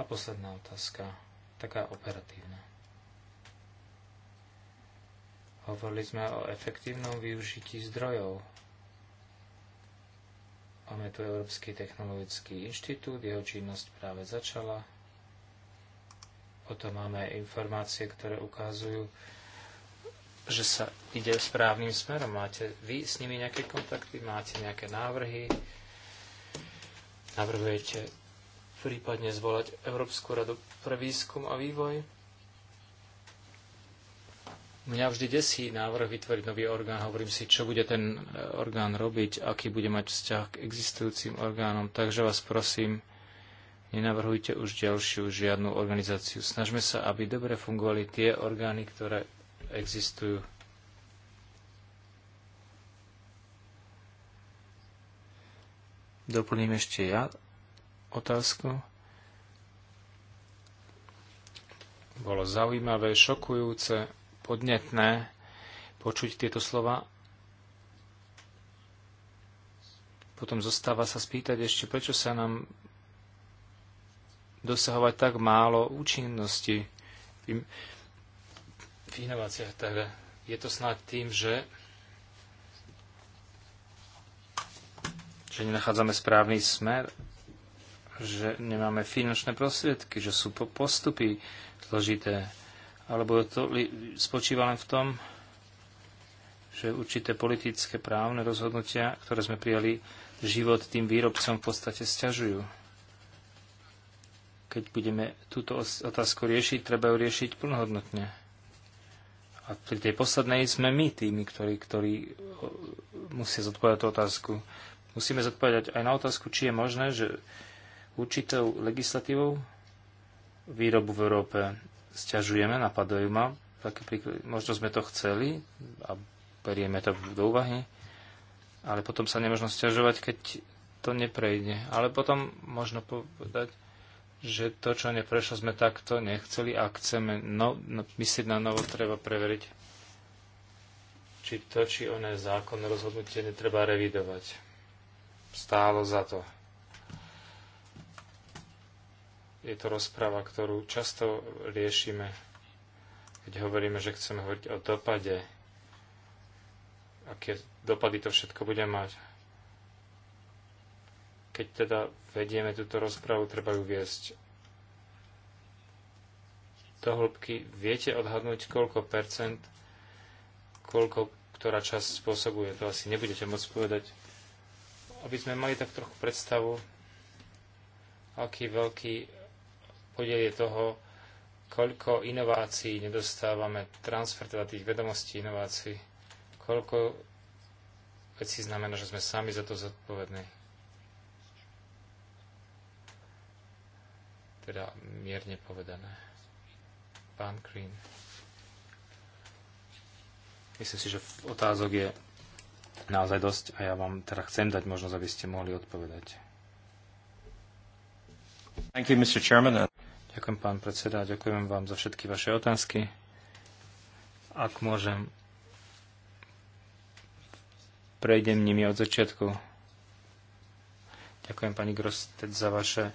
[SPEAKER 1] A posledná otázka, taká operatívna. Hovorili sme o efektívnom využití zdrojov. Máme tu Európsky technologický inštitút, jeho činnosť práve začala. Potom máme informácie, ktoré ukazujú, že sa ide správnym smerom. Máte vy s nimi nejaké kontakty, máte nejaké návrhy, navrhujete prípadne zvolať Európsku radu pre výskum a vývoj. Mňa vždy desí návrh vytvoriť nový orgán. Hovorím si, čo bude ten e, orgán robiť, aký bude mať vzťah k existujúcim orgánom. Takže vás prosím, nenavrhujte už ďalšiu žiadnu organizáciu. Snažme sa, aby dobre fungovali tie orgány, ktoré existujú. Doplním ešte ja otázku. Bolo zaujímavé, šokujúce, podnetné počuť tieto slova. Potom zostáva sa spýtať ešte, prečo sa nám dosahovať tak málo účinnosti v inováciách. TV. je to snáď tým, že že nenachádzame správny smer, že nemáme finančné prostriedky, že sú postupy zložité, alebo to spočíva len v tom, že určité politické právne rozhodnutia, ktoré sme prijali, život tým výrobcom v podstate stiažujú. Keď budeme túto otázku riešiť, treba ju riešiť plnohodnotne. A pri tej poslednej sme my tými, ktorí, ktorí e, musia zodpovedať tú otázku. Musíme zodpovedať aj na otázku, či je možné, že určitou legislatívou výrobu v Európe stiažujeme, napadajú ma. Také príklad, možno sme to chceli a berieme to do úvahy, ale potom sa nemôžno stiažovať, keď to neprejde. Ale potom možno povedať, že to, čo neprešlo, sme takto nechceli a chceme no, no, myslieť na novo, treba preveriť, či to, či oné zákonné rozhodnutie netreba revidovať. Stálo za to. Je to rozpráva, ktorú často riešime, keď hovoríme, že chceme hovoriť o dopade, aké dopady to všetko bude mať keď teda vedieme túto rozpravu treba ju viesť do hĺbky. Viete odhadnúť, koľko percent, koľko ktorá časť spôsobuje. To asi nebudete môcť povedať. Aby sme mali tak trochu predstavu, aký veľký podiel je toho, koľko inovácií nedostávame, transfer teda tých vedomostí inovácií, koľko vecí znamená, že sme sami za to zodpovední. teda mierne povedané. Pán Green. Myslím si, že otázok je naozaj dosť a ja vám teda chcem dať možnosť, aby ste mohli odpovedať. Thank you, Mr. Chairman. Ďakujem, pán predseda, a ďakujem vám za všetky vaše otázky. Ak môžem, prejdem nimi od začiatku. Ďakujem, pani Grostec, za vaše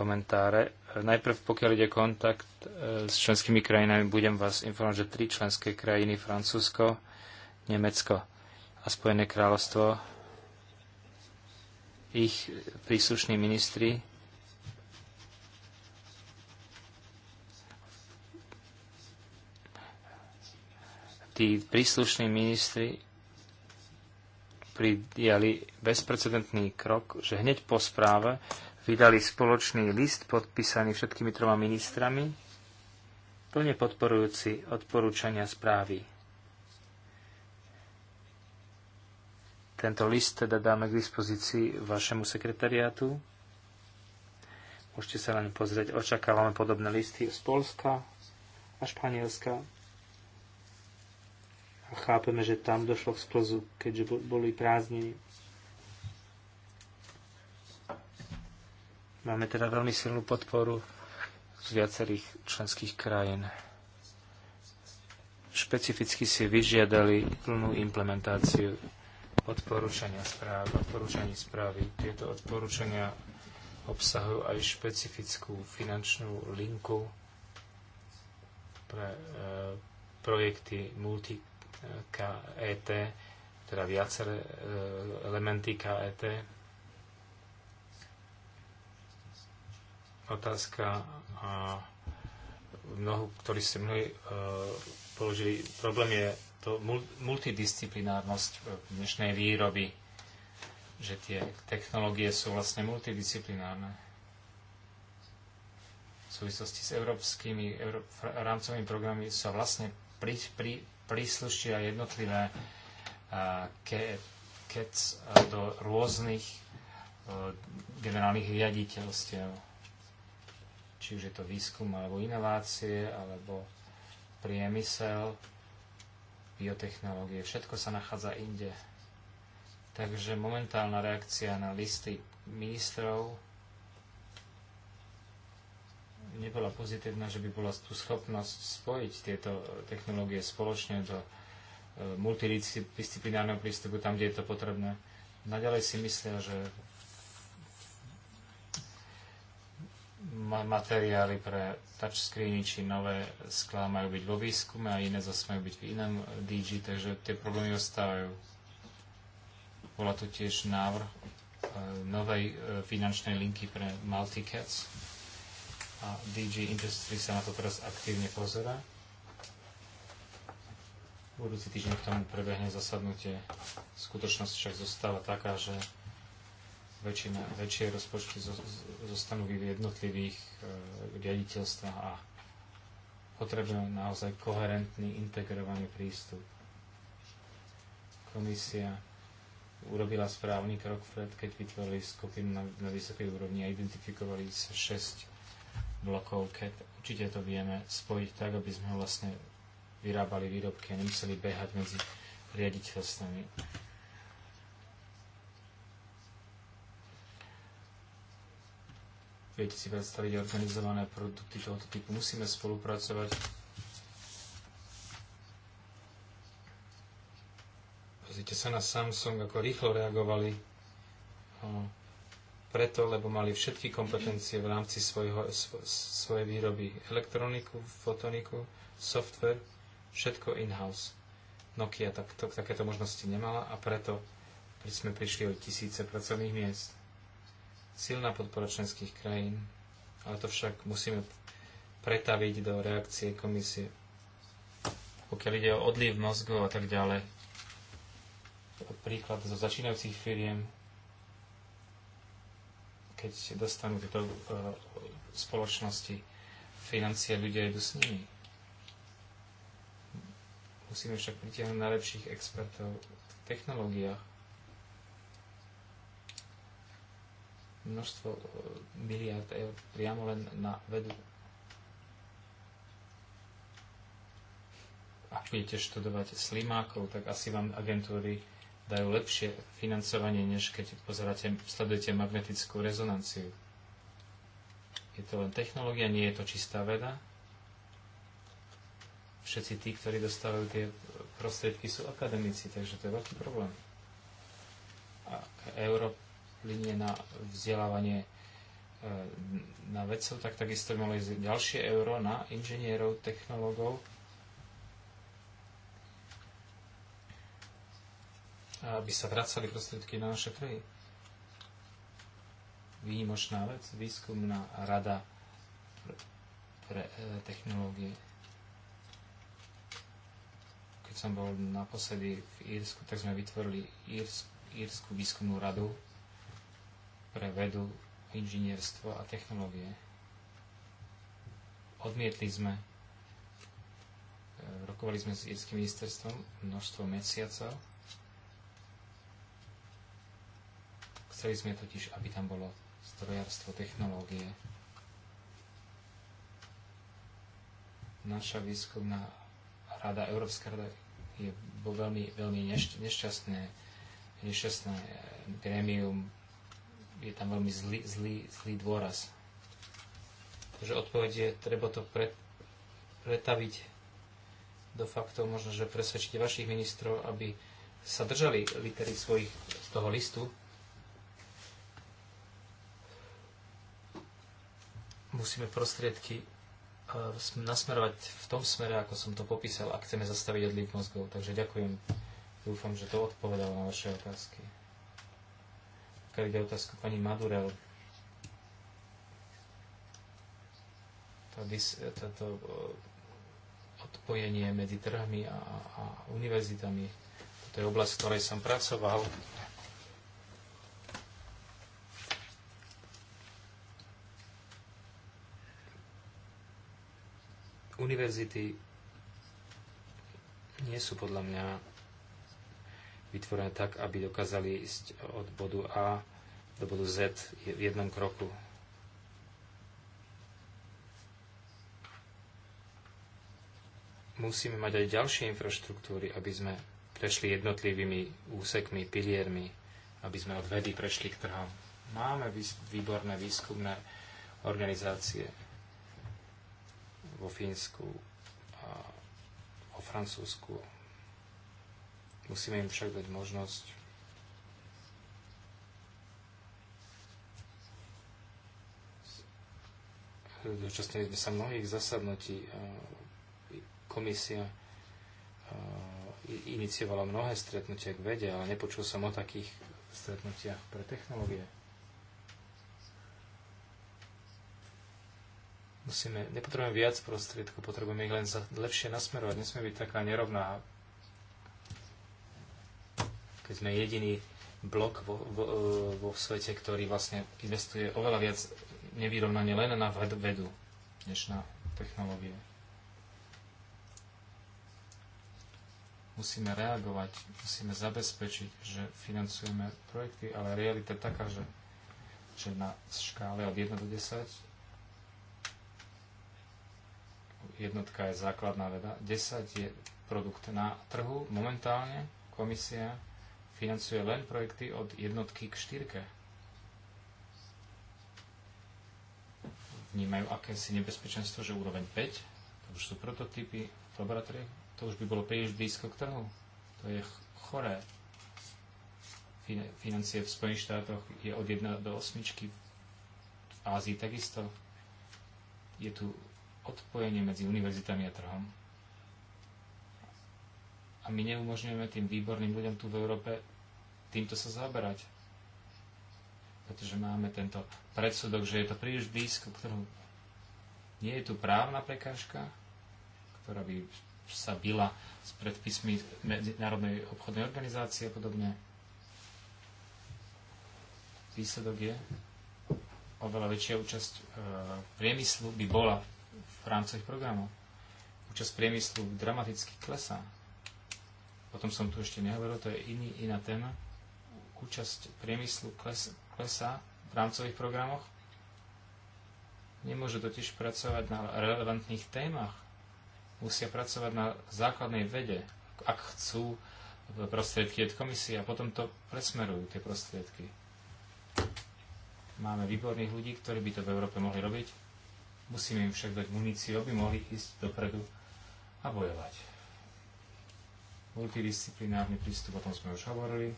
[SPEAKER 1] komentáre. Najprv, pokiaľ ide kontakt e, s členskými krajinami, budem vás informovať, že tri členské krajiny, Francúzsko, Nemecko a Spojené kráľovstvo, ich príslušní ministri tí príslušní ministri prijali bezprecedentný krok, že hneď po správe vydali spoločný list podpísaný všetkými troma ministrami, plne podporujúci odporúčania správy. Tento list teda dáme k dispozícii vašemu sekretariátu. Môžete sa len pozrieť. Očakávame podobné listy z Polska a Španielska. A chápeme, že tam došlo k splzu, keďže boli prázdniny. Máme teda veľmi silnú podporu z viacerých členských krajín. Špecificky si vyžiadali plnú implementáciu odporúčania správ, odporúčaní správy. Tieto odporúčania obsahujú aj špecifickú finančnú linku pre e, projekty multi-KET, teda viaceré e, elementy KET, otázka a mnohú, ktorí ste mnohí e, položili. Problém je to multidisciplinárnosť e, dnešnej výroby, že tie technológie sú vlastne multidisciplinárne. V súvislosti s európskymi rámcovými programmi sa vlastne pri, pri, príslušia jednotlivé e, ke, kec do rôznych generálnych riaditeľstiev či už je to výskum alebo inovácie, alebo priemysel, biotechnológie, všetko sa nachádza inde. Takže momentálna reakcia na listy ministrov nebola pozitívna, že by bola tu schopnosť spojiť tieto technológie spoločne do e, multidisciplinárneho prístupu tam, kde je to potrebné. Naďalej si myslia, že materiály pre touchscreeny či nové sklá majú byť vo výskume a iné zase majú byť v inom DG, takže tie problémy ostávajú. Bola tu tiež návrh e, novej e, finančnej linky pre Multicats a DG Industry sa na to teraz aktívne pozera. Budúci týždeň k tomu prebehne zasadnutie. Skutočnosť však zostáva taká, že väčšina, väčšie rozpočty zostanú v jednotlivých e, riaditeľstvách a potrebujeme naozaj koherentný, integrovaný prístup. Komisia urobila správny krok vpred, keď vytvorili skupinu na, na vysokej úrovni a identifikovali sa 6 blokov keď Určite to vieme spojiť tak, aby sme vlastne vyrábali výrobky a nemuseli behať medzi riaditeľstvami Viete si predstaviť organizované produkty tohoto typu. Musíme spolupracovať. Pozrite sa na Samsung, ako rýchlo reagovali. Preto, lebo mali všetky kompetencie v rámci svojho, svojej výroby. Elektroniku, fotoniku, software, všetko in-house. Nokia tak, to, takéto možnosti nemala a preto sme prišli o tisíce pracovných miest silná podpora členských krajín, ale to však musíme pretaviť do reakcie komisie. Pokiaľ ide o odliv mozgov a tak ďalej, príklad zo začínajúcich firiem, keď dostanú tieto e, spoločnosti financie, ľudia idú s nimi. Musíme však pritiahnuť najlepších expertov v technológiách. množstvo e, miliard eur priamo len na vedu. Ak budete študovať slimákov, tak asi vám agentúry dajú lepšie financovanie, než keď pozeráte, sledujete magnetickú rezonanciu. Je to len technológia, nie je to čistá veda. Všetci tí, ktorí dostávajú tie prostriedky, sú akademici, takže to je veľký problém. A Európa linie na vzdelávanie e, na vedcov, tak takisto by malo ísť ďalšie euro na inžinierov, technológov. aby sa vracali prostriedky na naše trhy. Výnimočná vec, výskumná rada pre e, technológie. Keď som bol naposledy v Írsku, tak sme vytvorili Írsku výskumnú radu, pre vedu, inžinierstvo a technológie. Odmietli sme, e, rokovali sme s Irským ministerstvom množstvo mesiacov. Chceli sme totiž, aby tam bolo strojárstvo, technológie. Naša výskumná rada, Európska rada, je, veľmi, veľmi nešťastné, nešťastné e, gremium je tam veľmi zlý, zlý, zlý dôraz. Takže odpoveď je, treba to pre, pretaviť do faktov, možno, že presvedčíte vašich ministrov, aby sa držali litery svojich z toho listu. Musíme prostriedky e, nasmerovať v tom smere, ako som to popísal, ak chceme zastaviť odliv mozgov. Takže ďakujem. Dúfam, že to odpovedalo na vaše otázky pokiaľ ide otázku pani Madurel, toto eh, odpojenie medzi trhmi a, a univerzitami, to je oblasť, v ktorej som pracoval, univerzity nie sú podľa mňa vytvorené tak, aby dokázali ísť od bodu A do bodu Z v jednom kroku. Musíme mať aj ďalšie infraštruktúry, aby sme prešli jednotlivými úsekmi, piliermi, aby sme od vedy prešli k trhám. Máme výborné výskumné organizácie vo Fínsku a vo Francúzsku. Musíme im však dať možnosť Zúčastnili sme sa mnohých zasadnutí. E, komisia e, iniciovala mnohé stretnutia k vede, ale nepočul som o takých stretnutiach pre technológie. Musíme, nepotrebujeme viac prostriedkov, potrebujeme ich len za, lepšie nasmerovať. Nesme byť taká nerovná. Keď sme jediný blok vo, vo, e, vo svete, ktorý vlastne investuje oveľa viac nevyrovnanie len na vedu, než na technológie. Musíme reagovať, musíme zabezpečiť, že financujeme projekty, ale realita je taká, že, že na škále od 1 do 10 jednotka je základná veda, 10 je produkt na trhu momentálne, komisia financuje len projekty od jednotky k štyrke. vnímajú akési nebezpečenstvo, že úroveň 5, to už sú prototypy v laboratóriách, to už by bolo príliš blízko k trhu. To je choré. Financie v Spojených štátoch je od 1 do 8, v Ázii takisto. Je tu odpojenie medzi univerzitami a trhom. A my neumožňujeme tým výborným ľuďom tu v Európe týmto sa zaoberať pretože máme tento predsudok, že je to príliš blízko, ktorú nie je tu právna prekážka, ktorá by sa byla s predpismi Národnej obchodnej organizácie a podobne. Výsledok je, oveľa väčšia účasť e, priemyslu by bola v rámcových programov. Účasť priemyslu dramaticky klesá. Potom som tu ešte nehovoril, to je iný, iná téma. Účasť priemyslu kles, lesa v rámcových programoch. Nemôžu totiž pracovať na relevantných témach. Musia pracovať na základnej vede, ak chcú prostriedky od komisie a potom to presmerujú, tie prostriedky. Máme výborných ľudí, ktorí by to v Európe mohli robiť. Musíme im však dať muníciu, aby mohli ísť dopredu a bojovať. Multidisciplinárny prístup, o tom sme už hovorili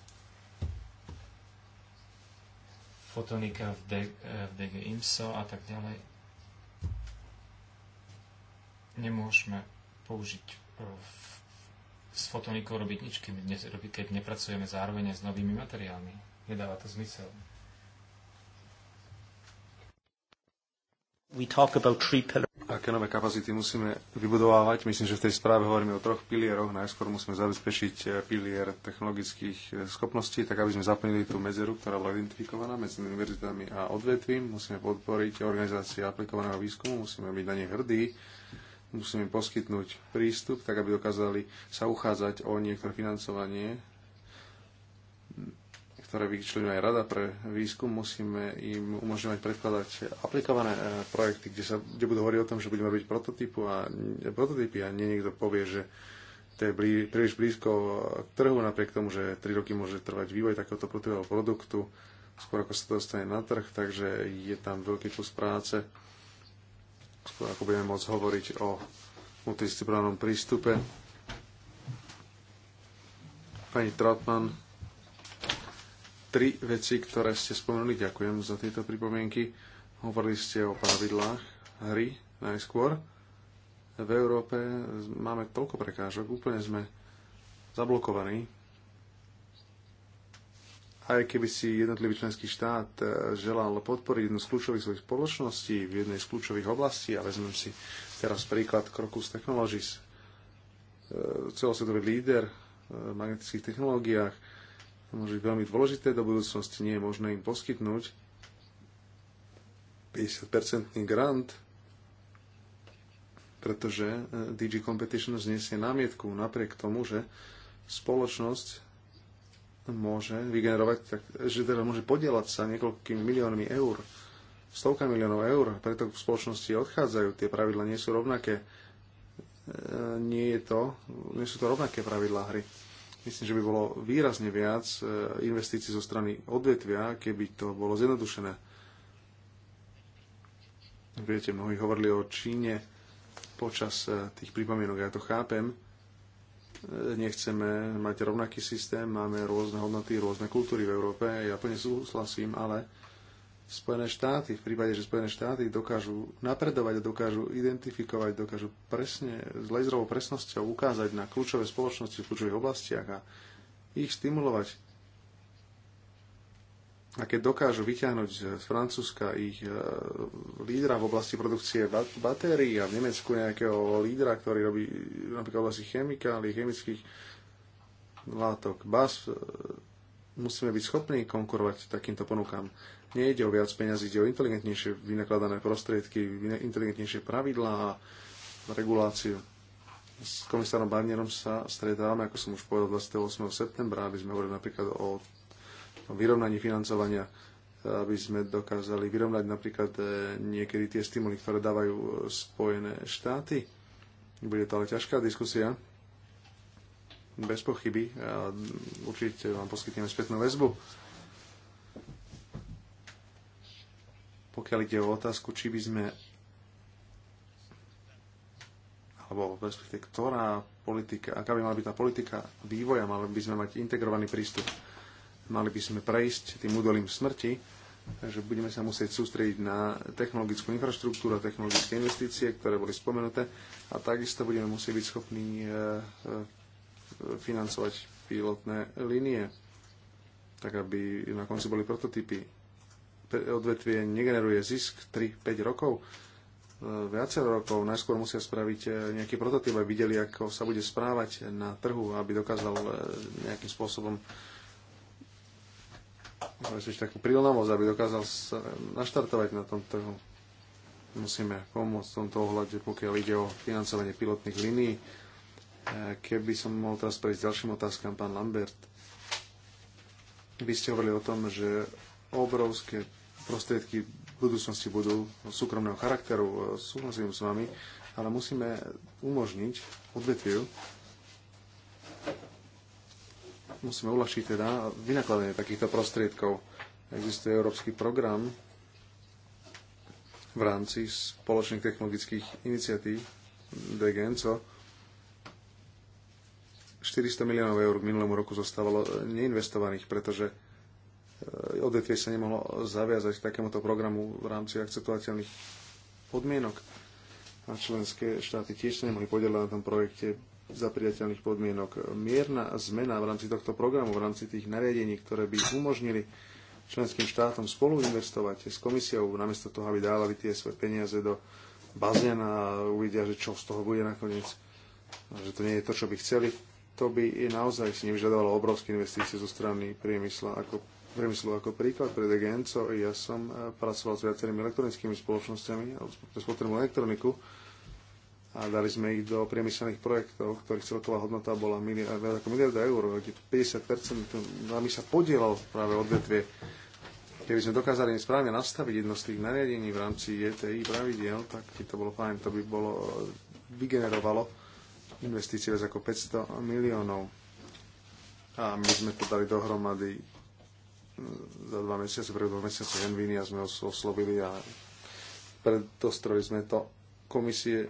[SPEAKER 1] fotonika v, de, v DG IMSO a tak ďalej. Nemôžeme použiť e, s fotonikou robiť nič, keď nepracujeme zároveň s novými materiálmi. Nedáva to zmysel.
[SPEAKER 3] We talk about three pillars aké nové kapacity musíme vybudovávať. Myslím, že v tej správe hovoríme o troch pilieroch. Najskôr musíme zabezpečiť eh, pilier technologických eh, schopností, tak aby sme zaplnili tú medzeru, ktorá bola identifikovaná medzi univerzitami a odvetvím. Musíme podporiť organizácie aplikovaného výskumu, musíme byť na ne hrdí, musíme poskytnúť prístup, tak aby dokázali sa uchádzať o niektoré financovanie ktoré vyčlenuje Rada pre výskum, musíme im umožňovať predkladať aplikované e, projekty, kde, sa, kde budú hovoriť o tom, že budeme robiť prototypu a, e, prototypy a nie niekto povie, že to je blí, príliš blízko k trhu, napriek tomu, že 3 roky môže trvať vývoj takéhoto prototypového produktu, skôr ako sa to dostane na trh, takže je tam veľký kus práce, skôr ako budeme môcť hovoriť o multidisciplinárnom prístupe. Pani Trautmann, tri veci, ktoré ste spomenuli. Ďakujem za tieto pripomienky. Hovorili ste o pravidlách hry najskôr. V Európe máme toľko prekážok, úplne sme zablokovaní. Aj keby si jednotlivý členský štát eh, želal podporiť jednu z kľúčových svojich spoločností v jednej z kľúčových oblastí, a vezmem si teraz príklad Crocus Technologies, eh, celosvetový líder v eh, magnetických technológiách, môže byť veľmi dôležité. Do budúcnosti nie je možné im poskytnúť 50-percentný grant, pretože e, DG Competition znesie námietku napriek tomu, že spoločnosť môže vygenerovať, tak, že teda môže podielať sa niekoľkými miliónmi eur, stovka miliónov eur, preto v spoločnosti odchádzajú, tie pravidla nie sú rovnaké. E, nie, je to, nie sú to rovnaké pravidlá hry. Myslím, že by bolo výrazne viac e, investícií zo strany odvetvia, keby to bolo zjednodušené. Viete, mnohí hovorili o Číne počas e, tých pripomienok, ja to chápem. E, nechceme mať rovnaký systém, máme rôzne hodnoty, rôzne kultúry v Európe, ja plne súhlasím, ale Spojené štáty, v prípade, že Spojené štáty dokážu napredovať a dokážu identifikovať, dokážu presne s laserovou presnosťou ukázať na kľúčové spoločnosti v kľúčových oblastiach a ich stimulovať. A keď dokážu vyťahnuť z Francúzska ich e, lídra v oblasti produkcie batérií a v Nemecku nejakého lídra, ktorý robí napríklad v oblasti chemikálií, chemických látok, BAS, e, musíme byť schopní konkurovať takýmto ponukám Nejde o viac peňazí, ide o inteligentnejšie vynakladané prostriedky, inteligentnejšie pravidlá a reguláciu. S komisárom Barnierom sa stretávame, ako som už povedal, 28. septembra, aby sme hovorili napríklad o vyrovnaní financovania aby sme dokázali vyrovnať napríklad e, niekedy tie stimuly, ktoré dávajú e, Spojené štáty. Bude to ale ťažká diskusia. Bez pochyby. Určite vám poskytneme spätnú väzbu. Pokiaľ ide o otázku, či by sme alebo v perspektíve, ktorá politika, aká by mala byť tá politika vývoja, mali by sme mať integrovaný prístup, mali by sme prejsť tým údolím smrti, takže budeme sa musieť sústrediť na technologickú infraštruktúru, a technologické investície, ktoré boli spomenuté a takisto budeme musieť byť schopní e, e, financovať pilotné linie, tak aby na konci boli prototypy odvetvie negeneruje zisk 3-5 rokov, e, viacero rokov, najskôr musia spraviť e, nejaký prototyp, aby videli, ako sa bude správať na trhu, aby dokázal e, nejakým spôsobom presvedčiť takú prílnavosť, aby dokázal sa naštartovať na tom trhu. Musíme pomôcť v tomto ohľade, pokiaľ ide o financovanie pilotných linií. Keby som mohol teraz prejsť ďalším otázkam, pán Lambert. Vy ste hovorili o tom, že obrovské prostriedky v budúcnosti budú súkromného charakteru. E, súhlasím s vami, ale musíme umožniť odvetviu, musíme uľahčiť teda vynakladanie takýchto prostriedkov. Existuje európsky program v rámci spoločných technologických iniciatív DGNCO. 400 miliónov eur k minulému roku zostávalo neinvestovaných, pretože E, odvetvie sa nemohlo zaviazať k takémuto programu v rámci akceptovateľných podmienok a členské štáty tiež sa nemohli podielať na tom projekte za priateľných podmienok. Mierna zmena v rámci tohto programu, v rámci tých nariadení, ktoré by umožnili členským štátom spolu investovať s komisiou, namiesto toho, aby dávali tie svoje peniaze do bazéna a uvidia, že čo z toho bude nakoniec, a že to nie je to, čo by chceli, to by naozaj si nevyžadovalo obrovské investície zo strany priemysla, ako priemyslu ako príklad pre DGNCO. Ja som e, pracoval s viacerými elektronickými spoločnosťami, alebo spotrebnú elektroniku a dali sme ich do priemyselných projektov, ktorých celková hodnota bola e, viac ako miliarda eur, kde 50% nami sa podielal práve odvetvie. Keby sme dokázali správne nastaviť jedno z tých nariadení v rámci JTI e pravidiel, tak by to bolo fajn, to by bolo, vygenerovalo investície viac ako 500 miliónov. A my sme to dali dohromady za dva mesiace, pred dva mesiace Enviny a sme ho oslovili a predostreli sme to komisie.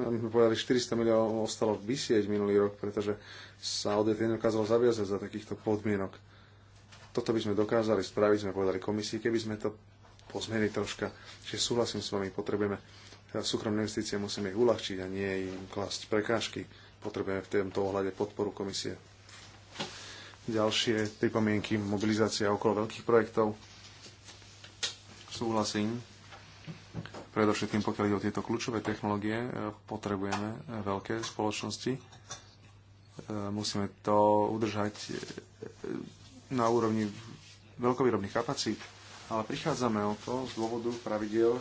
[SPEAKER 3] My sme povedali, 400 miliónov ostalo vysieť minulý rok, pretože sa ODT nedokázalo zaviazať za takýchto podmienok. Toto by sme dokázali spraviť, sme povedali komisii, keby sme to pozmenili troška. Čiže súhlasím s vami, potrebujeme e, súkromné investície, musíme ich uľahčiť a nie im klasť prekážky. Potrebujeme v tomto ohľade podporu komisie. Ďalšie pripomienky, mobilizácia okolo veľkých projektov. Súhlasím. Predovšetkým, pokiaľ ide o tieto kľúčové technológie, eh, potrebujeme eh, veľké spoločnosti. Eh, musíme to udržať na úrovni veľkovýrobných kapacít, ale prichádzame o to z dôvodu pravidel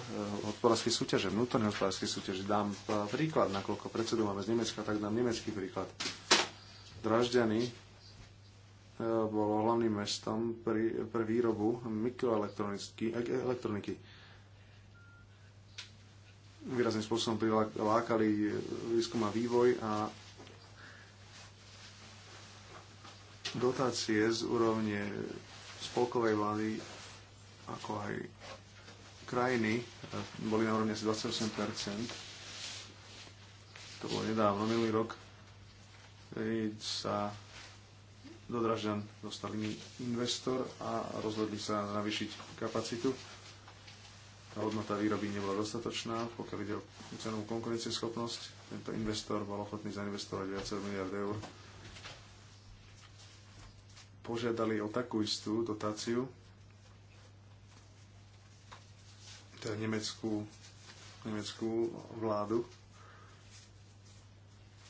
[SPEAKER 3] hospodárskej súťaže, vnútornej hospodárskej súťaže. Dám príklad, nakoľko predsedu máme z Nemecka, tak dám nemecký príklad. Dražďany E, bolo hlavným mestom pri, pre výrobu mikroelektroniky. E, Výrazným spôsobom prilákali e, výskum a vývoj a dotácie z úrovne spolkovej vlády, ako aj krajiny, boli na úrovni asi 28 To bolo nedávno, minulý rok, sa do Dražďan dostal iný investor a rozhodli sa navýšiť kapacitu. Tá hodnota výroby nebola dostatočná, pokiaľ ide o cenovú konkurencieschopnosť. Tento investor bol ochotný zainvestovať viacero miliard eur. Požiadali o takú istú dotáciu, teda nemeckú, nemeckú vládu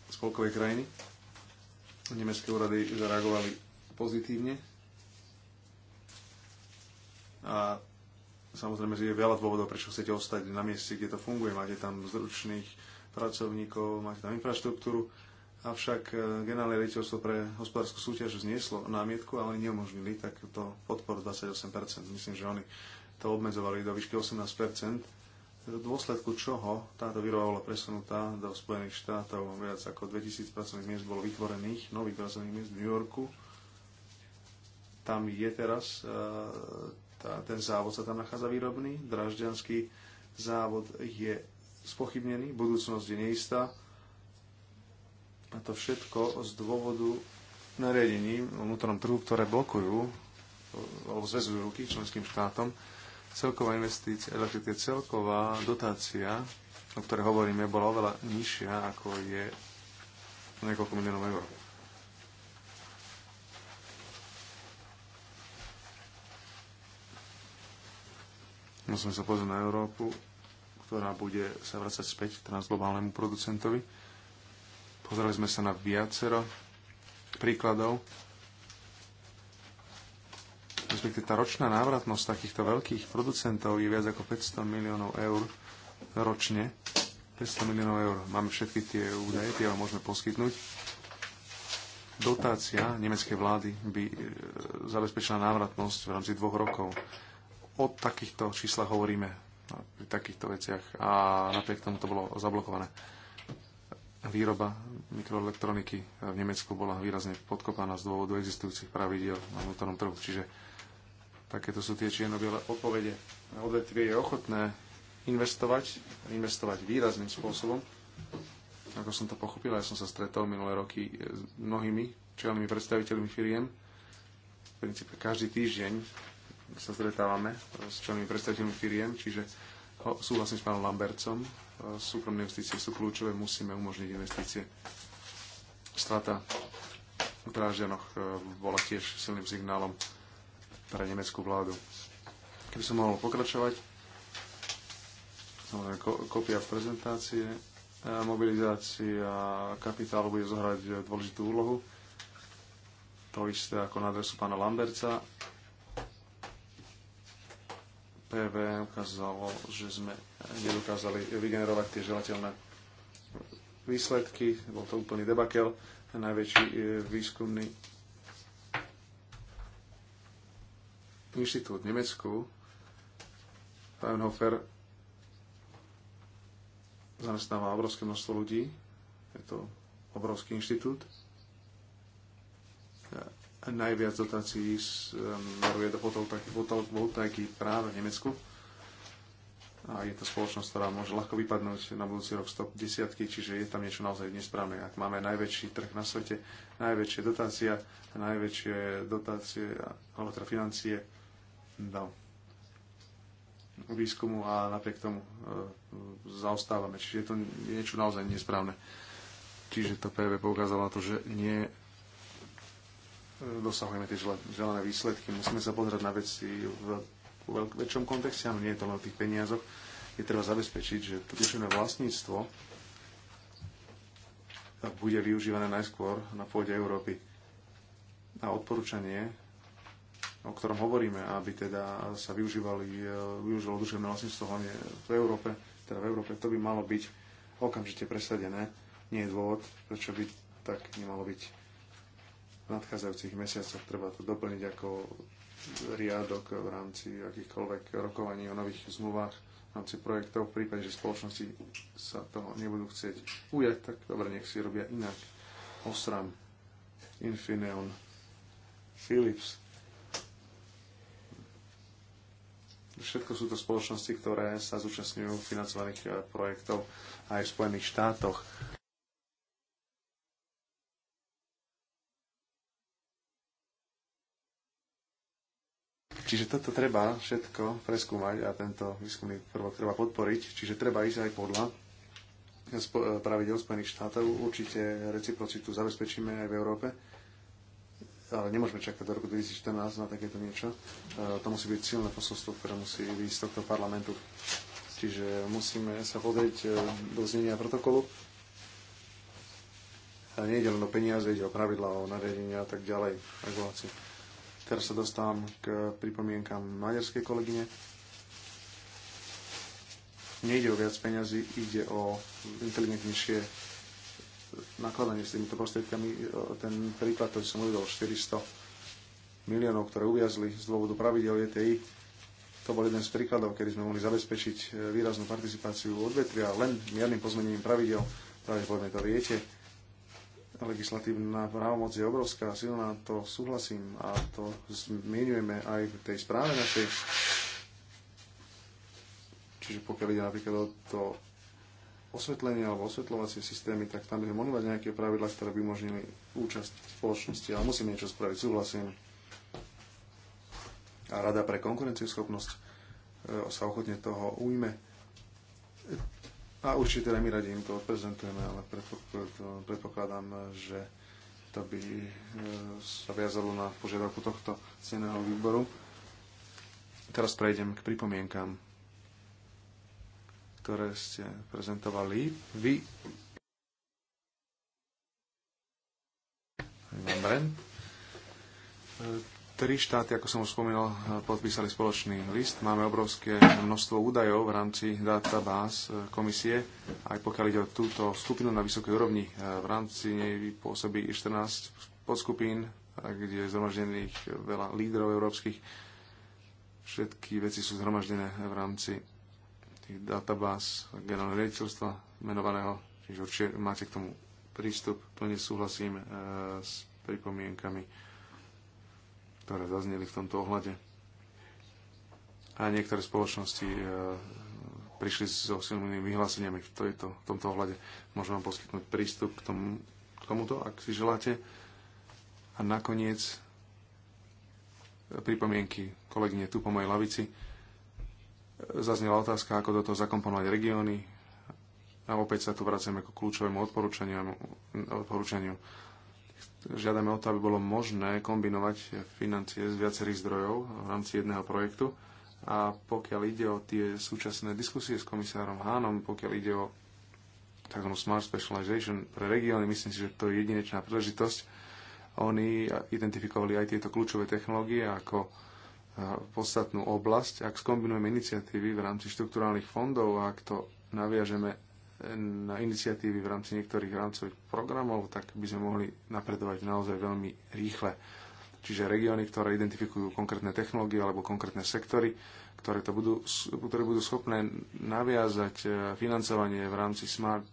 [SPEAKER 3] spolkovej krajiny Nemecké úrady zareagovali pozitívne. A samozrejme, že je veľa dôvodov, prečo chcete ostať na mieste, kde to funguje. Máte tam zručných pracovníkov, máte tam infraštruktúru. Avšak e, generálne riaditeľstvo pre hospodárskú súťaž znieslo námietku a oni neumožnili takúto podporu 28%. Myslím, že oni to obmedzovali do výšky 18% v dôsledku čoho táto výroba bola presunutá do Spojených štátov. Viac ako 2000 pracovných miest bolo vytvorených, nových pracovných miest v New Yorku. Tam je teraz, eh, tá, ten závod sa tam nachádza výrobný, dražďanský závod je spochybnený, budúcnosť je neistá. A to všetko z dôvodu nariadení vnútornom trhu, ktoré blokujú eh, alebo zväzujú ruky členským štátom celková investícia, respektíve celková dotácia, o ktorej hovoríme, bola oveľa nižšia, ako je niekoľko miliónov eur. Musíme sa pozrieť na Európu, ktorá bude sa vracať späť transglobálnemu producentovi. Pozreli sme sa na viacero príkladov respektíve tá ročná návratnosť takýchto veľkých producentov je viac ako 500 miliónov eur ročne. 500 miliónov eur. Máme všetky tie údaje, tie vám môžeme poskytnúť. Dotácia nemeckej vlády by e, zabezpečila návratnosť v rámci dvoch rokov. O takýchto číslach hovoríme no, pri takýchto veciach a napriek tomu to bolo zablokované. Výroba mikroelektroniky v Nemecku bola výrazne podkopaná z dôvodu existujúcich pravidel na vnútornom trhu, čiže Takéto sú tie čiernobiele odpovede. Odvetvie je ochotné investovať, investovať výrazným spôsobom. Ako som to pochopil, ja som sa stretol minulé roky s mnohými čelnými predstaviteľmi firiem. V princípe každý týždeň sa stretávame s čelnými predstaviteľmi firiem, čiže súhlasím s pánom Lambercom. E, súkromné investície sú kľúčové, musíme umožniť investície. Strata v Drážďanoch e, bola tiež silným signálom pre nemeckú vládu. Keby som mohol pokračovať, samozrejme kopia prezentácie, mobilizácia kapitálu bude zohrať dôležitú úlohu. To isté ako na adresu pána Lamberca. PV ukázalo, že sme nedokázali vygenerovať tie želateľné výsledky. Bol to úplný debakel. Najväčší e, výskumný inštitút v Nemecku, Fraunhofer, zamestnáva obrovské množstvo ľudí. Je to obrovský inštitút. A najviac dotácií smeruje um, do fotovoltaiky práve v Nemecku. A je to spoločnosť, ktorá môže ľahko vypadnúť na budúci rok stop desiatky, čiže je tam niečo naozaj nesprávne. Ak máme najväčší trh na svete, najväčšie dotácia, najväčšie dotácie, alebo teda financie, no. výskumu a napriek tomu e, zaostávame. Čiže je to niečo naozaj nesprávne. Čiže to PV poukázalo na to, že nie e, dosahujeme tie želané výsledky. Musíme sa pozerať na veci v väčšom kontexte, ale nie je to len o tých peniazoch. Je treba zabezpečiť, že to duševné vlastníctvo bude využívané najskôr na pôde Európy. A odporúčanie o ktorom hovoríme, aby teda sa využívali, e, využívalo duševné vlastníctvo hlavne v Európe, teda v Európe, to by malo byť okamžite presadené. Nie je dôvod, prečo by tak nemalo byť v nadchádzajúcich mesiacoch. Treba to doplniť ako riadok v rámci akýchkoľvek rokovaní o nových zmluvách, v rámci projektov. V prípade, že spoločnosti sa toho nebudú chcieť ujať, tak dobre, nech si robia inak. Osram, Infineon, Philips, Všetko sú to spoločnosti, ktoré sa zúčastňujú financovaných eh, projektov aj v Spojených štátoch. Čiže toto treba všetko preskúmať a tento výskumný prvok treba podporiť. Čiže treba ísť aj podľa pravidel Spojených štátov. Určite reciprocitu zabezpečíme aj v Európe ale nemôžeme čakať do roku 2014 na takéto niečo. E, to musí byť silné posolstvo, ktoré musí výjsť z tohto parlamentu. Čiže musíme sa podať e, do znenia protokolu. A nejde len o peniaze, ide o pravidlá, o nariadenia a tak ďalej, Regulácie. Teraz sa dostávam k pripomienkam maďarskej kolegyne. Nejde o viac peniazy, ide o inteligentnejšie nakladanie s týmito prostriedkami, e, ten prípad, ktorý som uvedol, 400 miliónov, ktoré uviazli z dôvodu pravidel ETI, to bol jeden z príkladov, kedy sme mohli zabezpečiť e, výraznú participáciu odvetvia len miernym pozmenením pravidel, práve povedzme to viete. Legislatívna právomoc je obrovská, silná, to súhlasím a to zmienujeme aj v tej správe našej. Čiže pokiaľ ide napríklad o to osvetlenie alebo osvetľovacie systémy, tak tam by sme mohli mať nejaké pravidlá, ktoré by umožnili účasť v spoločnosti, ale musíme niečo spraviť, súhlasím. A Rada pre konkurencieschopnosť e, sa ochotne toho ujme. A určite teda my radi im to odprezentujeme, ale predpokladám, že to by e, sa viazalo na požiadavku tohto ceného výboru. Teraz prejdem k pripomienkám ktoré ste prezentovali vy. E, tri štáty, ako som už spomínal, e, podpísali spoločný list. Máme obrovské množstvo údajov v rámci databáz e, komisie, aj pokiaľ ide o túto skupinu na vysokej úrovni. V rámci nej pôsobí 14 podskupín, kde je zhromaždených veľa lídrov európskych. Všetky veci sú zhromaždené v rámci nejakých databáz generálneho riaditeľstva menovaného, čiže určite máte k tomu prístup. Plne súhlasím e, s pripomienkami, ktoré zazneli v tomto ohľade. A niektoré spoločnosti e, prišli so silnými vyhláseniami v, tejto, v tomto ohľade. Môžem vám poskytnúť prístup k, tomu, k tomuto, ak si želáte. A nakoniec e, pripomienky kolegyne tu po mojej lavici Zaznela otázka, ako do toho zakomponovať regióny. A opäť sa tu vraciame k kľúčovému odporúčaniu. odporúčaniu. Žiadame o to, aby bolo možné kombinovať financie z viacerých zdrojov v rámci jedného projektu. A pokiaľ ide o tie súčasné diskusie s komisárom Hánom, pokiaľ ide o tzv. smart specialization pre regióny, myslím si, že to je jedinečná príležitosť. Oni identifikovali aj tieto kľúčové technológie ako podstatnú oblasť. Ak skombinujeme iniciatívy v rámci štrukturálnych fondov a ak to naviažeme eh, na iniciatívy v rámci niektorých rámcových programov, tak by sme mohli napredovať naozaj veľmi rýchle. Čiže regióny, ktoré identifikujú konkrétne technológie alebo konkrétne sektory, ktoré, to budú, ktoré budú schopné naviazať eh, financovanie v rámci Smart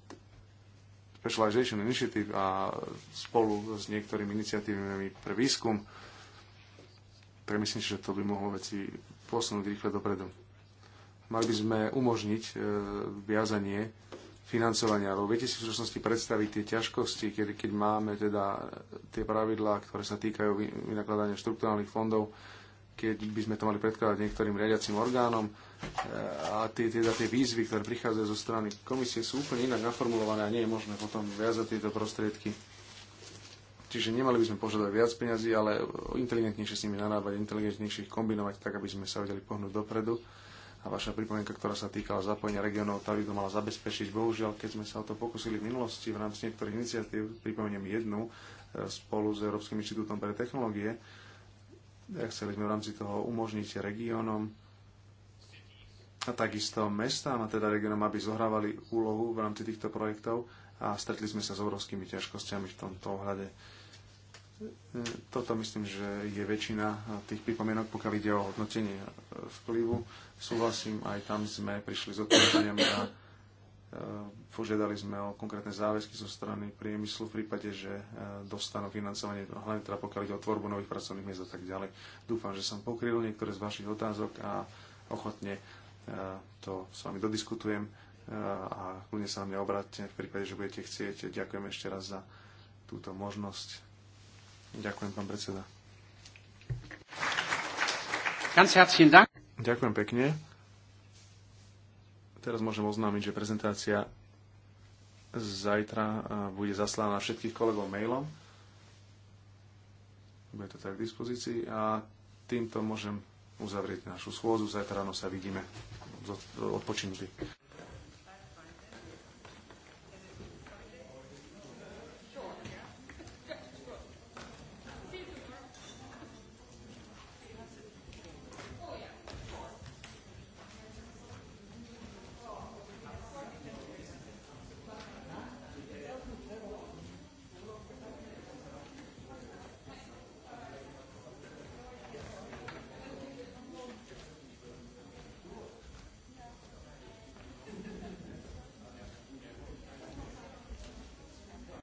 [SPEAKER 3] Specialization Initiative a spolu s niektorými iniciatívami pre výskum, myslím si, že to by mohlo veci posunúť rýchle dopredu. Mali by sme umožniť e, viazanie financovania, lebo viete si v súčasnosti predstaviť tie ťažkosti, keď, keď máme teda tie pravidlá, ktoré sa týkajú vynakladania štrukturálnych fondov, keď by sme to mali predkladať niektorým riadiacim orgánom. E, a tie, teda tie výzvy, ktoré prichádzajú zo strany komisie, sú úplne inak naformulované a nie je možné potom viazať tieto prostriedky Čiže nemali by sme požiadať viac peňazí, ale inteligentnejšie s nimi narábať, inteligentnejšie ich kombinovať tak, aby sme sa vedeli pohnúť dopredu. A vaša pripomienka, ktorá sa týkala zapojenia regionov, tá by to mala zabezpečiť. Bohužiaľ, keď sme sa o to pokusili v minulosti v rámci niektorých iniciatív, pripomeniem jednu, e, spolu s Európskym inštitútom pre technológie, chceli sme v rámci toho umožniť regiónom a takisto mestám a teda regionom, aby zohrávali úlohu v rámci týchto projektov a stretli sme sa s obrovskými ťažkosťami v tomto ohľade toto myslím, že je väčšina tých pripomienok, pokiaľ ide o hodnotenie vplyvu. Súhlasím, aj tam sme prišli s odporúčaniami a e, požiadali sme o konkrétne záväzky zo strany priemyslu v prípade, že e, dostanú financovanie, hlavne teda pokiaľ ide o tvorbu nových pracovných miest a tak ďalej. Dúfam, že som pokryl niektoré z vašich otázok a ochotne e, to s vami dodiskutujem a kľudne sa na mňa obráťte v prípade, že budete chcieť. Ďakujem ešte raz za túto možnosť. Ďakujem, pán predseda. Ďakujem pekne. Teraz môžem oznámiť, že prezentácia zajtra bude zaslána všetkých kolegov mailom. Bude to tak k dispozícii a týmto môžem uzavrieť našu schôzu. Zajtra ráno sa vidíme odpočinutí.